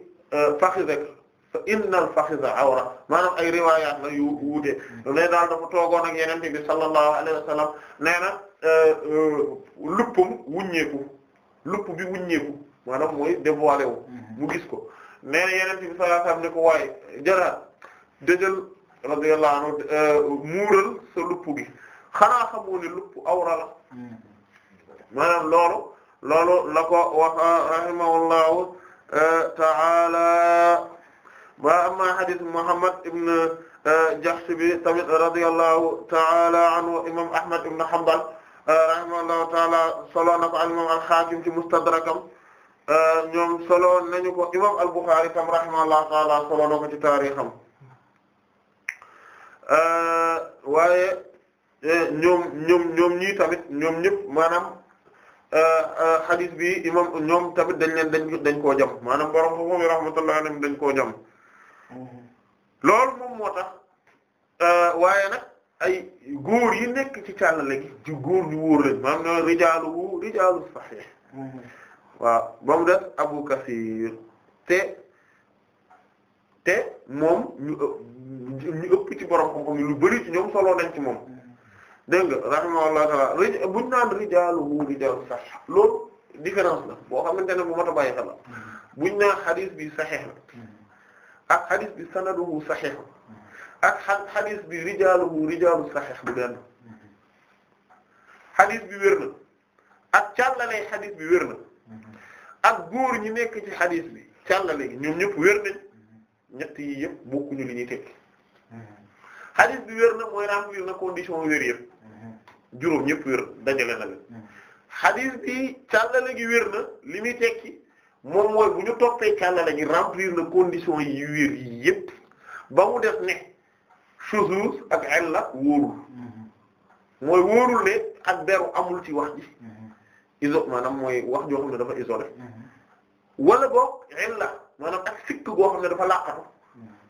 fakhidhak fa inna al-fakhidha awra maanaam ay riwaayaat la yu wuute mm-hmm. ne daal dafa toogoon ak Yonent bi sallallahu alayhi wa sallam nee na Euh, euh, luppam wuññeeku lupp bi wuññeeku maanaam mooy dévoilé wu mhm. mu gis ko nee na yeneen bi sallallahu ne ko waaye jara dëjël radiyallahu anhu euh, muural sa lupp gi xanaa xamoo ne lupp awra la mhm. loolu loolu la ko wax rahimahullahu ta'ala wa amma hadith Muhammad ibn Jahsh bi tamit ta'ala imam Ahmad ibn Hanbal Euh, rahimahullahu taala solo na ko al imam al-Hakim ci euh, ñoom solo nañu ko imam al-Bukhari tam rahimahullahu taala solo na ko ci taarixam euh, waaye eh, ñoom ñoom ñii tamit ñoom ñëpp maanaam hadith bi imam ñoom tamit dañ leen dañ dañ koo jam maanaam borom foofu rahmatullahi alayhim dañ koo jam mm-hmm. loolu moom moo tax waaye nag ay góor yi nekk ci càllale gi ci góor ñu wóor lañ maam no rijaaluhu rijaalu sahih mm-hmm. waaw ba mu def Abu Kasir te te moom ñu ñu ëpp ci borom xam-xam lu bari ci ñoom solo nañ ci moom mm-hmm. dégg nga rahimahullah taala rij buñ naan rijaaluhu rijaalu sahih loolu différence la boo xamante ne bu moto a bàyyi xel la mm-hmm. buñ naan xadis bi sahih la ak xadis bi sanaduhu sahih ak xadis bi rijaaluhu rijaalu saxiix bu benn xadis bi wér na ak càllale xadis bi wér na ak góor ñi nekk ci xadis bi càllale gi ñoom ñëpp wér nañ ñett yi yëpp bokkuñu li ñuy tekki xadis bi wër na mooy remplir na condition juróom ñëpp wér dajale na càllale gi wér li muy tekki moom mooy bu ñu toppee càllale gi remplir na condition yi wér yi yëpp ba mu def ne shuzuz ak illa wóorul mm-hmm. mooy wóorul ne ak beru amul ci wax ji mm-hmm. iso maanaam mooy wax joo xam ne dafa isolé mm-hmm. wala boog illa maanaam ak sikk goo xam ne dafa laqatu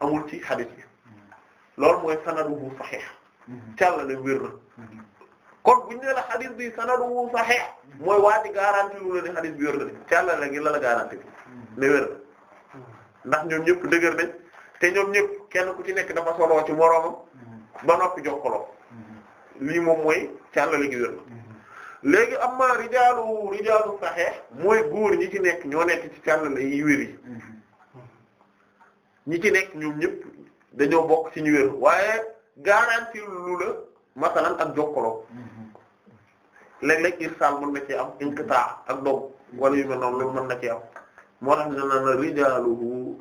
amul ci hadith bi loolu mooy sanaduhu sahih càllale wér na kon bu ñu nee la hadith bi sanaduhu sahih mooy waa ji garanti lu la ne hadith bi wér na de càllale gi la la ne wér na ndax ñoom ñëpp dëgër nañ te ñoom ñëpp kenn ku ci nekk dafa soloo ci moroomam mhm. ba noppi jokkoloo mhm. lii moom mooy càllale gi wér na mhm. léegi am ma rijaalu rijaalu sahih mooy góor ñi ci nekk ñoo nekk ci càllale yi ci nekk ñoom ñépp dañoo bokk ci ñu wér waaye garanti lu la masalan ak jokkaloo léeg-léeg irsaal mën na ci am inqita ak dog wala yu mel noonu loolu mën na ci am moo tax ñu naan rijaalu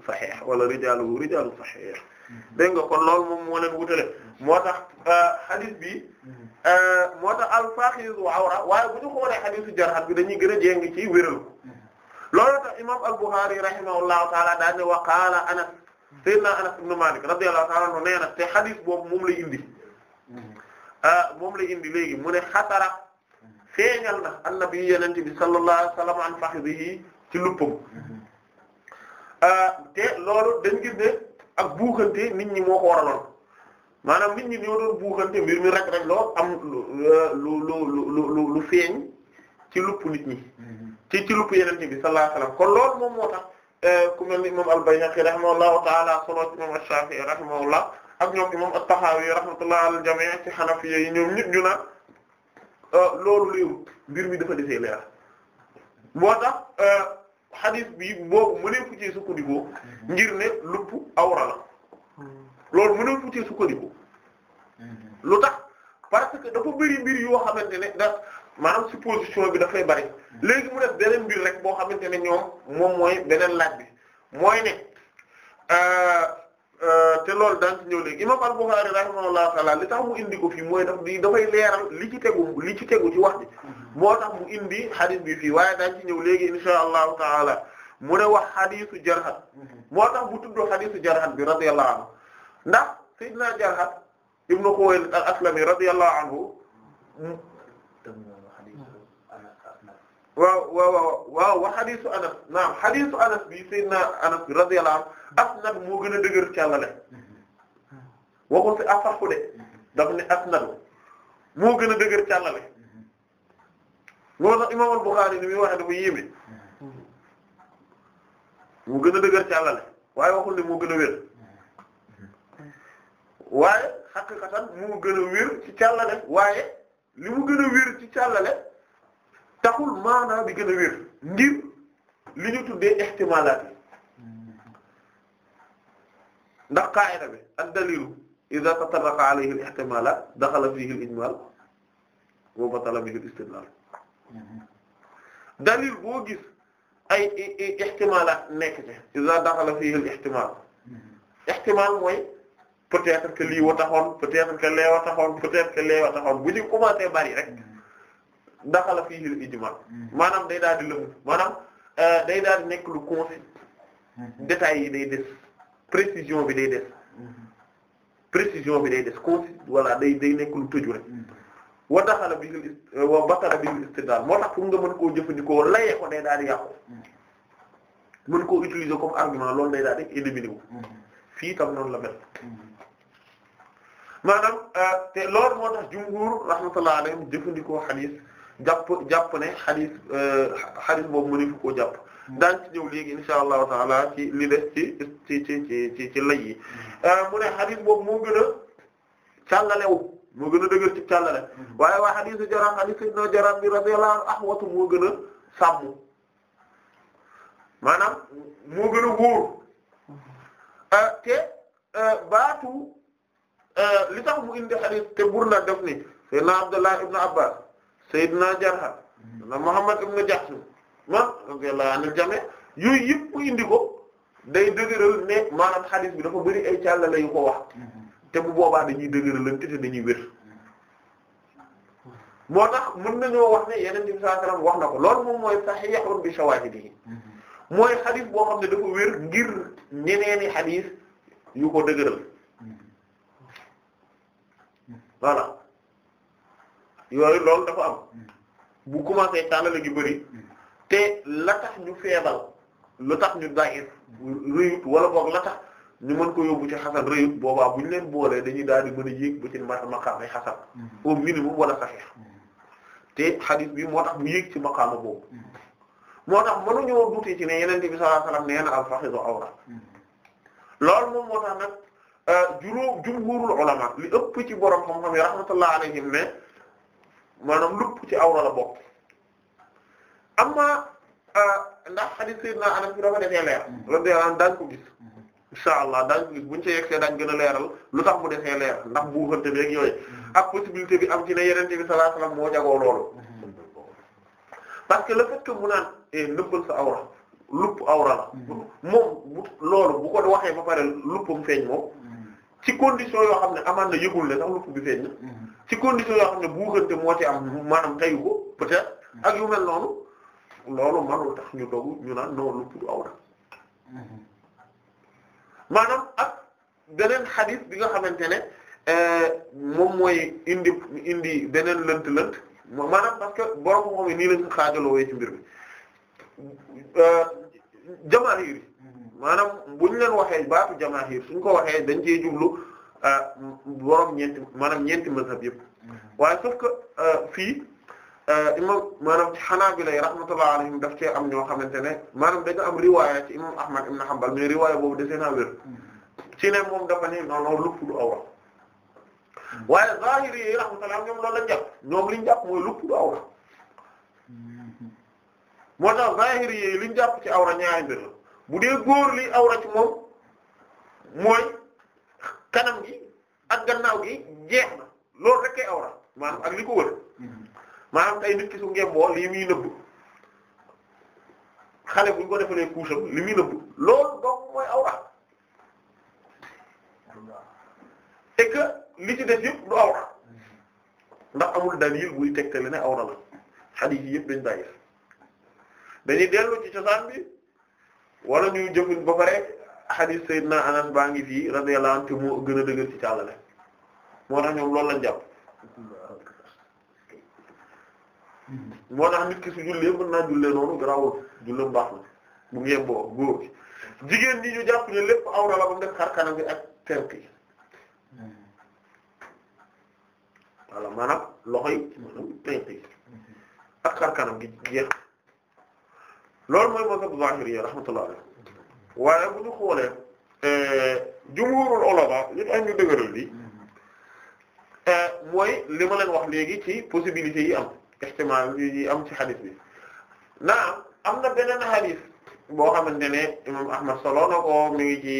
saxiix wala rijaaluhu rijaalu saxiix mm-hmm. dégg nga kon loolu moom moo leen wutale mm-hmm. moo tax hadith euh, bi mm-hmm. euh, moo tax al-faxizu awra waaye bu ñu xoolee hadithu jarhat bi dañuy gën a jéng ci wéral ko loolu tax imaam al-Bukhari rahimahullahu taala daan ne wa qaala Anas sayyidina Anas ibn Malik radiyallahu taala anhu nee na te hadith boobu moom lay indi euh, moom lay indi léegi mu ne xatara feeñal na annabi yenente bi sallallahu alayhi wa sallam an faxizihi ci luppam Euh, te loolu dañ gis ne ak buuxante nit ñi moo ko maanaam nit ñi ñoo doon buuxante mbir mi rek rek loo am lu lu lu lu lu feeñ ci lupp nit ñi mm-hmm. ci ci lupp yeneen bi sallallahu alayhi wasallam kon loolu moom moo tax euh, ku mel ni imam al-Bayhaqi rahimahullahu ta'ala solo ci imam ash-Shafi'i rahimahullah ak ñoom imam at-Tahawi rahmatullah al jami' ci Hanafiyya yi ñoom ñëpp ñu na euh, loolu léew mbir mi dafa desee leer moo tax xadis bi boobu mënee fu ci sukkandiku ngir ne lupp awra la loolu mënee fu ci lu tax parce que dafa bëri mbir yoo xamante ne da maanaam supposition bi dafay bëri léegi mu def beneen mbir rek boo xamante ne ñoom moom mooy beneen laaj bi mooy ne. Euh, Euh, te loolu daan ci ñëw léegi imam al-Bukhari rahimahullahu ta'ala li tax mu indi ko fii mooy daf di dafay leeral li ci tegu li ci tegu ci wax bi moo tax mu indi hadith bi fii waaye daan ci ñëw léegi insha allahu taala mu ne wax hadithu Jarhad moo tax bu tuddoo hadithu Jarhad bi radiyallahu anhu ndax Seydina Jarhad ibnu Khuwaylid al-Aslami radiyallahu anhu waaw waaw waaw wa xadiisu anas naam xadiisu anas bi sayyidina anas bi radiyallahu anhu asnad moo gën a dëgër càllale waxul fi asaxu de daf ne asnad moo gën a dëgër càllale loolu nag imaam al-Bukhari ni muy waxe dafa yéeme moo gën a dëgër càllale waaye waxul ne moo gën a wér waaye xaqiqatan moo gën a wér ci càllale waaye li mu gën a wér ci càllale taxul maanaa bi gën a wér li ñu tuddee ihtimalaat ndax qaa'ida bi ad-dalilu idha tatarraqa alayhi al-ihtimalaat dakhala fihi al-ijmal wa batala bihi al-istidlal dalil boo gis ay ihtimalaat nekk ci idha dakhala fihi al-ihtimal ihtimal mooy peut-être lii wa taxoon peut-être que lee wa taxoon peut-être que lee wa taxoon bu ñu commencé bari rek daxala fiihi mm-hmm. al maanaam day daal di maanaam euh, day daal di nekk lu concis mm-hmm. détails yi day des précision bi day des mm-hmm. précision bi day des concis wala day day nekk lu tëju rek wa daxala bihi euh, wa batala bihi istidlal moo tax pour nga mën koo jëfandikoo layee ko day daal di yàqu mën koo utiliser comme argument loolu day daal di éliminer wu fii tam noonu la mel maanaam euh, te loolu moo tax jumhur rahmatullah alayhim jëfandikoo hadith jàpp jàpp ne xadis euh, xadis boobu mënefu koo jàpp mm. daan ñëw léegi insha allahu taala ci li des ci ci ci ci ci ci mm. euh, mu ne xadis boobu moo gën a càllalewu moo gën a dëgër ci càllale mm. waaye waa xadisu jaram xadisu ibn jaram bi radiyallahu anhu ahwatu moo gën a sàmm maanaam moo gën a wóor euh, baatu li tax mu indi xadis te bur na def ni sayyidina Abdullah Seydina Jarhad na Muhammad ibn Jahsh ma radiyallahu anhu jame yooyu yëpp indi ko day dëgëral ne maanaam xadis bi dafa bari ay càllala yu ko wax te bu boobaa dañuy dëgëralante te dañuy wér moo tax mën nañoo wax ne yeneen bi sallallahu wax na ko loolu moom mooy sahihun bi shawahidihi mooy xadis boo xam ne dafa wér ngir ñeneeni xadis yu ko dëgëral voilà yooyu loolu dafa am hmm. bu commencé càllale gi bëri hmm. te la tax ñu feebal lu tax ñu daif rëyut wala boog la tax ñu mën ko yóbbu ci xasan rëyut boobaa bu ñu leen boolee dañuy daal di mën a yéeg ba ci maqaamay xasan hmm. au minimum wala te xadis bi moo tax mu yéeg ci maqaama boobu moo tax mënuñoo dutee ci ne yeneen bi sallallahu alayhi wasallam nee na al-faxiidu awra loolu moom moo tax nag euh, juróom jumhuurul ulama li ëpp ci borom xam-xam yi rahmatullah alayhim ne maanaam lupp ci awra la bokk amma ndax hadith sayyidina Anas bi dafa defee leer radiyallahu anhu daañu ko gis insha allah daañu ko gis buñu ci yegsee daañu gën a leeral lu tax mu defee leer ndax buuxante bi possibilité bi am ci ne yenente bi sallallahu alayhi moo jagoo loolu parce que le fait mu naan nëbbal eh, sa awra lupp awra mm-hmm. moom loolu bu ko waxee ba pare luppam feeñ moom ci condition yoo xam ne amaan na yëgul ne sax lu fu bi mm-hmm. ci condition yoo xam ne buuxante moo ci am maanaam tayu ko peut-être mm-hmm. ak yu mel noonu loolu manul tax ñu dogu ñu naan noonu lu pour awra mm-hmm. maanaam beneen xadis bi nga xamante ne euh, moom mooy indi indi beneen lënt lënt maanaam parce que borom moom nii lañ ko xaajaloo wee ci mbir bi euh, jamaahiri maanaam buñ leen waxee baatu jamaahir suñ ko waxee dañ cee jublu ah, borom ñeenti maanaam ñeenti mazhab yëpp waaye sauf que ah, fii ah, imam maanaam ci Hanaabila yi rahmatullah alayhim daf cee am ñoo xamante ne maanaam dañu am riwaaya ci imam Ahmad ibn Hanbal mais riwaaya boobu dese naa wér ci ne moom dafa ne non non lupp du awra waaye zahiri yi rahmatullah ñoom ñoom liñ jàpp mooy lupp du awra moo tax zahiri yi liñ jàpp ci awra ñaari mbir bu dee góor li awra ci moom mooy kanam gi ak gannaaw gi jeex na loolu rek awra maanaam ak li ko wër mm-hmm. maanaam tey nit ki su ngemboo lii muy nëbb xale bu ñu ko defalee couche am li muy nëbb loolu donc mooy awra et que li ci def yëpp du awra mm-hmm. ndax amul dalil buy tegtale ne awra la xadiis yi yëpp dañ bàyyi dañuy dellu ci cosaan bi. wala ñu jëfin ba pare hadith Seydina Anas baa ngi fii radiyallahu anhu te moo gën a dëgër ci càllale moo tax ñoom loolu lañ jàpp moo tax nit ki jullee mën naa jullee noonu garaawul jullee baax na bu ngeen boo góor jigéen ñi ñu jàpp ne lépp awra la ba mu kanam bi ak tenk yi voilà maanaam loxo yi maanaam ak xar kanam gi jeex loolu mooy mazhabu zahiri yi rahmatullah alayhi waaye bu ñu xoolee eh, jumhurul ulama ñun ay ñu dëgëral li eh, mooy li ma leen wax léegi ci possibilités yi am ihtimal yi am ci xadis bi naam am na beneen xadis boo xamante ne imam Ahmad solo na mi ngi ci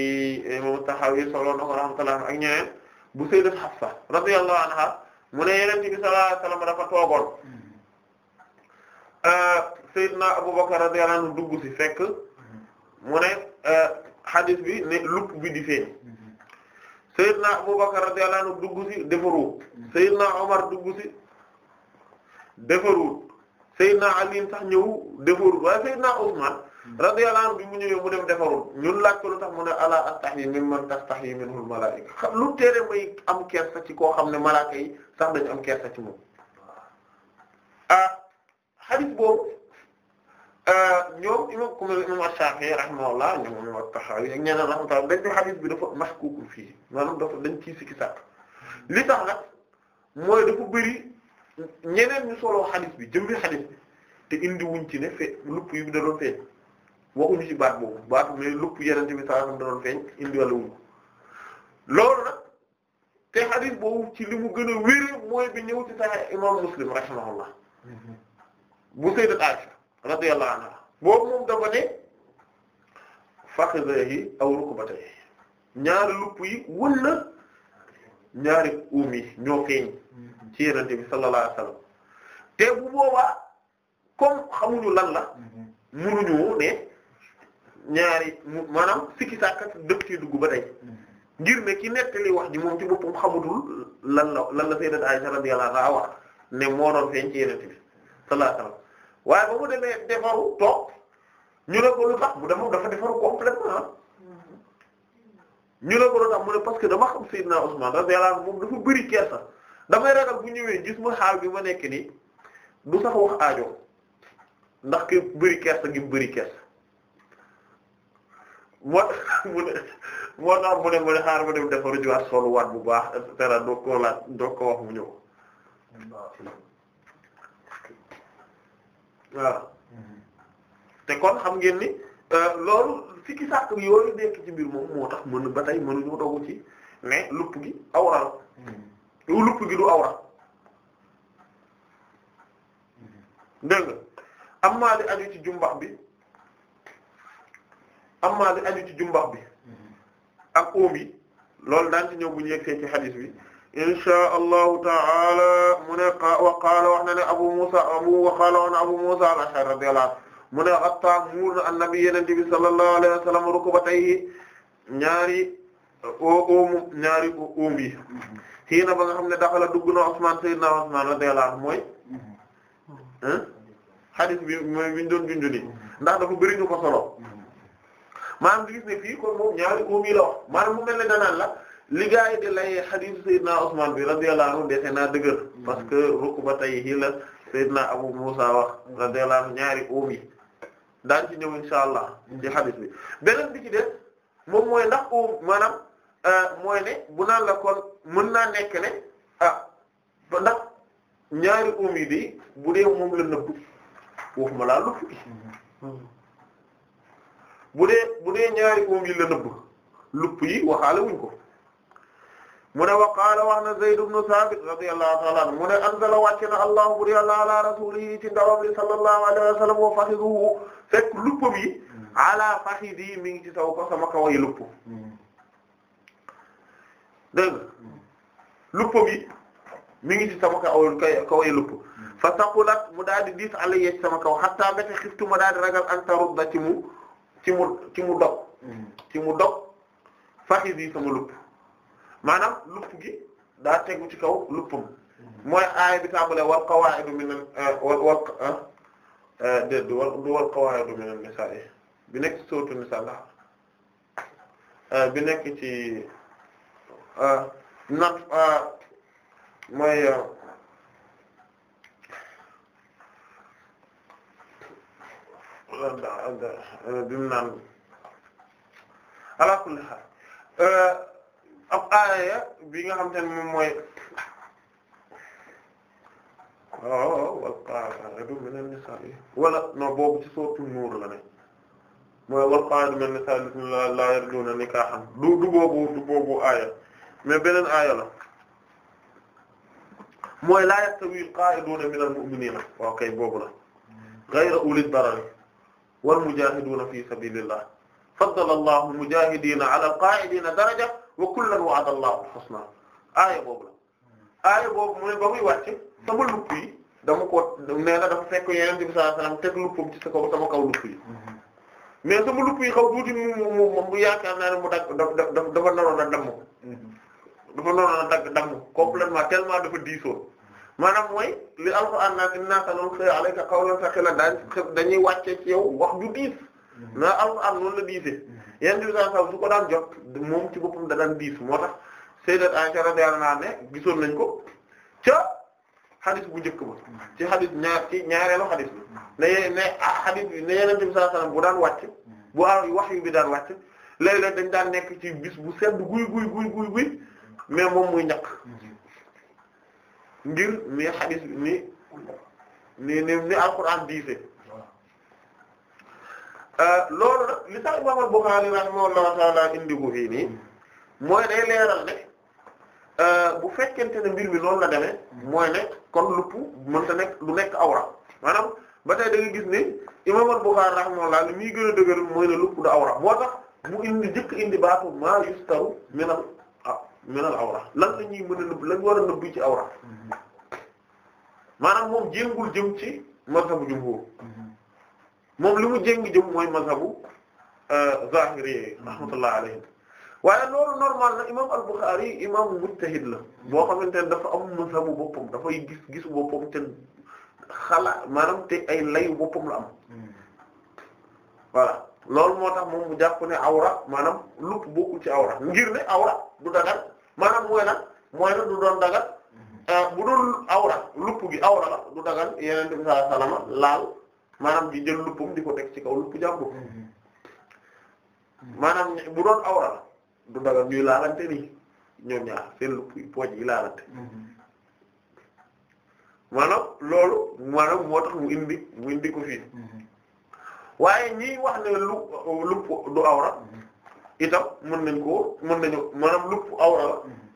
eh, imam Tahawi solo na ko rahmatullah ak ñeneen bu sayyidat Hafsa radiyallahu anha mu ne Yonent bi sallallahu alayhi wasallam dafa Seydina Abubakar radiyallahu anhu dugg ci fekk mu ne euh, hadith bi ne lupp bi di feeñ Seydina Abubakar radiyallahu anhu dugg ci defaruut Seydina Omar dugg ci defaruut defaruut waaye Seydina Usman radiyallahu bi mu ñëwee mu dem defaruut ñun laaj ko lu tax mu ne ala astahyi mimman tastahyi minhul malaa'ika xam lu teere may am kersa ci koo xam ne malaaka yi sax dañu am kersa ci moom ah hadith boobu Euh, ñoom imam ku mel imam Ash-Shafi'i rahimahullah ñoom imam At-Tahawi dañ ko xadis bi dafa mashkukul fii maanaam dafa dañ ciy sikki sàkk li tax nag mooy dafa bëri ñeneen ñu soloo xadis bi jëmbi xadis bi te indiwuñ ci ne fe lupp yi da doon feeñ waxuñu ci baat boobu baat mais lupp yenente bi sallallahu alayhi wasallam da doon feeñ indi wala wuñ ko loolu nag te xadis boobu ci li mu gën a wéri mooy bi ñëw ci Sahih imam Muslim rahimahullah mm-hmm. bu sayyidat Aisha radiyallahu anha boobu moom dafa ne fakhidhihi aw rukbatayhi ñaari lupp yi wala ñaari uum yi ñoo feeñ ci Yonent bi sallallahu alayhi wasallam te bu booba comme xamuñu lan la munuñu ne ñaari maanaam sikki dëkk ci dugg ba tey ngir ne ki nettali wax ji moom ci boppam xamutul lan la lan la Sayyidat Aisha radiyallahu anha wax ne moo doon feeñ ci Yonent bi sallallahu alayhi wasallam waaye ba mu demee defaru toog ñu ne ko lu tax mu def dafa defaru complètement ah. ñu la ko lu tax mu ne parce que dama xam Seydina Ousmane radiyallahu anhu moom dafa bëri kersa damay ragal bu ñëwee gis ma xaal bi ma nekk nii du sax wax aajo ndax ki bëri kersa gi bëri kersa moo tax mu ne moo tax mu ne xaar ma dem defaru jiwaat solu waat bu baax et cetera doo ko laaj doo ko wax mu ñëw. waaw mhm. te kon xam ngeen ni euh, loolu sikki sàkk yooyu nekk ci mbir moom moo tax mën ba tey mënuñu dogu ci ne lupp gi awra la mhm. lupp gi du awra mhm. dégg nga ammaa li aju ci jumbax bi ammaa li aju ci jumbax bi ak oom yi loolu daan ci ñëw bu ñu yegsee ci xadiis bi insha allahu taala mu ne wa qaala wax na ne Abu Musa wa qaala wax na Abu Musa al-Ash'ari mu ne hatta muur na annabi yonent bi sallallahu alayhi wa sallam rukubatayhi ñaari oom ñaari oom yi xii ba nga xam ne daxala dugg na Usman sayyidna Usman radiyallahu anhu mooy hadith bi mooy bi ñu ndax dafa bëri ñu ko solo maanaam mu mel ne danaan la li gaa yi di lay hadith Seydina Usman bi radiyallahu anhu defe naa dëgër mm-hmm. parce que rukbatayhi la Seydina Abu Musa wax radiyallahu anhu ñaari oom yi ci ñëw insha allah mm-hmm. bi beneen bi ci def moom mooy ndax oom maanaam euh, mooy ne bu naan la kon mën naa nekk ne ah ndax ñaari oom yi bu dee moom la nëbb waxuma laa lu fukki mm-hmm. bu dee bu dee ñaari oom yi la nëbb lupp yi waxaale wuñ ko mu ne wa qaala wax na Zayd ibn Sabit radiyallahu ta'ala anhu mu ne anzala wàcce na allahu bur yàlla ala rasulihi ci ndawam li sallallahu alayhi wa sallam wa faxiduhu fekk luppam yi ala faxidi mi ngi ci saw ko sama kaw ay lupp dégg luppam yi mi ngi ci sama kaw kaw ay lupp fa saqulat mu daal di diis alayya ci sama kaw hatta ba te xiftu ma daal di ragal an tarudda ci mu ci mu ci mu dog mm. ci mu dog faxidi sama lupp maanaam lupp gi daa tegu ci kaw luppam mooy aaya bi tàmbale wal qawaa'idu minan eh, wal wal déedéet ah, eh, wal wal qawaa'idu bi nekk ci sóotu nisaa ndax eh, bi nekk ci nat mooy bi mu naan ala kulli haal ab aaya bi nga xam te ne moom mooy waaw wal qaa'idatu mina nisaa'i wala non boobu ci sourate Nuur la ne mooy wal qaa'idatu mina nisaa'i laa yarjuuna nikaahan du du boobu du boobu aaya mais beneen aaya la mooy laa yastawi al-qaa'iduuna mina al-mu'miniina waaw kay boobu la ghayra ulil darari wal mujaahiduuna fii sabiilillah faddala Allahu al-mujaahidiina ala al-qaa'idiina daraja wa kullan wa'ada Allahu al-husna aaya boobu la aaya boobu mu ne ba muy wàcc sama lupp dama ko nee na dafa fekk yeneen bi sa alayhi wasallam teg luppam ci sa kaw sama kaw lupp yi mais sama lupp yi xaw mu mu mu yaakaar naa ne mu dagg dafa dafa naroon a damm dafa naroon a dagg damm complètement tellement dafa diisoon maanaam mooy li alxuraan naan inna sanulqii alayka qawlan saqiilan dañuy wàcce ci yow wax ju diis mm-hmm. na alxuraan noonu la diisee yenn bi saa saa su ko daan jox moom ci boppam da daan diis moo tax sayyidat Aisha radiyallahu anha ne gisoon nañ ko ca xadis bu njëkk ba ci xadis ñaar ci ñaareelu xadis bi ne ne xadis bi ne yeneen bi saa saa bu daan wàcc bu am wahyu bi daan wàcc léeg-léeg dañ daan nekk ci bis bu sedd guy guy guy guy guy mais moom muy ñàkk ngir ni xadis ni ni ni ni alxuraan diise Euh, loolu nag li tax imam al-Bukhari rahimahullahu ta'ala indi ko fii nii mooy day leeral ne euh, bu fekkente ne mbir mi noonu la demee mooy ne kon lupp mënta nekk lu nekk awra maanaam ba tey da gis ne imam al-Bukhari rahimahullah li muy gën a awra moo mu indi jëkk indi baatu ma yustaru minal ah, minal awra lan la mën a nëbb lañ war a nëbb ci awra mm-hmm. maanaam moom ci mazhabu jumhur mm-hmm. moom li mu jéng jëm mooy mazhabu euh, zahiri rahmatullah alayhi waaye loolu normal na imam al-Bukhari imam mujtahid la boo xamante ne dafa am mazhabu boppam dafay gis gisu boppam te xala ay layu boppam moo tax moom mu jàpp ne awra maanaam lupp bokkul ci awra ngir ne awra du dagat maanaam mooy nag mooy nag du doon dagat euh, bu dul awra lupp gi awra la du dagan yeneen bi sallallahu laal maanaam di jël luppam di ko teg ci kaw lupp jàmbur mhm. maanaam bu doon awra du dagal ñuy laalante nii ñoom ñaar seen lupp pooj yi laalante mhm. maanaam loolu maanaam moo tax mu indi mu indi ko fii mhm. waaye ñiy wax ne lu lupp du awra itam mën nañ koo mën nañu manam lupp awra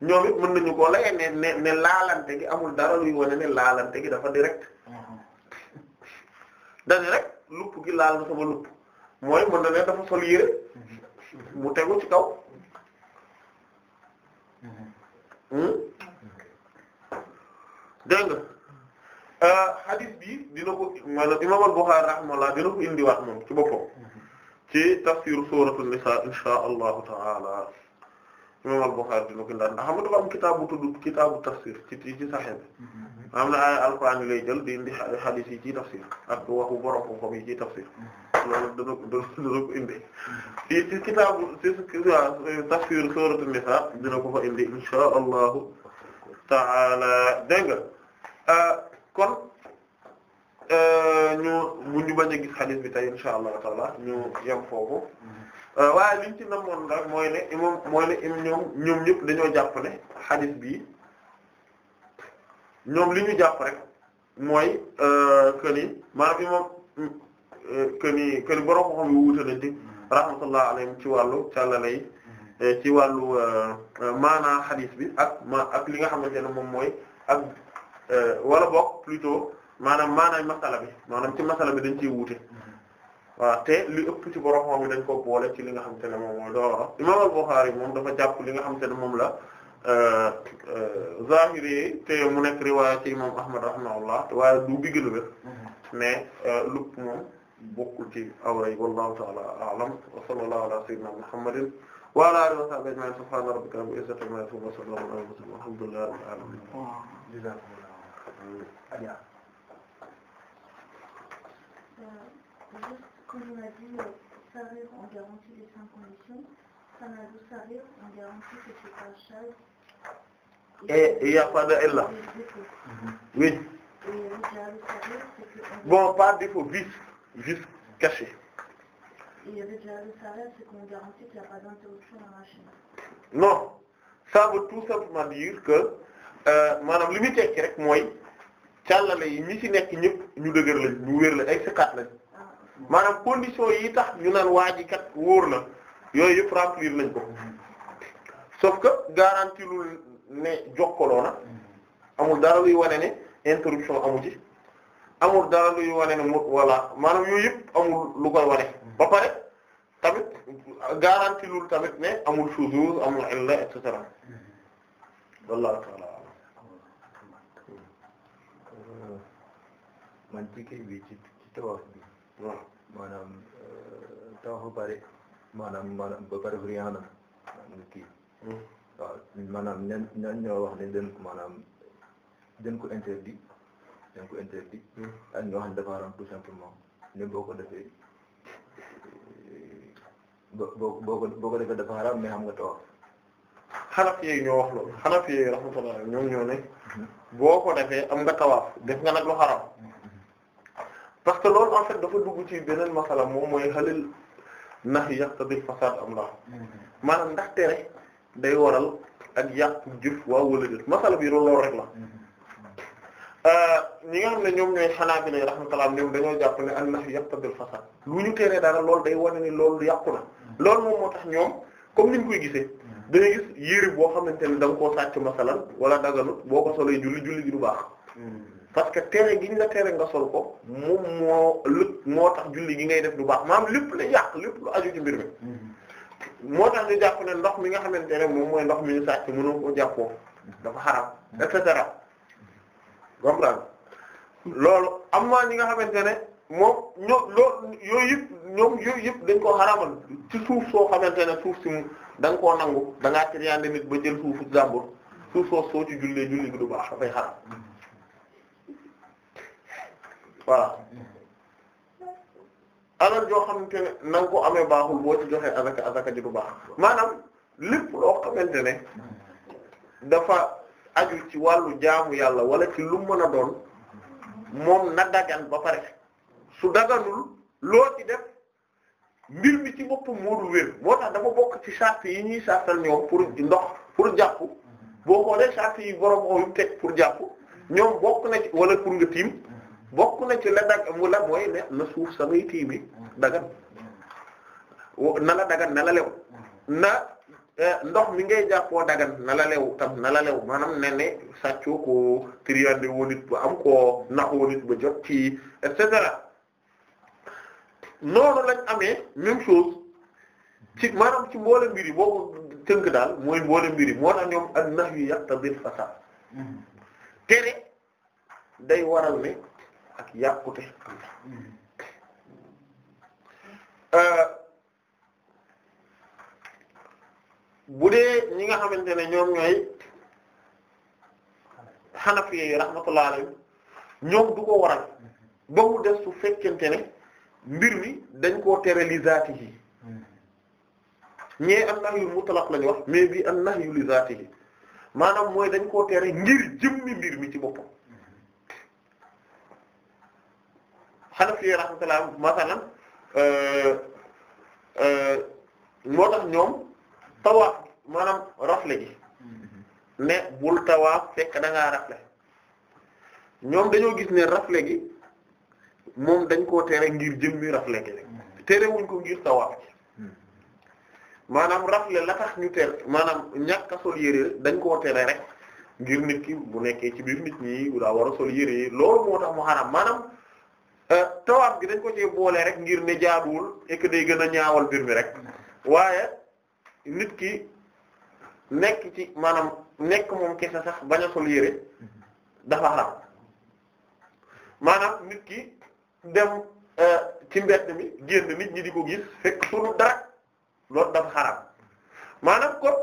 ñoom mën nañu koo laye ne ne ne laalante gi amul dara luy wane ne laalante gi dafa direct dañu rek lupp gi laal na sama lupp mooy mën na dafa sol yére mu tegu ci kaw hmm? dégg nga euh, bi dina ko maanaam imam al-Bukhari rahimahullah dina ko indiwaat moom ci boppam ci tafsir suuratu nisaa insha allahu taala imam al-Bukhari dina ko ndax ndax xam nga dafa am kitaabu tudd kitaabu tafsir ci ci saxee bi maanaam la ay alquran yi jël di indi hadith yi ci tafsir ak waxu borom xam-xam yi ci tafsir loolu dana indi fii ci kitaabu ci tafsir sooratu Nisaa dina ko fa indi inshaa allahu taala dégg euh, kon euh, ñu bu ñu bañ a gis bi tey inshaa allahu taala ñu yem foofu euh, waaye liñ ci namoon nag mooy ne jàpp ne hadith bi ñoom li ñu jàpp rek mooy euh, que ni maanaam imam euh, que ni que ni borom xam yu wuute nañ ci rahmatullah alayhim ci wàllu càllale yi euh, ci wàllu maanaa xadis bi ak ma ak li nga xamante ne moom mooy ak wala bokk plutôt maanaam maanaam masala bi maanaam ci masala bi dañ ciy wuute waa te li ëpp ci borom xam dañ ko boole ci li nga xamante ne moom mooy loolu imam al moom dafa jàpp li nga xamante ne moom la Euh, euh, zahiri te mu nekk riwaaya ci imam ahmad rahimahullah waaye du bi gën a wér mhm. mais euh, lupp moom bokkul ci awra yi wallahu ta'ala a'lam wa sallallahu ala sayyidina muhammadin wa ala alihi wa sahbihi ajma'in subhana rabbika rabbil izzati amma yasifun wa salamun ala mursalin walhamdulillahi rabbil alamin Comme on a dit, sarir, on garantit les cinq conditions. Samadou, sarir, on garantit que c'est pas et il n'y a pas de illa oui bon par défaut vice vice caché non ça veut tout simplement dire que euh, maanaam li muy tekki rek mooy càllale yi ñi ci nekk ñëpp ñu dëgër lañ ñu wér la ay sëkkat lañ maanaam condition yi tax ñu naan waa ji kat wóor na yooyu yëpp remplir nañ ko sauf que garantie ne jokkaloo na amul dara wane ne interruption amu ci amul dara luy wane ne mu voilà maanaam yooyu yëpp amul lu koy wane ba pare tamit garanti lul tamit ne amul shuzuz amul illa et cetera wallahu ta'ala man ci kii bi ci ci tawaaf bi maanaam euh, tawaaf ba pare maanaam maanaam ba pare vrianam maanaam waaw maanaam ñan ñan ñoo wax ne den ko maanaam den ko interdit den ko interdit hmm. ak ñoo xam ne dafa haram tout boo ko defee eh, boo boo ko boo ko defee dafa haram mais xam nga tawaf xanaf yooyu ñoo wax loolu xanaf yooyu rahmatullah hmm. boo ko defee am nga tawaaf def nga nag lu xaram parce que loolu en fait dafa dugg ci beneen masala moom mooy xalil nax yaqtadil fasad am la hmm. maanaam ndax tere day waral ak yàqu jëf waaw wala jëf masala bi loolu rek la euh, ñi nga xam ne ñoom ñooy Hanaabila rahmatullah ñoom dañoo jàpp ne an-nahyu yaqtadil fasad lu ñu teree dara loolu day wane ni loolu yàqu na lool moom moo tax ñoom comme ni koy gisee dañuy gis yére boo xamante ne da nga koo sàcc masalan wala daganut boo ko solee julli julli gi du baax parce que tere gi ñu la tere nga sol ko moom moo lëkk moo tax julli gi ngay def du baax maanaam lépp la yàq lépp lu aju ci mbir moo tax ñu jàpp ne ndox mi nga xamante ne moom mooy ndox mi ñu sàcc mënoo ko jàppoo dafa xaram et cetera loolu am na ñi nga xamante ne moom ñoo loolu yooyu yëpp dañ koo xaramal ci suuf soo xamante ne suuf si mu da koo nangu da ngaa triande nit ba jël suufu jàmbur suuf soo soo ci julli gi du baax dafay xaram voilà alal joo xamante ne na nga ko amee baaxul boo ci joxee azaka azaka ji du baax maanaam lépp loo xamante ne dafa aju ci wàllu jaamu yàlla wala ci lu mën a doon moom na dagan ba pare su daganul loo ci def mbir mi ci boppam moo dul wér moo tax dafa bokk ci charte yi ñuy sartal ñoom pour ndox pour jàpp boo xoolee charte yi borom yu teg pour jàpp ñoom bokk na ci wala pour nga tiim bokk na ci la dag mu la mooy ne na suuf samay tiimi dagan na la dagan na la lew na eh, ndox mi ngay jàppoo dagan na la lew tam na la lew maanaam ne ne ko triande woo ba am koo naxoo nit ba jot ci et cetera noonu lañ amee même chose ci maanaam ci mboole mbir boobu tënk daal mooy mboole mbir yi moo tax ñoom ak nax yu yaqtadil fasad mm-hmm. tere day waral ne ak yàqute mm-hmm. euh, bu dee ñi nga xamante ne ñoom ñooy xanafi yi rahmatullah alayhi ñoom du ko waral ba mu def su fekkente ne mbir mi dañ koo tere li zaatihi mm-hmm. ñee an nahyu mutlaq lañu wax mais bi an nahyu li zaatihi maanaam mooy dañ koo tere ngir jëmmi mbir mi ci boppam Hanafi rahmatullah masalan euh, euh, moo tax ñoom tawaaf maanaam rafle gi ne bul tawaaf fekk da rafle ñoom dañoo gis ne rafle gi moom dañ koo tere ngir jëmmi rafle gi tere wuñ ko ngir tawaaf gi maanaam rafle la tax ñu tere maanaam ñàkk a sol yére dañ koo tere rek ngir nit ki bu nekkee ci biir nit ñi daa war sol yére loolu moo tax mu xaraam maanaam Euh, tawaaf gi dañ ko ci boole rek ngir ne jaaduwul et que gën a ñaawal mbir mi rek waaye nit ki nekk ci maanaam nekk moom kese sax bañ a sol yére dafa xaram maanaam nit ki dem euh, ci mbett mi nit ñi di ko gis fekk sunu dara loolu dafa xaram maanaam kon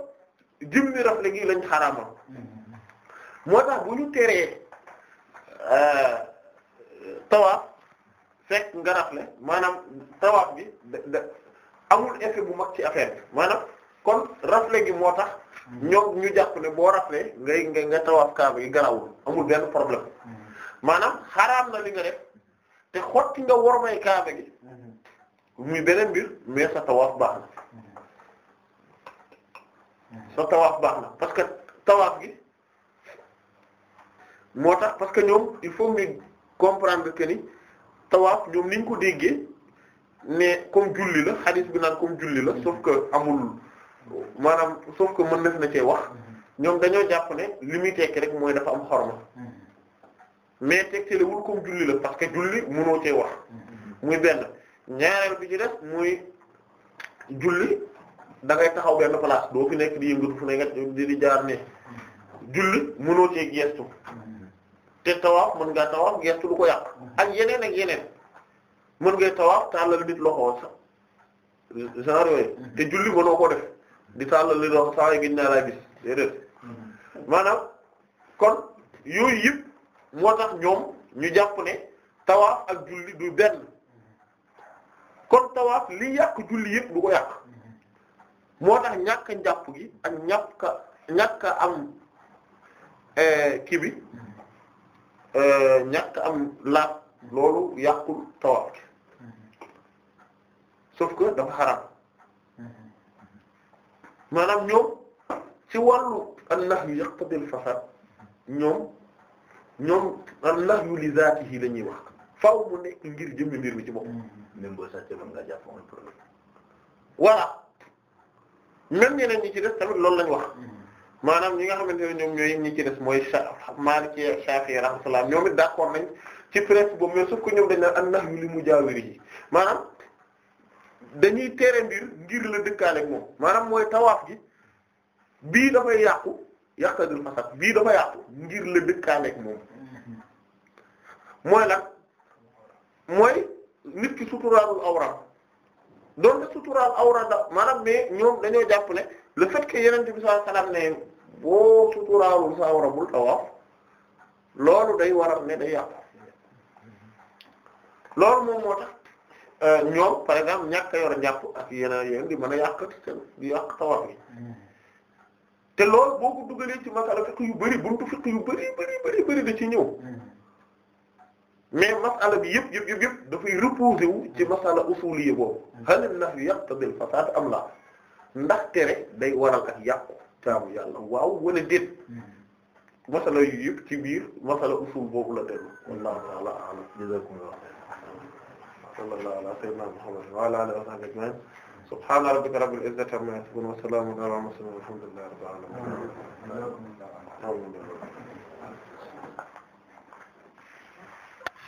jim ni rafle gi lañ xaraamam moo tax bu ñu teree euh, tawaaf fekk nga rafle maanaam tawaaf bi da amul effet bu mag ci affaire bi maanaam kon rafle gi moo tax ñoom ñu jàpp ne boo rafle ngay nga nga tawaaf kaaba gi garawul amul benn problème mm-hmm. maanaam xaraam na li nga def te xotti nga wormay kaaba gi mm-hmm. muy beneen mbir mais sa tawaaf baax na mm-hmm. sa tawaaf baax na parce que tawaaf gi moo tax parce que ñoom il faut ñu comprendre que tawaaf ñoom niñ ko déggee ne comme julli la xadis bi naan comme julli la sauf que amul maanaam sauf que mën na cee wax ñoom dañoo jàpp ne li muy tekki rek mooy dafa am xorma mais tegtalewul comme julli la parce que julli mënoo cee wax muy benn ñaareel bi ci def muy julli dangay ngay taxaw benn place doo fi nekk di yëngatu fu nekk di jaar ne julli mënoo cee gestu te tawaaf mën ngaa tawaaf gerte du ko yàq ak yeneen ak yeneen mën ngay tawaaf tàllal nit loxo sax genre yooyu te julli mënoo ko def di tàllal nit loxo saa yi gis naa laa gis déedéet maanaam kon yooyu yëpp moo tax ñoom ñu jàpp ne tawaaf ak julli du benn kon tawaaf li yàq julli yëpp du ko yàq moo tax ñàkk njàpp gi ak a ñàkk am eh, kii Euh, ñàkk am laab loolu yàqul tawaf sauf que dafa xaram maanaam ñoom ci wàllu an-nahyu yaqtadi al-fasad ñoom ñoom an-nahyu li zaatihi la ñuy wax faaw mu nekk ngir jëmmi mbir mi ci bopp. même boo sàccee mën ngaa jàpp amul problème. ci def tamit loolu lañ wax. Hmm. maanaam ñi nga xamante ne ñoom ñooy ñi ci des mooy Maliki Shafi'i rahmatullah ñoom it d'accord nañ ci presse boobu mais sauf que ñoom dañ naan an-nahyu li mujaawiri yi maanaam dañuy tere mbir ngir la dëkkaale ak moom maanaam mooy tawaaf gi bii yàqu yàqadul fasad bii dafa yàqu ngir la dëkkaale ak mooy nag mooy nit ki suturaalul awraam doon na suturaal awra da maanaam mais ñoom dañoo jàpp ne le fait que Yonent bi sallallahu alayhi ne boo suturaalul sa awra bul tawaaf loolu day waral ne day yàqu loolu moom moo tax euh, ñoom par exemple ñàkk a yor njàpp ak yeneen yéen di mën a yàq di yàq tawaaf yi te loolu boo ko dugalee ci masala fiqh yu bari buntu fiqh yu bari bari bari bari da ci ñëw mais masala bi yëpp yëpp yëpp yëpp dafay reposer wu ci masala usuliyya boobu hal an-nahyu yaqtadi al-fasad am la ndax tere day waral ak yàqu jaamu yàlla waaw wala déet masala yu yëpp ci biir masala usul boobu la dem wallahu ta'ala a'lam jazakumullah sallallahu ala sayyidina muhammad wa ala alihi wa sahbihi ajma'in subhana rabbika rabbil izzati amma yasifun wa salamun ala al mursalin walhamdulillahi rabbil alamin